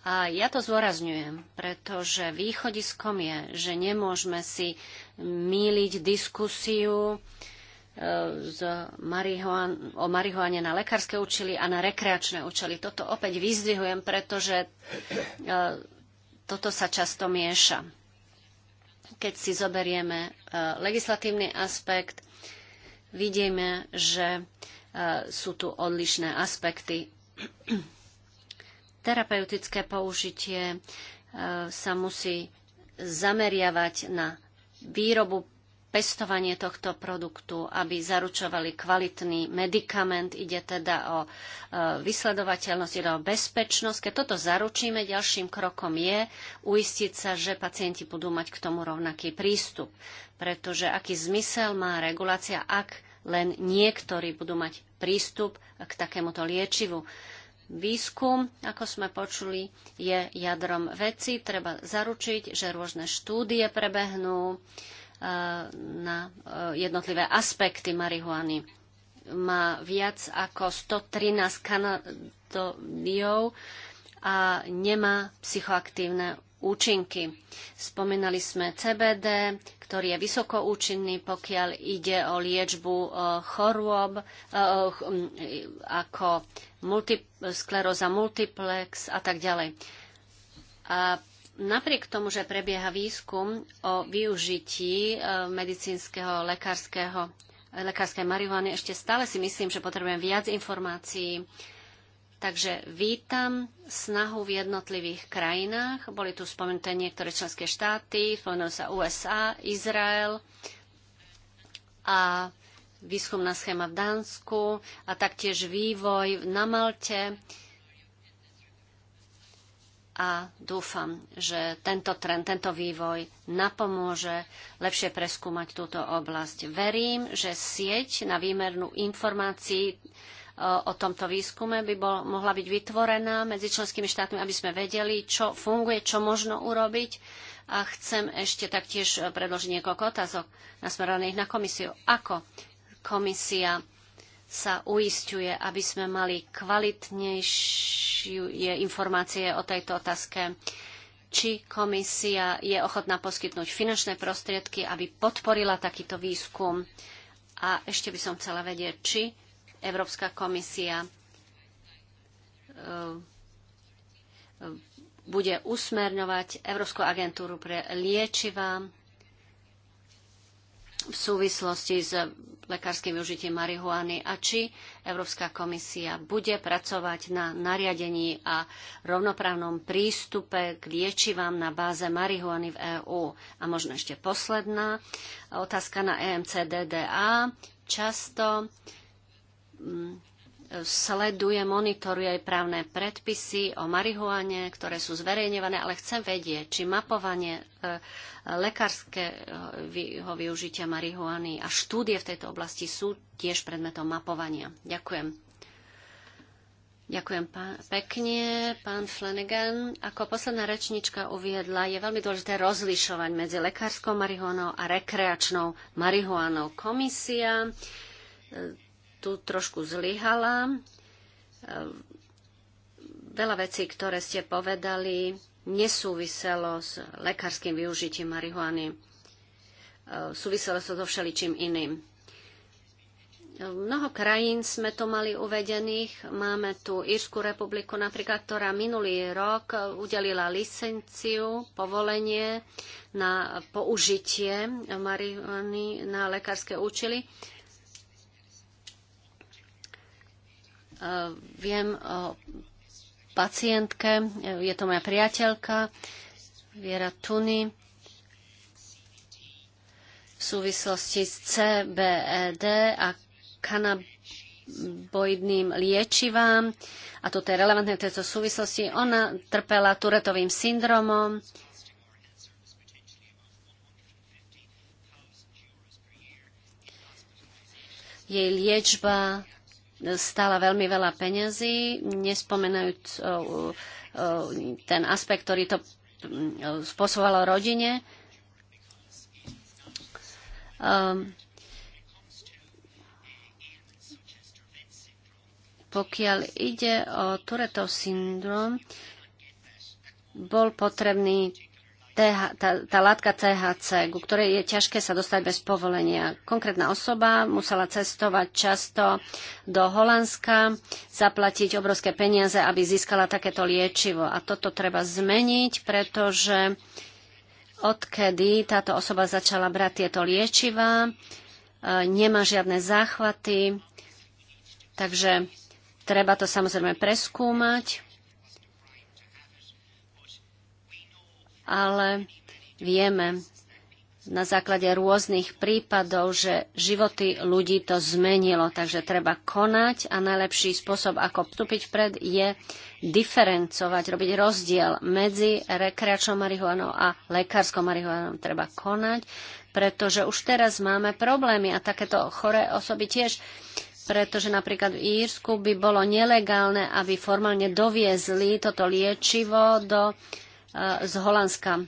A ja to zdôrazňujem, pretože východiskom je, že nemôžeme si míliť diskusiu e, z marihuan, o marihuane na lekárske účely a na rekreačné účely. Toto opäť vyzdvihujem, pretože e, toto sa často mieša. Keď si zoberieme e, legislatívny aspekt, vidíme, že sú tu odlišné aspekty Terapeutické použitie e, sa musí zameriavať na výrobu, pestovanie tohto produktu, aby zaručovali kvalitný medikament. Ide teda o e, vysledovateľnosť, ide o bezpečnosť. Keď toto zaručíme, ďalším krokom je uistiť sa, že pacienti budú mať k tomu rovnaký prístup. Pretože aký zmysel má regulácia, ak len niektorí budú mať prístup k takémuto liečivu. Výskum, ako sme počuli, je jadrom veci. Treba zaručiť, že rôzne štúdie prebehnú eh, na eh, jednotlivé aspekty marihuany. Má viac ako 113 kanadiov a nemá psychoaktívne účinky. Spomínali sme CBD, ktorý je vysoko účinný, pokiaľ ide o liečbu e, chorôb e, ako skleróza multiplex a tak ďalej. A napriek tomu, že prebieha výskum o využití e, medicínskeho lekárskeho lekárskej marihuany, ešte stále si myslím, že potrebujem viac informácií Takže vítam snahu v jednotlivých krajinách. Boli tu spomenuté niektoré členské štáty, spomenul sa USA, Izrael a výskumná schéma v Dánsku a taktiež vývoj na Malte. A dúfam, že tento trend, tento vývoj napomôže lepšie preskúmať túto oblasť. Verím, že sieť na výmernú informácií o tomto výskume by bol, mohla byť vytvorená medzi členskými štátmi, aby sme vedeli, čo funguje, čo možno urobiť. A chcem ešte taktiež eh, predložiť niekoľko otázok nasmerovaných na komisiu. Ako komisia sa uistuje, aby sme mali kvalitnejšie informácie o tejto otázke či komisia je ochotná poskytnúť finančné prostriedky, aby podporila takýto výskum. A ešte by som chcela vedieť, či Európska komisia e, e, bude usmerňovať Európsku agentúru pre liečivá v súvislosti s lekárskym využitím marihuany a či Európska komisia bude pracovať na nariadení a rovnoprávnom prístupe k liečivám na báze marihuany v EÚ. A možno ešte posledná otázka na EMCDDA. Často Mm, sleduje, monitoruje aj právne predpisy o marihuane, ktoré sú zverejňované, ale chcem vedieť, či mapovanie e, lekárskeho využitia marihuany a štúdie v tejto oblasti sú tiež predmetom mapovania. Ďakujem. Ďakujem pán, pekne, pán Flanagan. Ako posledná rečnička uviedla, je veľmi dôležité rozlišovať medzi lekárskou marihuanou a rekreačnou marihuanou. Komisia e, tu trošku zlyhala. E, veľa vecí, ktoré ste povedali, nesúviselo s lekárskym využitím marihuany. E, súviselo sa so všeličím iným. E, mnoho krajín sme tu mali uvedených. Máme tu Írsku republiku napríklad, ktorá minulý rok udelila licenciu, povolenie na použitie marihuany na lekárske účely. Eh, viem o pacientke, je to moja priateľka, Viera Tuny, v súvislosti s CBED a kanaboidným liečivám. A toto je relevantné v tejto súvislosti. Ona trpela turetovým syndromom. Jej liečba stála veľmi veľa peňazí, nespomenajúc eh, eh, ten aspekt, ktorý to mm, spôsobovalo rodine. Ehm, pokiaľ ide o Turetov syndrom, bol potrebný TH, tá, tá látka THC, ku ktorej je ťažké sa dostať bez povolenia. Konkrétna osoba musela cestovať často do Holandska, zaplatiť obrovské peniaze, aby získala takéto liečivo. A toto treba zmeniť, pretože odkedy táto osoba začala brať tieto liečiva, e, nemá žiadne záchvaty, takže treba to samozrejme preskúmať ale vieme na základe rôznych prípadov, že životy ľudí to zmenilo. Takže treba konať a najlepší spôsob, ako vstúpiť vpred, je diferencovať, robiť rozdiel medzi rekreačnou marihuanou a lekárskou marihuanou. Treba konať, pretože už teraz máme problémy a takéto choré osoby tiež pretože napríklad v Írsku by bolo nelegálne, aby formálne doviezli toto liečivo do z Holandska.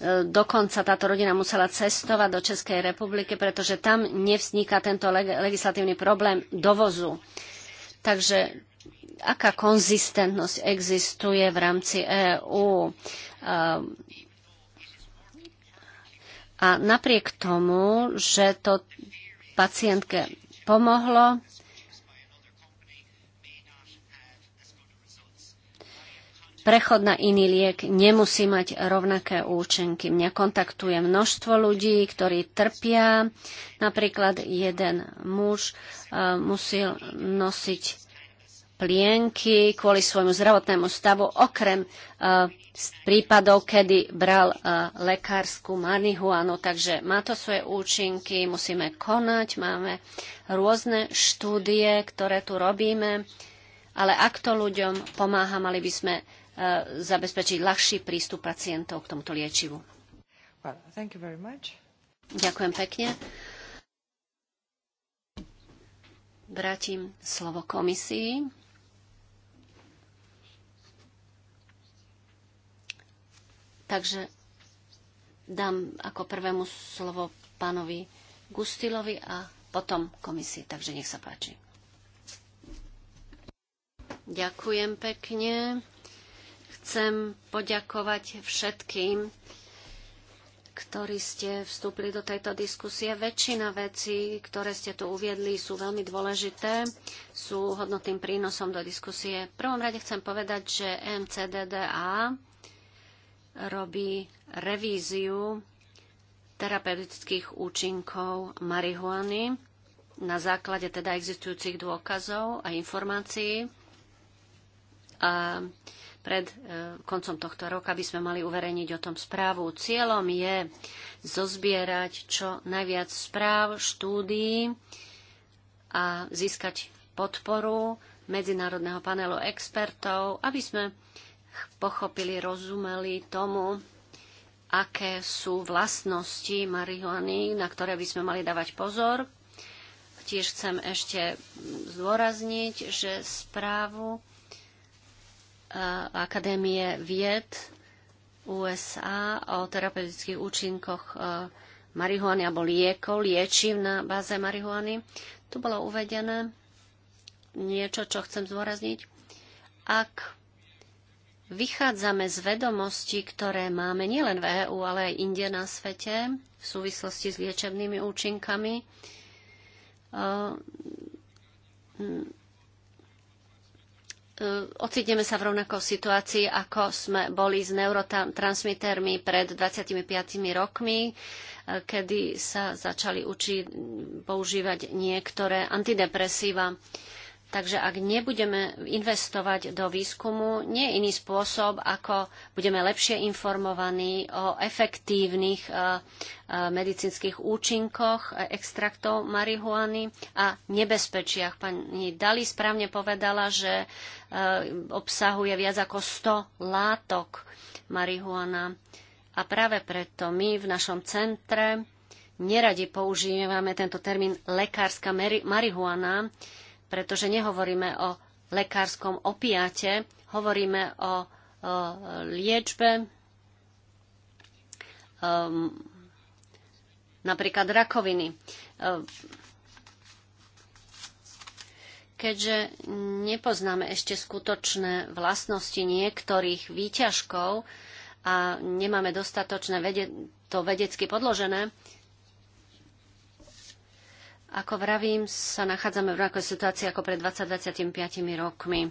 E, dokonca táto rodina musela cestovať do Českej republiky, pretože tam nevzniká tento legislatívny problém dovozu. Takže aká konzistentnosť existuje v rámci EÚ? E, a napriek tomu, že to pacientke pomohlo, Prechod na iný liek nemusí mať rovnaké účinky. Mňa kontaktuje množstvo ľudí, ktorí trpia. Napríklad jeden muž e, musel nosiť plienky kvôli svojmu zdravotnému stavu, okrem e, prípadov, kedy bral e, lekárskú marihuanu. Takže má to svoje účinky, musíme konať, máme rôzne štúdie, ktoré tu robíme, ale ak to ľuďom pomáha, mali by sme Eh, zabezpečiť ľahší prístup pacientov k tomuto liečivu. Well, Ďakujem pekne. Vrátim slovo komisii. Takže dám ako prvému slovo pánovi Gustilovi a potom komisii. Takže nech sa páči. Ďakujem pekne. Chcem poďakovať všetkým, ktorí ste vstúpili do tejto diskusie. Väčšina vecí, ktoré ste tu uviedli, sú veľmi dôležité, sú hodnotným prínosom do diskusie. V prvom rade chcem povedať, že MCDDA robí revíziu terapeutických účinkov marihuany na základe teda existujúcich dôkazov a informácií. A pred e, koncom tohto roka by sme mali uverejniť o tom správu. Cieľom je zozbierať čo najviac správ, štúdií a získať podporu medzinárodného panelu expertov, aby sme pochopili, rozumeli tomu, aké sú vlastnosti marihuany, na ktoré by sme mali dávať pozor. Tiež chcem ešte zdôrazniť, že správu Akadémie vied USA o terapeutických účinkoch e, marihuany alebo liekov, liečiv na báze marihuany. Tu bolo uvedené niečo, čo chcem zdôrazniť. Ak vychádzame z vedomostí, ktoré máme nielen v EÚ, ale aj inde na svete v súvislosti s liečebnými účinkami, e, E, ocitneme sa v rovnakej situácii, ako sme boli s neurotransmitermi pred 25 rokmi, e, kedy sa začali učiť používať niektoré antidepresíva. Takže ak nebudeme investovať do výskumu, nie je iný spôsob, ako budeme lepšie informovaní o efektívnych e, e, medicínskych účinkoch e, extraktov marihuany a nebezpečiach. Pani Dali správne povedala, že obsahuje viac ako 100 látok marihuana. A práve preto my v našom centre neradi používame tento termín lekárska marihuana, pretože nehovoríme o lekárskom opiate, hovoríme o, o liečbe um, napríklad rakoviny. Ehm, keďže nepoznáme ešte skutočné vlastnosti niektorých výťažkov a nemáme dostatočné vede- to vedecky podložené, ako vravím, sa nachádzame v rovnakej situácii ako pred 20-25 rokmi.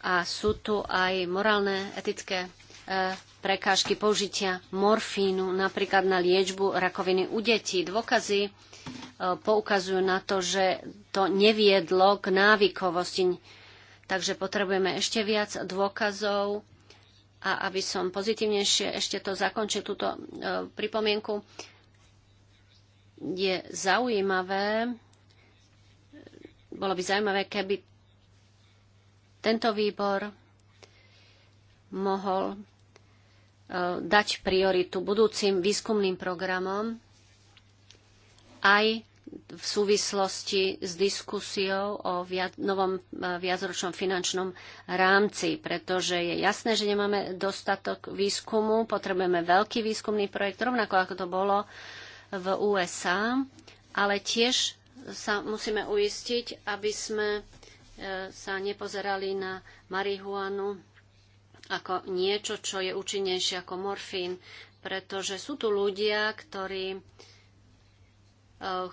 A sú tu aj morálne, etické e, prekážky použitia morfínu napríklad na liečbu rakoviny u detí. Dôkazy e, poukazujú na to, že to neviedlo k návykovosti. Takže potrebujeme ešte viac dôkazov a aby som pozitívnejšie ešte to zakončil túto e, pripomienku, je zaujímavé, bolo by zaujímavé, keby tento výbor mohol e, dať prioritu budúcim výskumným programom aj v súvislosti s diskusiou o novom e, viacročnom finančnom rámci, pretože je jasné, že nemáme dostatok výskumu, potrebujeme veľký výskumný projekt, rovnako ako to bolo v USA, ale tiež sa musíme uistiť, aby sme e, sa nepozerali na marihuanu ako niečo, čo je účinnejšie ako morfín, pretože sú tu ľudia, ktorí e,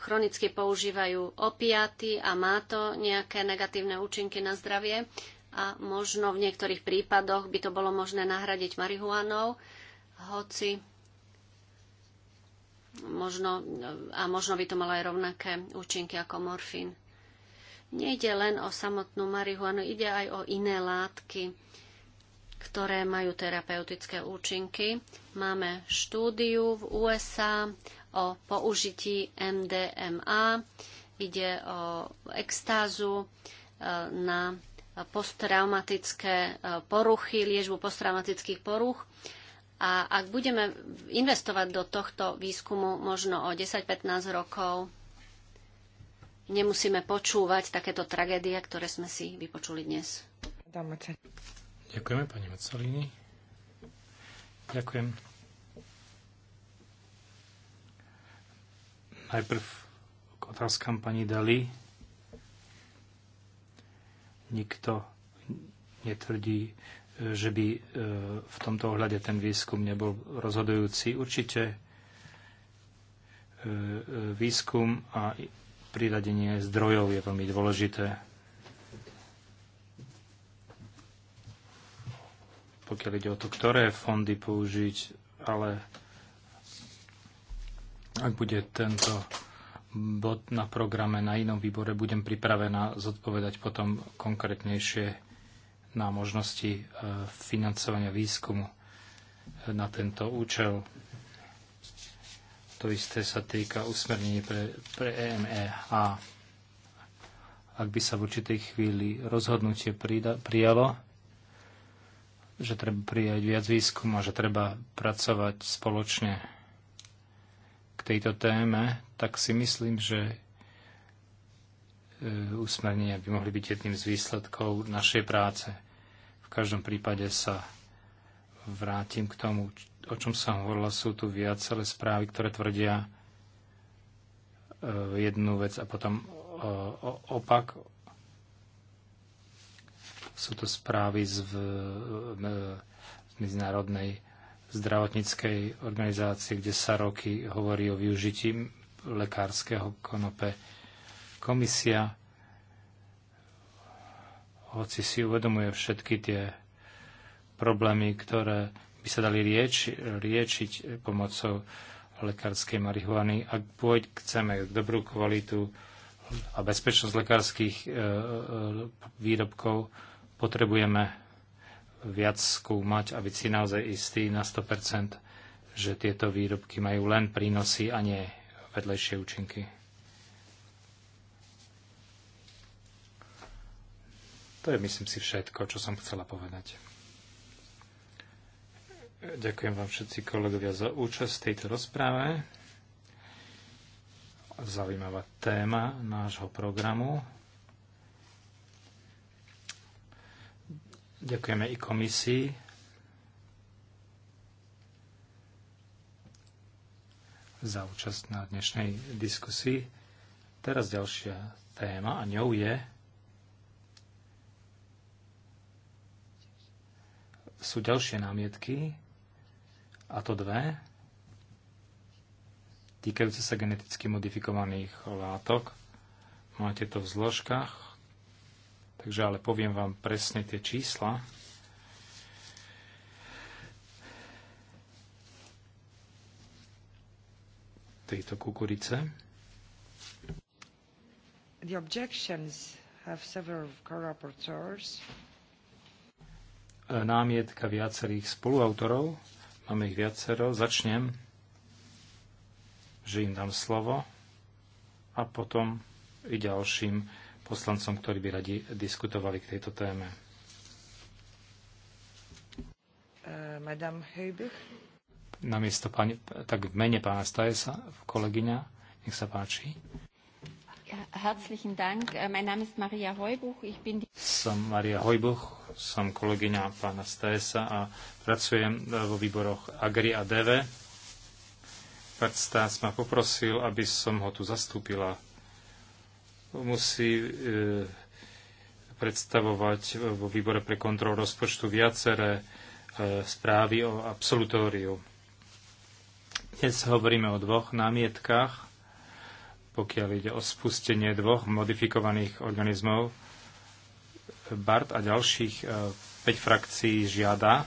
chronicky používajú opiaty a má to nejaké negatívne účinky na zdravie a možno v niektorých prípadoch by to bolo možné nahradiť marihuanou, hoci Možno, a možno by to malo aj rovnaké účinky ako morfín. Nejde len o samotnú marihuanu, ide aj o iné látky, ktoré majú terapeutické účinky. Máme štúdiu v USA o použití MDMA, ide o extázu e, na posttraumatické e, poruchy, liežbu posttraumatických poruch a ak budeme investovať do tohto výskumu možno o 10-15 rokov, nemusíme počúvať takéto tragédie, ktoré sme si vypočuli dnes. Ďakujeme, pani Macelini. Ďakujem. Najprv k otázkam pani Dali. Nikto netvrdí, že by e, v tomto ohľade ten výskum nebol rozhodujúci. Určite e, e, výskum a priradenie zdrojov je veľmi dôležité. Pokiaľ ide o to, ktoré fondy použiť, ale ak bude tento bod na programe na inom výbore, budem pripravená zodpovedať potom konkrétnejšie na možnosti e, financovania výskumu e, na tento účel. To isté sa týka usmernení pre, pre EME e. a ak by sa v určitej chvíli rozhodnutie prijalo, že treba prijať viac výskumu a že treba pracovať spoločne k tejto téme, tak si myslím, že E, usmernenia by mohli byť jedným z výsledkov našej práce. V každom prípade sa vrátim k tomu, o čom som hovorila. Sú tu viacele správy, ktoré tvrdia e, jednu vec a potom e, opak. Sú to správy z Medzinárodnej zdravotníckej organizácie, kde sa roky hovorí o využití lekárskeho konope Komisia, hoci si uvedomuje všetky tie problémy, ktoré by sa dali rieči, riečiť pomocou lekárskej marihuany, ak pôjď chceme dobrú kvalitu a bezpečnosť lekárskych e, e, výrobkov, potrebujeme viac skúmať, aby si naozaj istý na 100%, že tieto výrobky majú len prínosy a nie vedlejšie účinky. To je, myslím si, všetko, čo som chcela povedať. Ďakujem vám všetci kolegovia za účasť v tejto rozprave. Zaujímavá téma nášho programu. Ďakujeme i komisii. za účasť na dnešnej diskusii. Teraz ďalšia téma a ňou je sú ďalšie námietky, a to dve, týkajúce sa geneticky modifikovaných látok. Máte to v zložkách, takže ale poviem vám presne tie čísla. tejto kukurice. The objections have several co-rapporteurs námietka viacerých spoluautorov. Máme ich viacero. Začnem, že im dám slovo a potom i ďalším poslancom, ktorí by radi diskutovali k tejto téme. Uh, Madame Heubich. Namiesto pani, tak v mene pána Stajesa, kolegyňa, nech sa páči. Herzlichen Dank. Eh, mein Name ist Maria Heubuch. Ich bin die... Som Maria Heubuch, som kolegyňa pána Stajesa a pracujem e, vo výboroch Agri a DV. Pán Stajes ma poprosil, aby som ho tu zastúpila. Musí e, predstavovať vo výbore pre kontrol rozpočtu viaceré e, správy o absolutóriu. Dnes hovoríme o dvoch námietkách, pokiaľ ide o spustenie dvoch modifikovaných organizmov Bart a ďalších 5 e, frakcií žiada.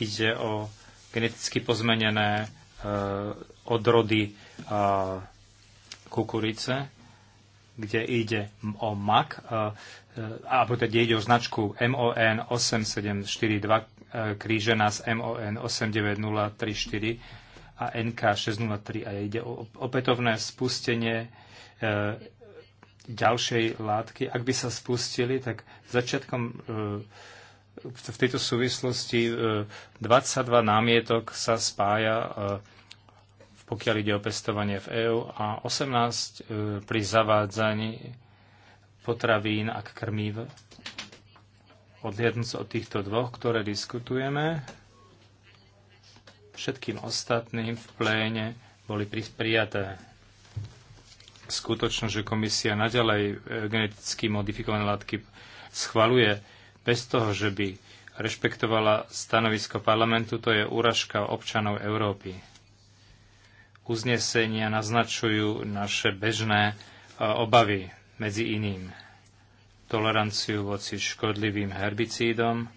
Ide o geneticky pozmenené e, odrody e, kukurice, kde ide o MAC, alebo teda ide o značku MON 8742 krížená z MON 89034 a NK 603 a ide o opätovné spustenie ďalšej látky, ak by sa spustili, tak začiatkom e, v tejto súvislosti 22 e, námietok sa spája, e, pokiaľ ide o pestovanie v EÚ a 18 pri zavádzaní potravín a krmív. Odhliadnúc od týchto dvoch, ktoré diskutujeme, všetkým ostatným v pléne boli prijaté skutočnosť, že komisia naďalej e, geneticky modifikované látky schvaluje bez toho, že by rešpektovala stanovisko parlamentu, to je úražka občanov Európy. Uznesenia naznačujú naše bežné e, obavy, medzi iným toleranciu voci škodlivým herbicídom,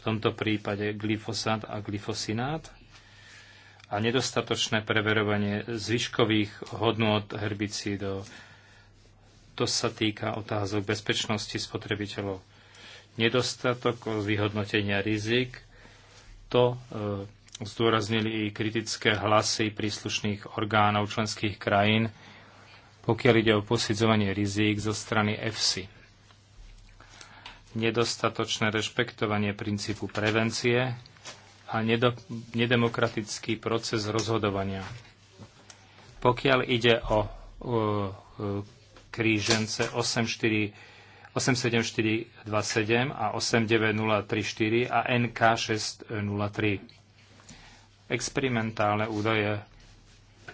v tomto prípade glyfosát a glyfosinát, a nedostatočné preverovanie zvyškových hodnôt herbicídov. To sa týka otázok bezpečnosti spotrebiteľov. Nedostatok vyhodnotenia rizik, to e, zdôraznili i kritické hlasy príslušných orgánov členských krajín, pokiaľ ide o posudzovanie rizik zo strany EFSI. Nedostatočné rešpektovanie princípu prevencie, a nedemokratický proces rozhodovania. Pokiaľ ide o, krížence 87427 a 89034 a NK603. Experimentálne údaje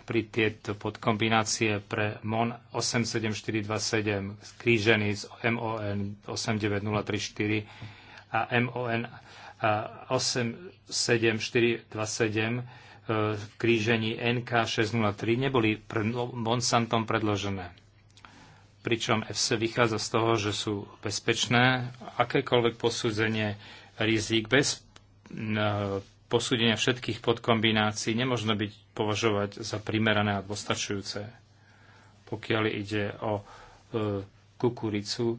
pri tieto podkombinácie pre MON 87427 krížený z MON 89034 a MON 87427 e, v krížení NK603 neboli no, Monsantom predložené. Pričom FC vychádza z toho, že sú bezpečné. Akékoľvek posúdenie rizik bez posúdenia všetkých podkombinácií nemôžno byť považovať za primerané a postačujúce. Pokiaľ ide o e, kukuricu, e,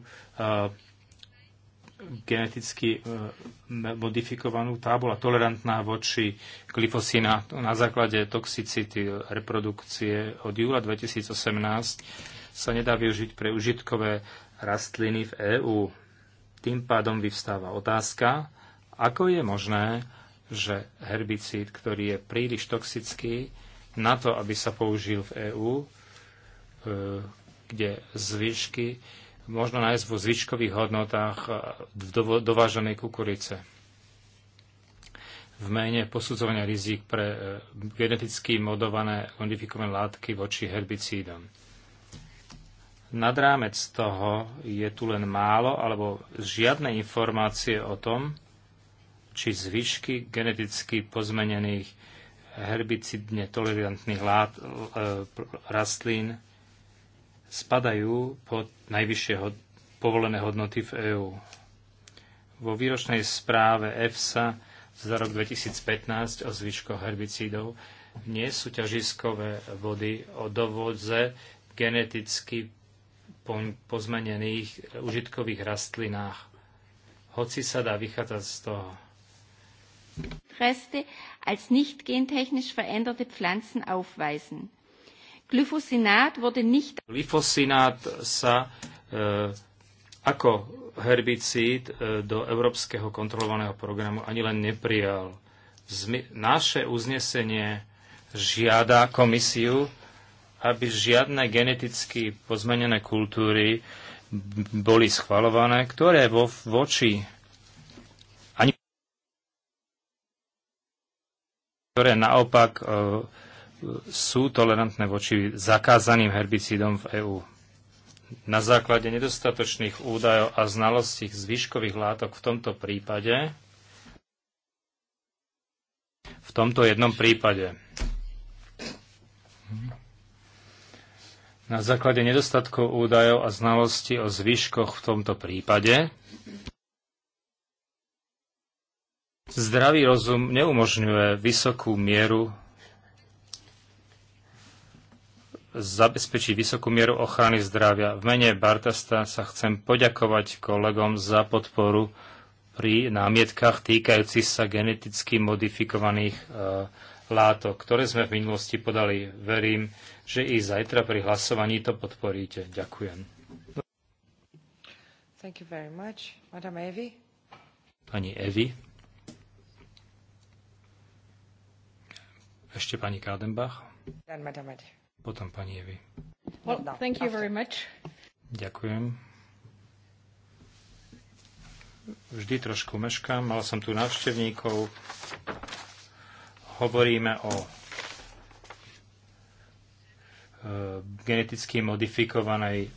geneticky e, modifikovanú, tá bola tolerantná voči glyfosina na základe toxicity reprodukcie od júla 2018 sa nedá využiť pre užitkové rastliny v EÚ. Tým pádom vyvstáva otázka, ako je možné, že herbicíd, ktorý je príliš toxický, na to, aby sa použil v EÚ, e, kde zvyšky možno nájsť vo zvyškových hodnotách e, dováženej kukurice. V mene posudzovania rizik pre e, geneticky modované modifikované látky voči herbicídom. Nad rámec toho je tu len málo alebo žiadne informácie o tom, či zvyšky geneticky pozmenených herbicidne tolerantných lát, e, rastlín spadajú pod najvyššie hod- povolené hodnoty v EÚ. Vo výročnej správe EFSA za rok 2015 o zvyškoch herbicídov nie sú ťažiskové vody o dovodze geneticky pozmenených užitkových rastlinách. Hoci sa dá vychádzať z toho. Reste als nicht gentechnisch veränderte Pflanzen aufweisen. Glyfosinát wurde nicht... Glyfosinát sa e, ako herbicíd e, do Európskeho kontrolovaného programu ani len neprijal. Zmi- naše uznesenie žiada komisiu, aby žiadne geneticky pozmenené kultúry boli schvalované, ktoré vo, voči ani ktoré naopak e, sú tolerantné voči zakázaným herbicídom v EÚ. Na základe nedostatočných údajov a znalostí zvyškových látok v tomto prípade v tomto jednom prípade na základe nedostatkov údajov a znalostí o zvyškoch v tomto prípade zdravý rozum neumožňuje vysokú mieru zabezpečí vysokú mieru ochrany zdravia. V mene Bartasta sa chcem poďakovať kolegom za podporu pri námietkach týkajúcich sa geneticky modifikovaných e, látok, ktoré sme v minulosti podali. Verím, že i zajtra pri hlasovaní to podporíte. Ďakujem. Thank you very much. Evi. Pani Evi. Ešte pani Kádenbach. Dan, madame Evi potom pani Evi. Well, thank you very much. Ďakujem. Vždy trošku meškám, mal som tu návštevníkov. Hovoríme o e, geneticky modifikovanej e,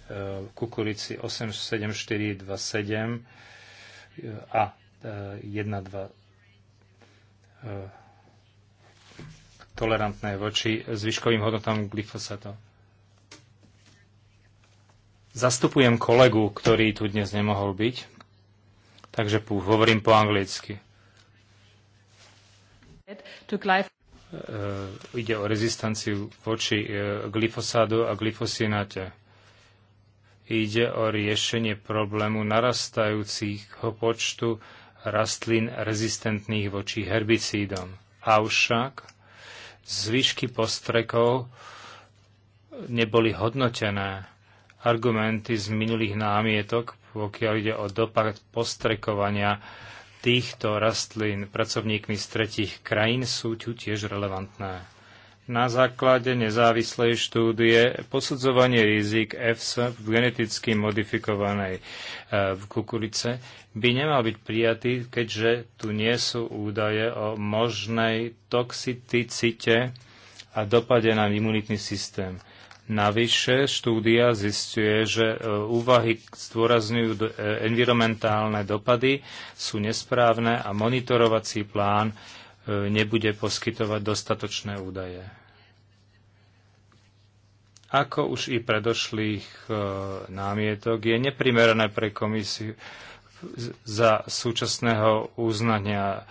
kukurici 87427 e, a 12 tolerantné voči zvyškovým hodnotám glyfosátov. Zastupujem kolegu, ktorý tu dnes nemohol byť, takže hovorím po anglicky. E, ide o rezistanciu voči e, glyfosádu a glyfosináte. Ide o riešenie problému narastajúcich počtu rastlín rezistentných voči herbicídom. Avšak zvyšky postrekov neboli hodnotené. Argumenty z minulých námietok, pokiaľ ide o dopad postrekovania týchto rastlín pracovníkmi z tretich krajín, sú tu tiež relevantné na základe nezávislej štúdie posudzovanie rizik EFS v geneticky modifikovanej e, v kukurice by nemal byť prijatý, keďže tu nie sú údaje o možnej toxicite a dopade na imunitný systém. Navyše štúdia zistuje, že e, úvahy zdôrazňujú e, environmentálne dopady, sú nesprávne a monitorovací plán nebude poskytovať dostatočné údaje. Ako už i predošlých e, námietok, je neprimerané pre komisiu za súčasného uznania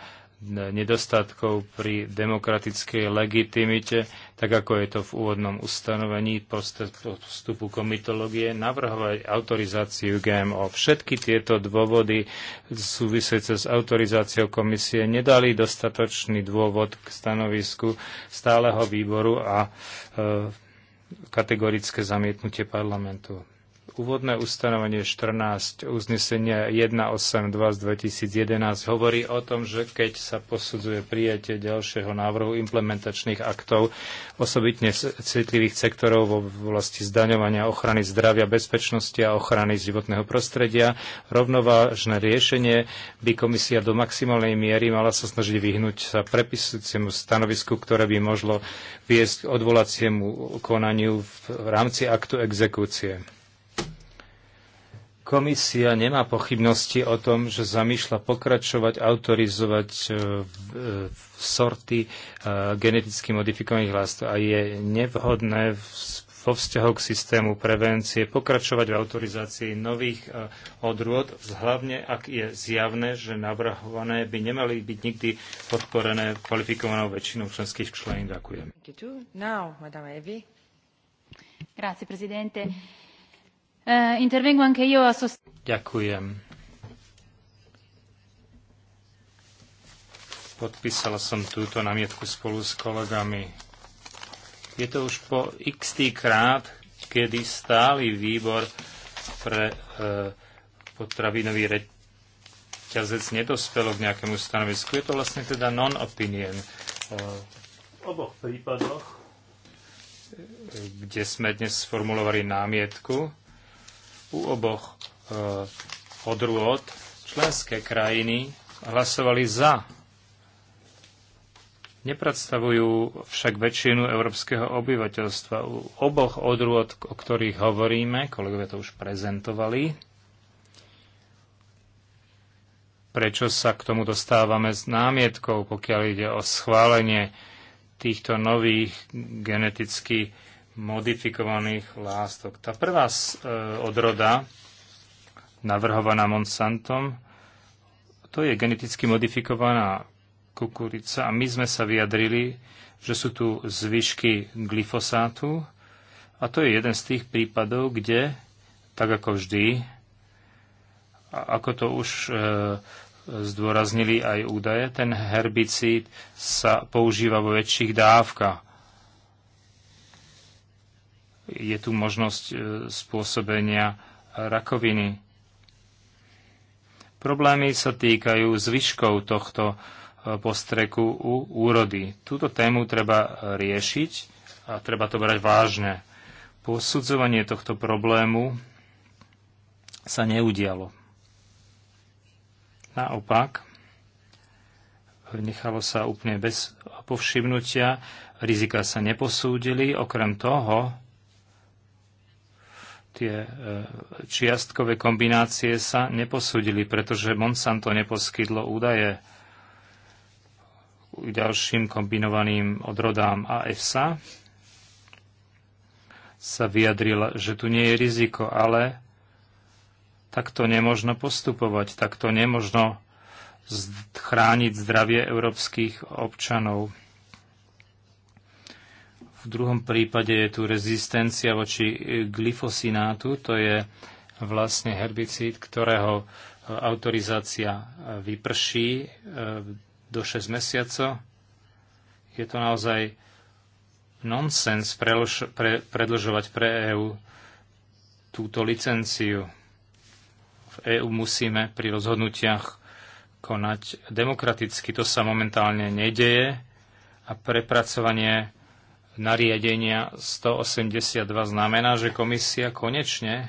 nedostatkov pri demokratickej legitimite, tak ako je to v úvodnom ustanovení vstupu komitológie, navrhovať autorizáciu GMO. Všetky tieto dôvody súvisiace s autorizáciou komisie nedali dostatočný dôvod k stanovisku stáleho výboru a e, kategorické zamietnutie parlamentu úvodné ustanovenie 14 uznesenia 182 z 2011 hovorí o tom, že keď sa posudzuje prijatie ďalšieho návrhu implementačných aktov osobitne citlivých sektorov v oblasti zdaňovania ochrany zdravia, bezpečnosti a ochrany životného prostredia, rovnovážne riešenie by komisia do maximálnej miery mala sa snažiť vyhnúť sa prepisujúcemu stanovisku, ktoré by možno viesť k odvolaciemu konaniu v rámci aktu exekúcie. Komisia nemá pochybnosti o tom, že zamýšľa pokračovať, autorizovať e, e, sorty e, geneticky modifikovaných lástov a je nevhodné vo vzťahu k systému prevencie pokračovať v autorizácii nových odrôd, hlavne ak je zjavné, že navrhované by nemali byť nikdy podporené kvalifikovanou väčšinou členských člení Ďakujem. Grazie, Presidente. Eh, Ďakujem. Podpísala som túto namietku spolu s kolegami. Je to už po x krát, kedy stály výbor pre e, potravinový reťazec nedospelo k nejakému stanovisku. Je to vlastne teda non-opinion. E, eh, v oboch prípadoch, kde sme dnes sformulovali námietku, u oboch e, odrôd členské krajiny hlasovali za. Nepredstavujú však väčšinu európskeho obyvateľstva. U oboch odrôd, o ktorých hovoríme, kolegovia to už prezentovali, prečo sa k tomu dostávame s námietkou, pokiaľ ide o schválenie týchto nových geneticky modifikovaných lástok. Tá prvá e, odroda, navrhovaná Monsantom, to je geneticky modifikovaná kukurica a my sme sa vyjadrili, že sú tu zvyšky glyfosátu a to je jeden z tých prípadov, kde, tak ako vždy, ako to už e, zdôraznili aj údaje, ten herbicíd sa používa vo väčších dávkach je tu možnosť e, spôsobenia rakoviny. Problémy sa týkajú zvyškov tohto e, postreku u úrody. Túto tému treba riešiť a treba to brať vážne. Posudzovanie tohto problému sa neudialo. Naopak, nechalo sa úplne bez povšimnutia, rizika sa neposúdili, okrem toho tie e, čiastkové kombinácie sa neposúdili, pretože Monsanto neposkydlo údaje k ďalším kombinovaným odrodám a EFSA sa vyjadrila, že tu nie je riziko, ale takto nemožno postupovať, takto nemožno chrániť zdravie európskych občanov. V druhom prípade je tu rezistencia voči e, glyfosinátu, to je vlastne herbicíd, ktorého e, autorizácia e, vyprší do 6 mesiacov. Je to naozaj nonsens prelož, pre, predlžovať pre EÚ túto licenciu. V EÚ musíme pri rozhodnutiach konať demokraticky. To sa momentálne nedeje a prepracovanie nariadenia 182 znamená, že komisia konečne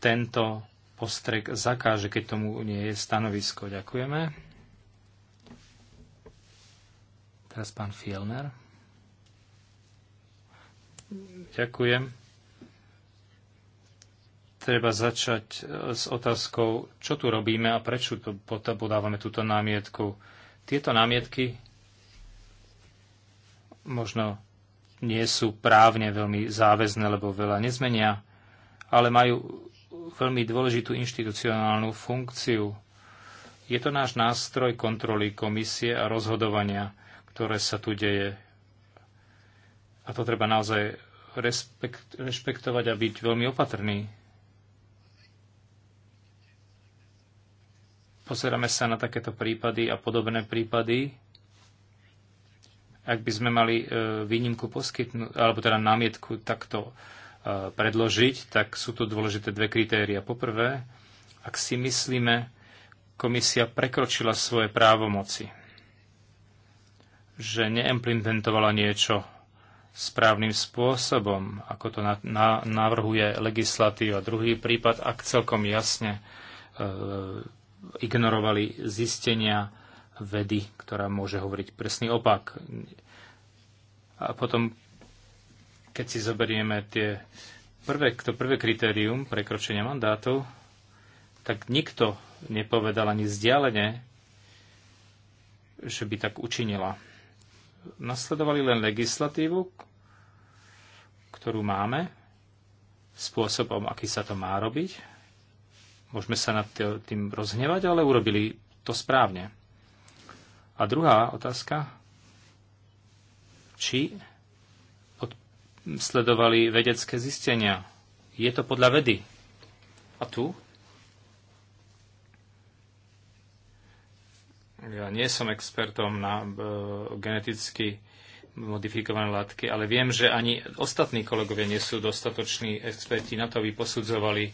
tento postrek zakáže, keď tomu nie je stanovisko. Ďakujeme. Teraz pán Fielner. Ďakujem. Treba začať eh, s otázkou, čo tu robíme a prečo tu podávame túto námietku tieto námietky možno nie sú právne veľmi záväzné, lebo veľa nezmenia, ale majú veľmi dôležitú inštitucionálnu funkciu. Je to náš nástroj kontroly komisie a rozhodovania, ktoré sa tu deje. A to treba naozaj rešpektovať a byť veľmi opatrný. Pozeráme sa na takéto prípady a podobné prípady. Ak by sme mali e, výnimku poskytnúť, alebo teda námietku takto e, predložiť, tak sú tu dôležité dve kritéria. Poprvé, ak si myslíme, komisia prekročila svoje právomoci, že neimplementovala niečo správnym spôsobom, ako to na, na, navrhuje legislatíva. Druhý prípad, ak celkom jasne e, ignorovali zistenia vedy, ktorá môže hovoriť presný opak. A potom, keď si zoberieme tie prvé, to prvé kritérium prekročenia mandátu, tak nikto nepovedal ani vzdialene, že by tak učinila. Nasledovali len legislatívu, ktorú máme, spôsobom, aký sa to má robiť, Môžeme sa nad tým rozhnevať, ale urobili to správne. A druhá otázka, či sledovali vedecké zistenia. Je to podľa vedy. A tu? Ja nie som expertom na e, geneticky modifikované látky, ale viem, že ani ostatní kolegovia nie sú dostatoční experti na to, aby posudzovali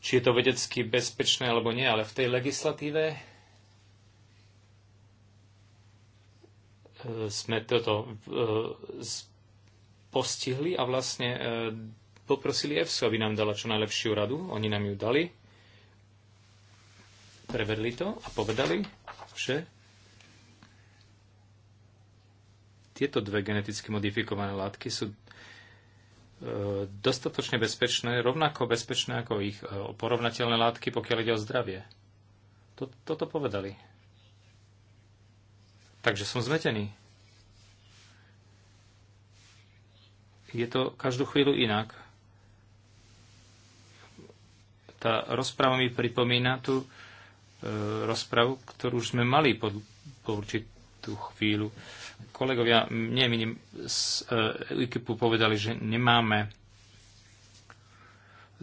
či je to vedecky bezpečné alebo nie, ale v tej legislatíve e, sme toto e, postihli a vlastne e, poprosili EFSU, aby nám dala čo najlepšiu radu. Oni nám ju dali, prevedli to a povedali, že tieto dve geneticky modifikované látky sú E, dostatočne bezpečné, rovnako bezpečné ako ich e, porovnateľné látky, pokiaľ ide o zdravie. Toto povedali. Takže som zmetený. Je to každú chvíľu inak. Tá rozpráva mi pripomína tú e, rozpravu, ktorú už sme mali pod, po určit, tú chvíľu. Kolegovia, nie, my z e, ekipu povedali, že nemáme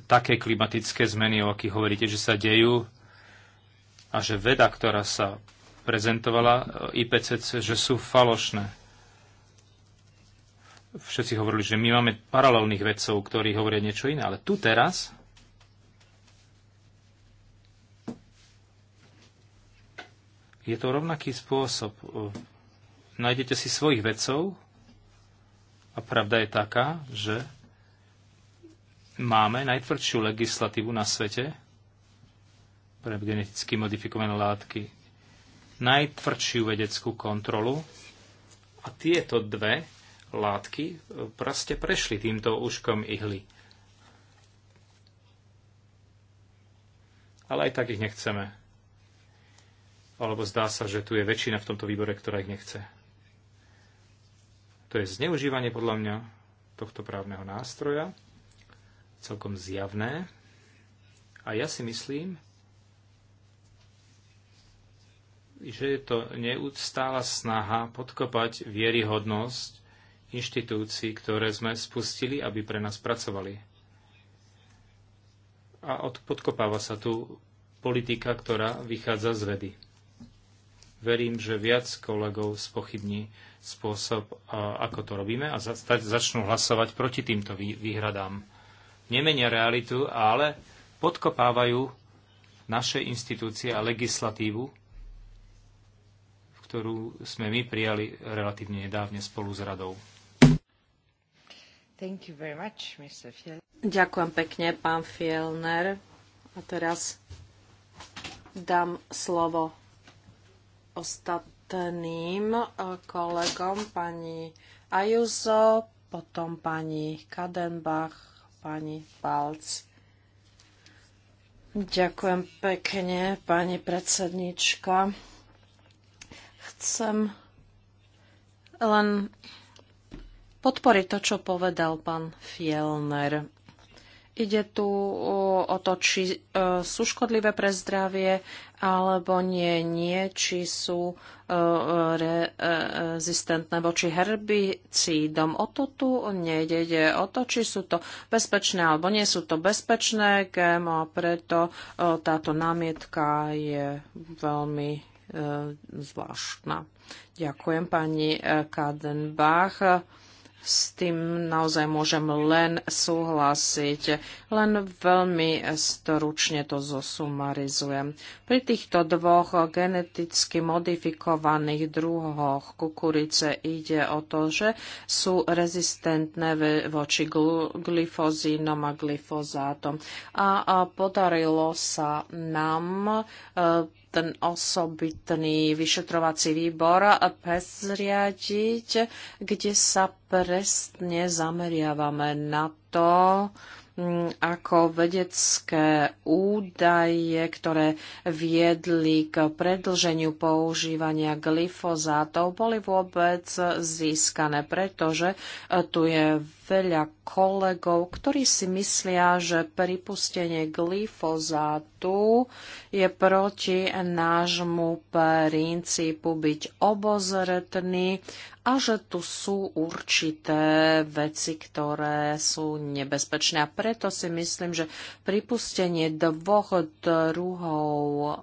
také klimatické zmeny, o akých hovoríte, že sa dejú a že veda, ktorá sa prezentovala e, IPCC, že sú falošné. Všetci hovorili, že my máme paralelných vedcov, ktorí hovoria niečo iné, ale tu teraz Je to rovnaký spôsob. Nájdete si svojich vedcov a pravda je taká, že máme najtvrdšiu legislatívu na svete pre geneticky modifikované látky. Najtvrdšiu vedeckú kontrolu a tieto dve látky e, proste prešli týmto úškom ihly. Ale aj tak ich nechceme alebo zdá sa, že tu je väčšina v tomto výbore, ktorá ich nechce. To je zneužívanie podľa mňa tohto právneho nástroja, celkom zjavné. A ja si myslím, že je to neustála snaha podkopať vieryhodnosť inštitúcií, ktoré sme spustili, aby pre nás pracovali. A od, podkopáva sa tu politika, ktorá vychádza z vedy verím, že viac kolegov spochybní spôsob, ako to robíme a začnú hlasovať proti týmto výhradám. Nemenia realitu, ale podkopávajú naše inštitúcie a legislatívu, ktorú sme my prijali relatívne nedávne spolu s radou. Much, Ďakujem pekne, pán Fielner. A teraz dám slovo ostatným eh, kolegom, pani Ajuzo, potom pani Kadenbach, pani Palc. Ďakujem pekne, pani predsednička. Chcem len podporiť to, čo povedal pán Fielner. Ide tu eh, o to, či eh, sú škodlivé pre zdravie alebo nie, nie, či sú e, e, e, rezistentné voči herbicídom. O to tu nejde. Ide o to, či sú to bezpečné alebo nie sú to bezpečné GMO a preto táto námietka je veľmi zvláštna. Ďakujem pani Kadenbach s tým naozaj môžem len súhlasiť. Len veľmi stručne to zosumarizujem. Pri týchto dvoch geneticky modifikovaných druhoch kukurice ide o to, že sú rezistentné voči glyfozínom a glyfozátom. A podarilo sa nám e, ten osobitný vyšetrovací výbor PES zriadiť, kde sa presne zameriavame na to, mm, ako vedecké údaje, ktoré viedli k predlženiu používania glyfozátov, boli vôbec získané, pretože tu je veľa kolegov, ktorí si myslia, že pripustenie glyfozátu je proti nášmu princípu byť obozretný a že tu sú určité veci, ktoré sú nebezpečné. A preto si myslím, že pripustenie dvoch druhov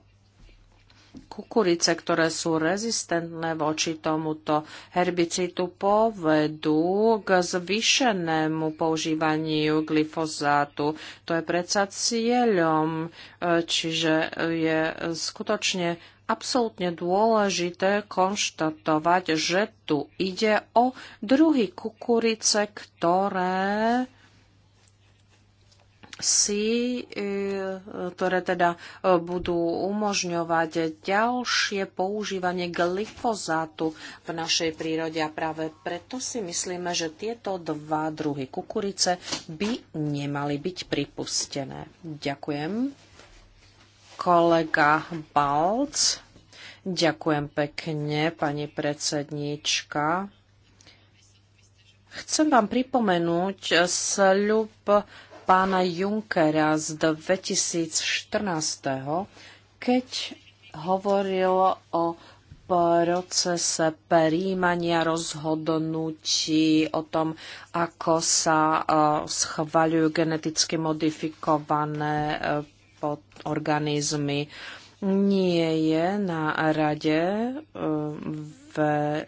kukurice, ktoré sú rezistentné voči tomuto herbicitu, povedú k zvýšenému používaniu glyfozátu. To je predsa cieľom, e, čiže je skutočne absolútne dôležité konštatovať, že tu ide o druhy kukurice, ktoré si, e, ktoré teda e, budú umožňovať ďalšie používanie glyfozátu v našej prírode. A práve preto si myslíme, že tieto dva druhy kukurice by nemali byť pripustené. Ďakujem. Kolega Balc. Ďakujem pekne, pani predsednička. Chcem vám pripomenúť sľub pána Junckera z 2014, keď hovoril o procese príjmania rozhodnutí o tom, ako sa e, schvaľujú geneticky modifikované e, organizmy. Nie je na rade e,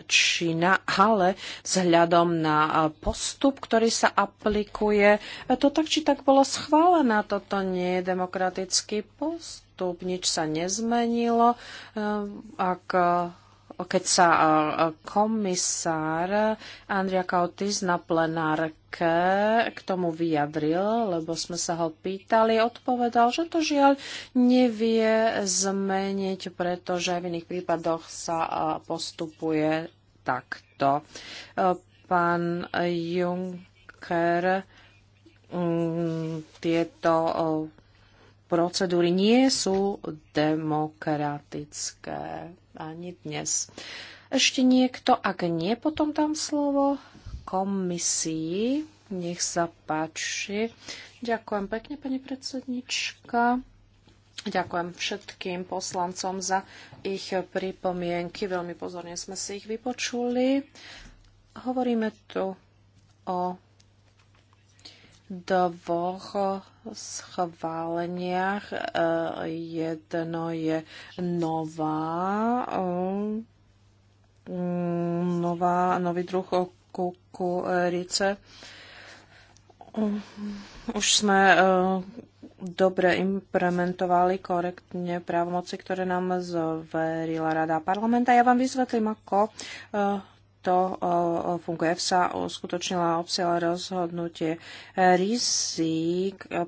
Čína, ale vzhľadom na postup, ktorý sa aplikuje, to tak či tak bolo schválené. Toto nie je demokratický postup, nič sa nezmenilo. Ak keď sa e, komisár Andria Kautis na plenárke k tomu vyjadril, lebo sme sa ho pýtali, odpovedal, že to žiaľ nevie zmeniť, pretože v iných prípadoch sa e, postupuje takto. E, pán Juncker mm, tieto procedúry nie sú demokratické ani dnes. Ešte niekto? Ak nie, potom tam slovo komisii. Nech sa páči. Ďakujem pekne, pani predsednička. Ďakujem všetkým poslancom za ich pripomienky. Veľmi pozorne sme si ich vypočuli. Hovoríme tu o dvoch schváleniach. E, jedno je nová, e, mm, nová nový druh kukurice. Mm, už sme e, dobre implementovali korektne právomoci, ktoré nám zverila Rada parlamenta. Ja vám vysvetlím, ako takto funguje FSA uskutočnila obsiaľa rozhodnutie rizík, e,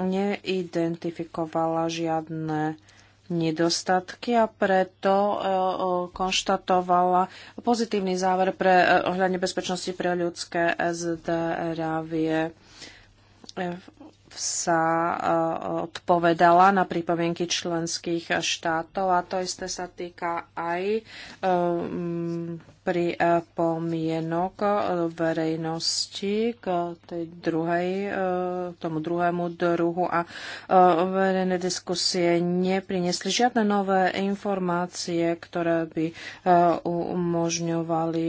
neidentifikovala žiadne nedostatky a preto e, konštatovala pozitívny záver pre e, ohľadne bezpečnosti pre ľudské zdravie. Sa odpovedala na pripomienky členských štátov a to isté sa týka aj pripomienok eh, eh, verejnosti k tej druhej, eh, tomu druhému druhu a verejné diskusie neprinesli žiadne nové informácie, ktoré by umožňovali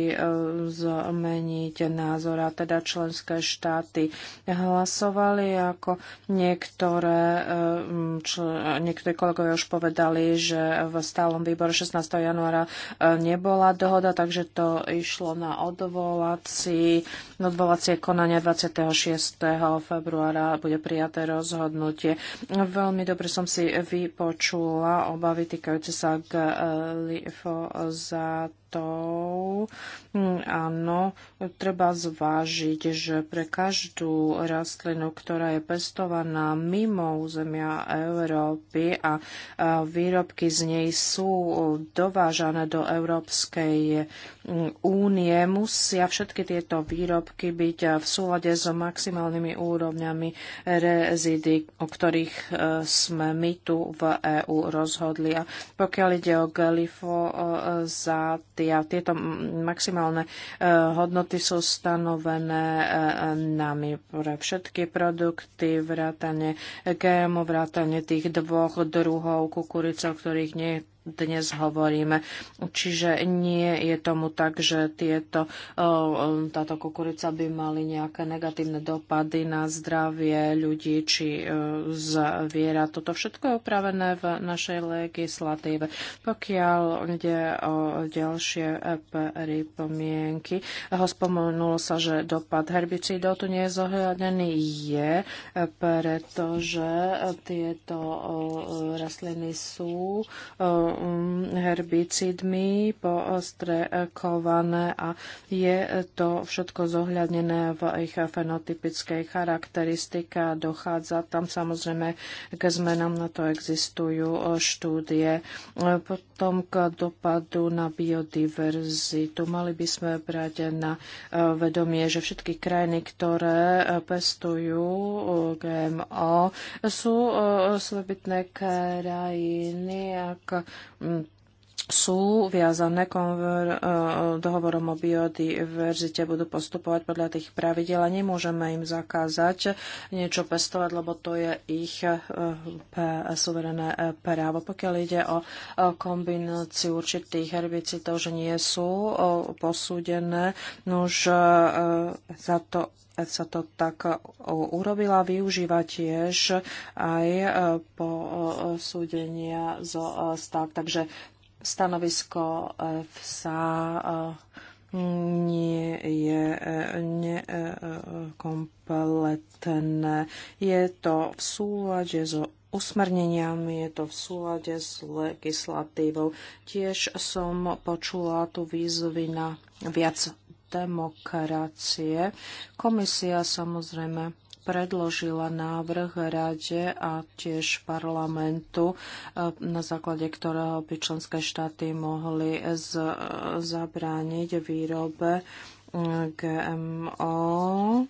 zmeniť názor a teda členské štáty hlasovali ako niektoré, niektorí kolegovia už povedali, že v stálom výbore 16. januára nebola dohoda, takže to išlo na odvolací, odvolacie konania 26. februára bude prijaté rozhodnutie. Veľmi dobre som si vypočula obavy týkajúce sa k lifozátov. Áno, treba zvážiť, že pre každú rastlinu, ktorá je pestovaná mimo územia Európy a výrobky z nej sú dovážané do Európskej únie musia všetky tieto výrobky byť v súlade s maximálnymi úrovňami rezidy, o ktorých e, sme my tu v EÚ rozhodli. A pokiaľ ide o za tia, tieto maximálne e, hodnoty sú stanovené e, nami pre všetky produkty, vrátane GMO, vrátane tých dvoch druhov kukurice, o ktorých nie je dnes hovoríme. Čiže nie je tomu tak, že tieto, táto kukurica by mali nejaké negatívne dopady na zdravie ľudí či e, zviera. Toto všetko je upravené v našej legislatíve. Pokiaľ ide o ďalšie pripomienky, spomenulo sa, že dopad herbicídov tu nie je zohľadený. Je, pretože tieto rastliny sú Mm, herbicidmi poostrekované a je to všetko zohľadnené v ich fenotypickej charakteristike. Dochádza tam samozrejme k zmenám, na to existujú e, štúdie. E, potom k dopadu na biodiverzitu. Mali by sme brať na e, vedomie, že všetky krajiny, ktoré pestujú GMO, sú slobitné, krajiny, ako mm, sú viazané konver, e, dohovorom o biodiverzite, budú postupovať podľa tých pravidel a nemôžeme im zakázať niečo pestovať, lebo to je ich e, suverené e, právo. Pokiaľ ide o kombináciu určitých herbicidov, že nie sú posúdené, už za to sa to tak urobila, využíva tiež aj po súdenia zo stav. Takže Stanovisko EFSA e, nie je e, nekompletné. E, je to v súlade so usmerneniami, je to v súlade s legislatívou. Tiež som počula tu výzvy na viac demokracie. Komisia samozrejme predložila návrh Rade a tiež parlamentu, e, na základe ktorého by členské štáty mohli z, e, zabrániť výrobe e, GMO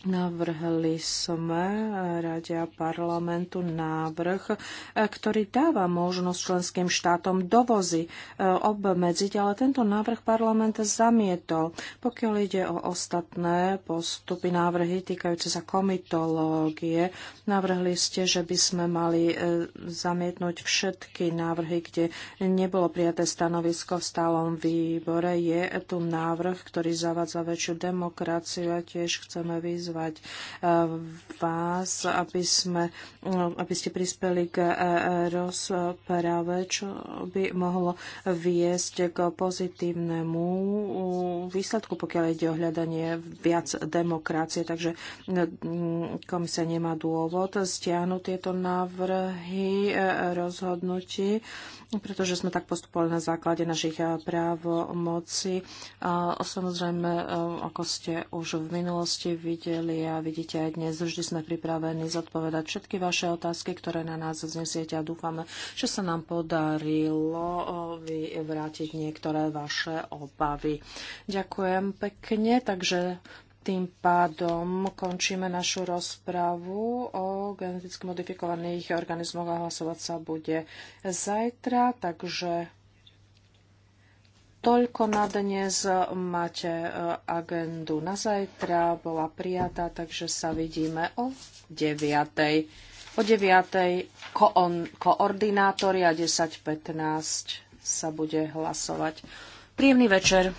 Navrhli sme Rade a parlamentu návrh, e, ktorý dáva možnosť členským štátom dovozy e, obmedziť, ale tento návrh parlament zamietol. Pokiaľ ide o ostatné postupy, návrhy týkajúce sa komitológie, navrhli ste, že by sme mali e, zamietnúť všetky návrhy, kde nebolo prijaté stanovisko v stálom výbore. Je tu návrh, ktorý zavádza väčšiu demokraciu a tiež chceme vyzvať vyzvať eh, vás, aby, sme, eh, aby ste prispeli k eh, rozprave, čo by mohlo viesť k pozitívnemu výsledku, pokiaľ ide o hľadanie viac demokracie. Takže mm, komisia nemá dôvod stiahnuť tieto návrhy rozhodnutí, pretože sme tak postupovali na základe našich právomocí. samozrejme, ako ste už v minulosti videli, a Vidíte aj dnes, vždy sme pripravení zodpovedať všetky vaše otázky, ktoré na nás znesiete a dúfame, že sa nám podarilo vyvrátiť niektoré vaše obavy. Ďakujem pekne, takže tým pádom končíme našu rozpravu o geneticky modifikovaných organizmoch a hlasovať sa bude zajtra, takže Toľko na dnes máte eh, agendu na zajtra, bola prijatá, takže sa vidíme o 9. O 9. Ko- koordinátori a 10.15 sa bude hlasovať. Príjemný večer.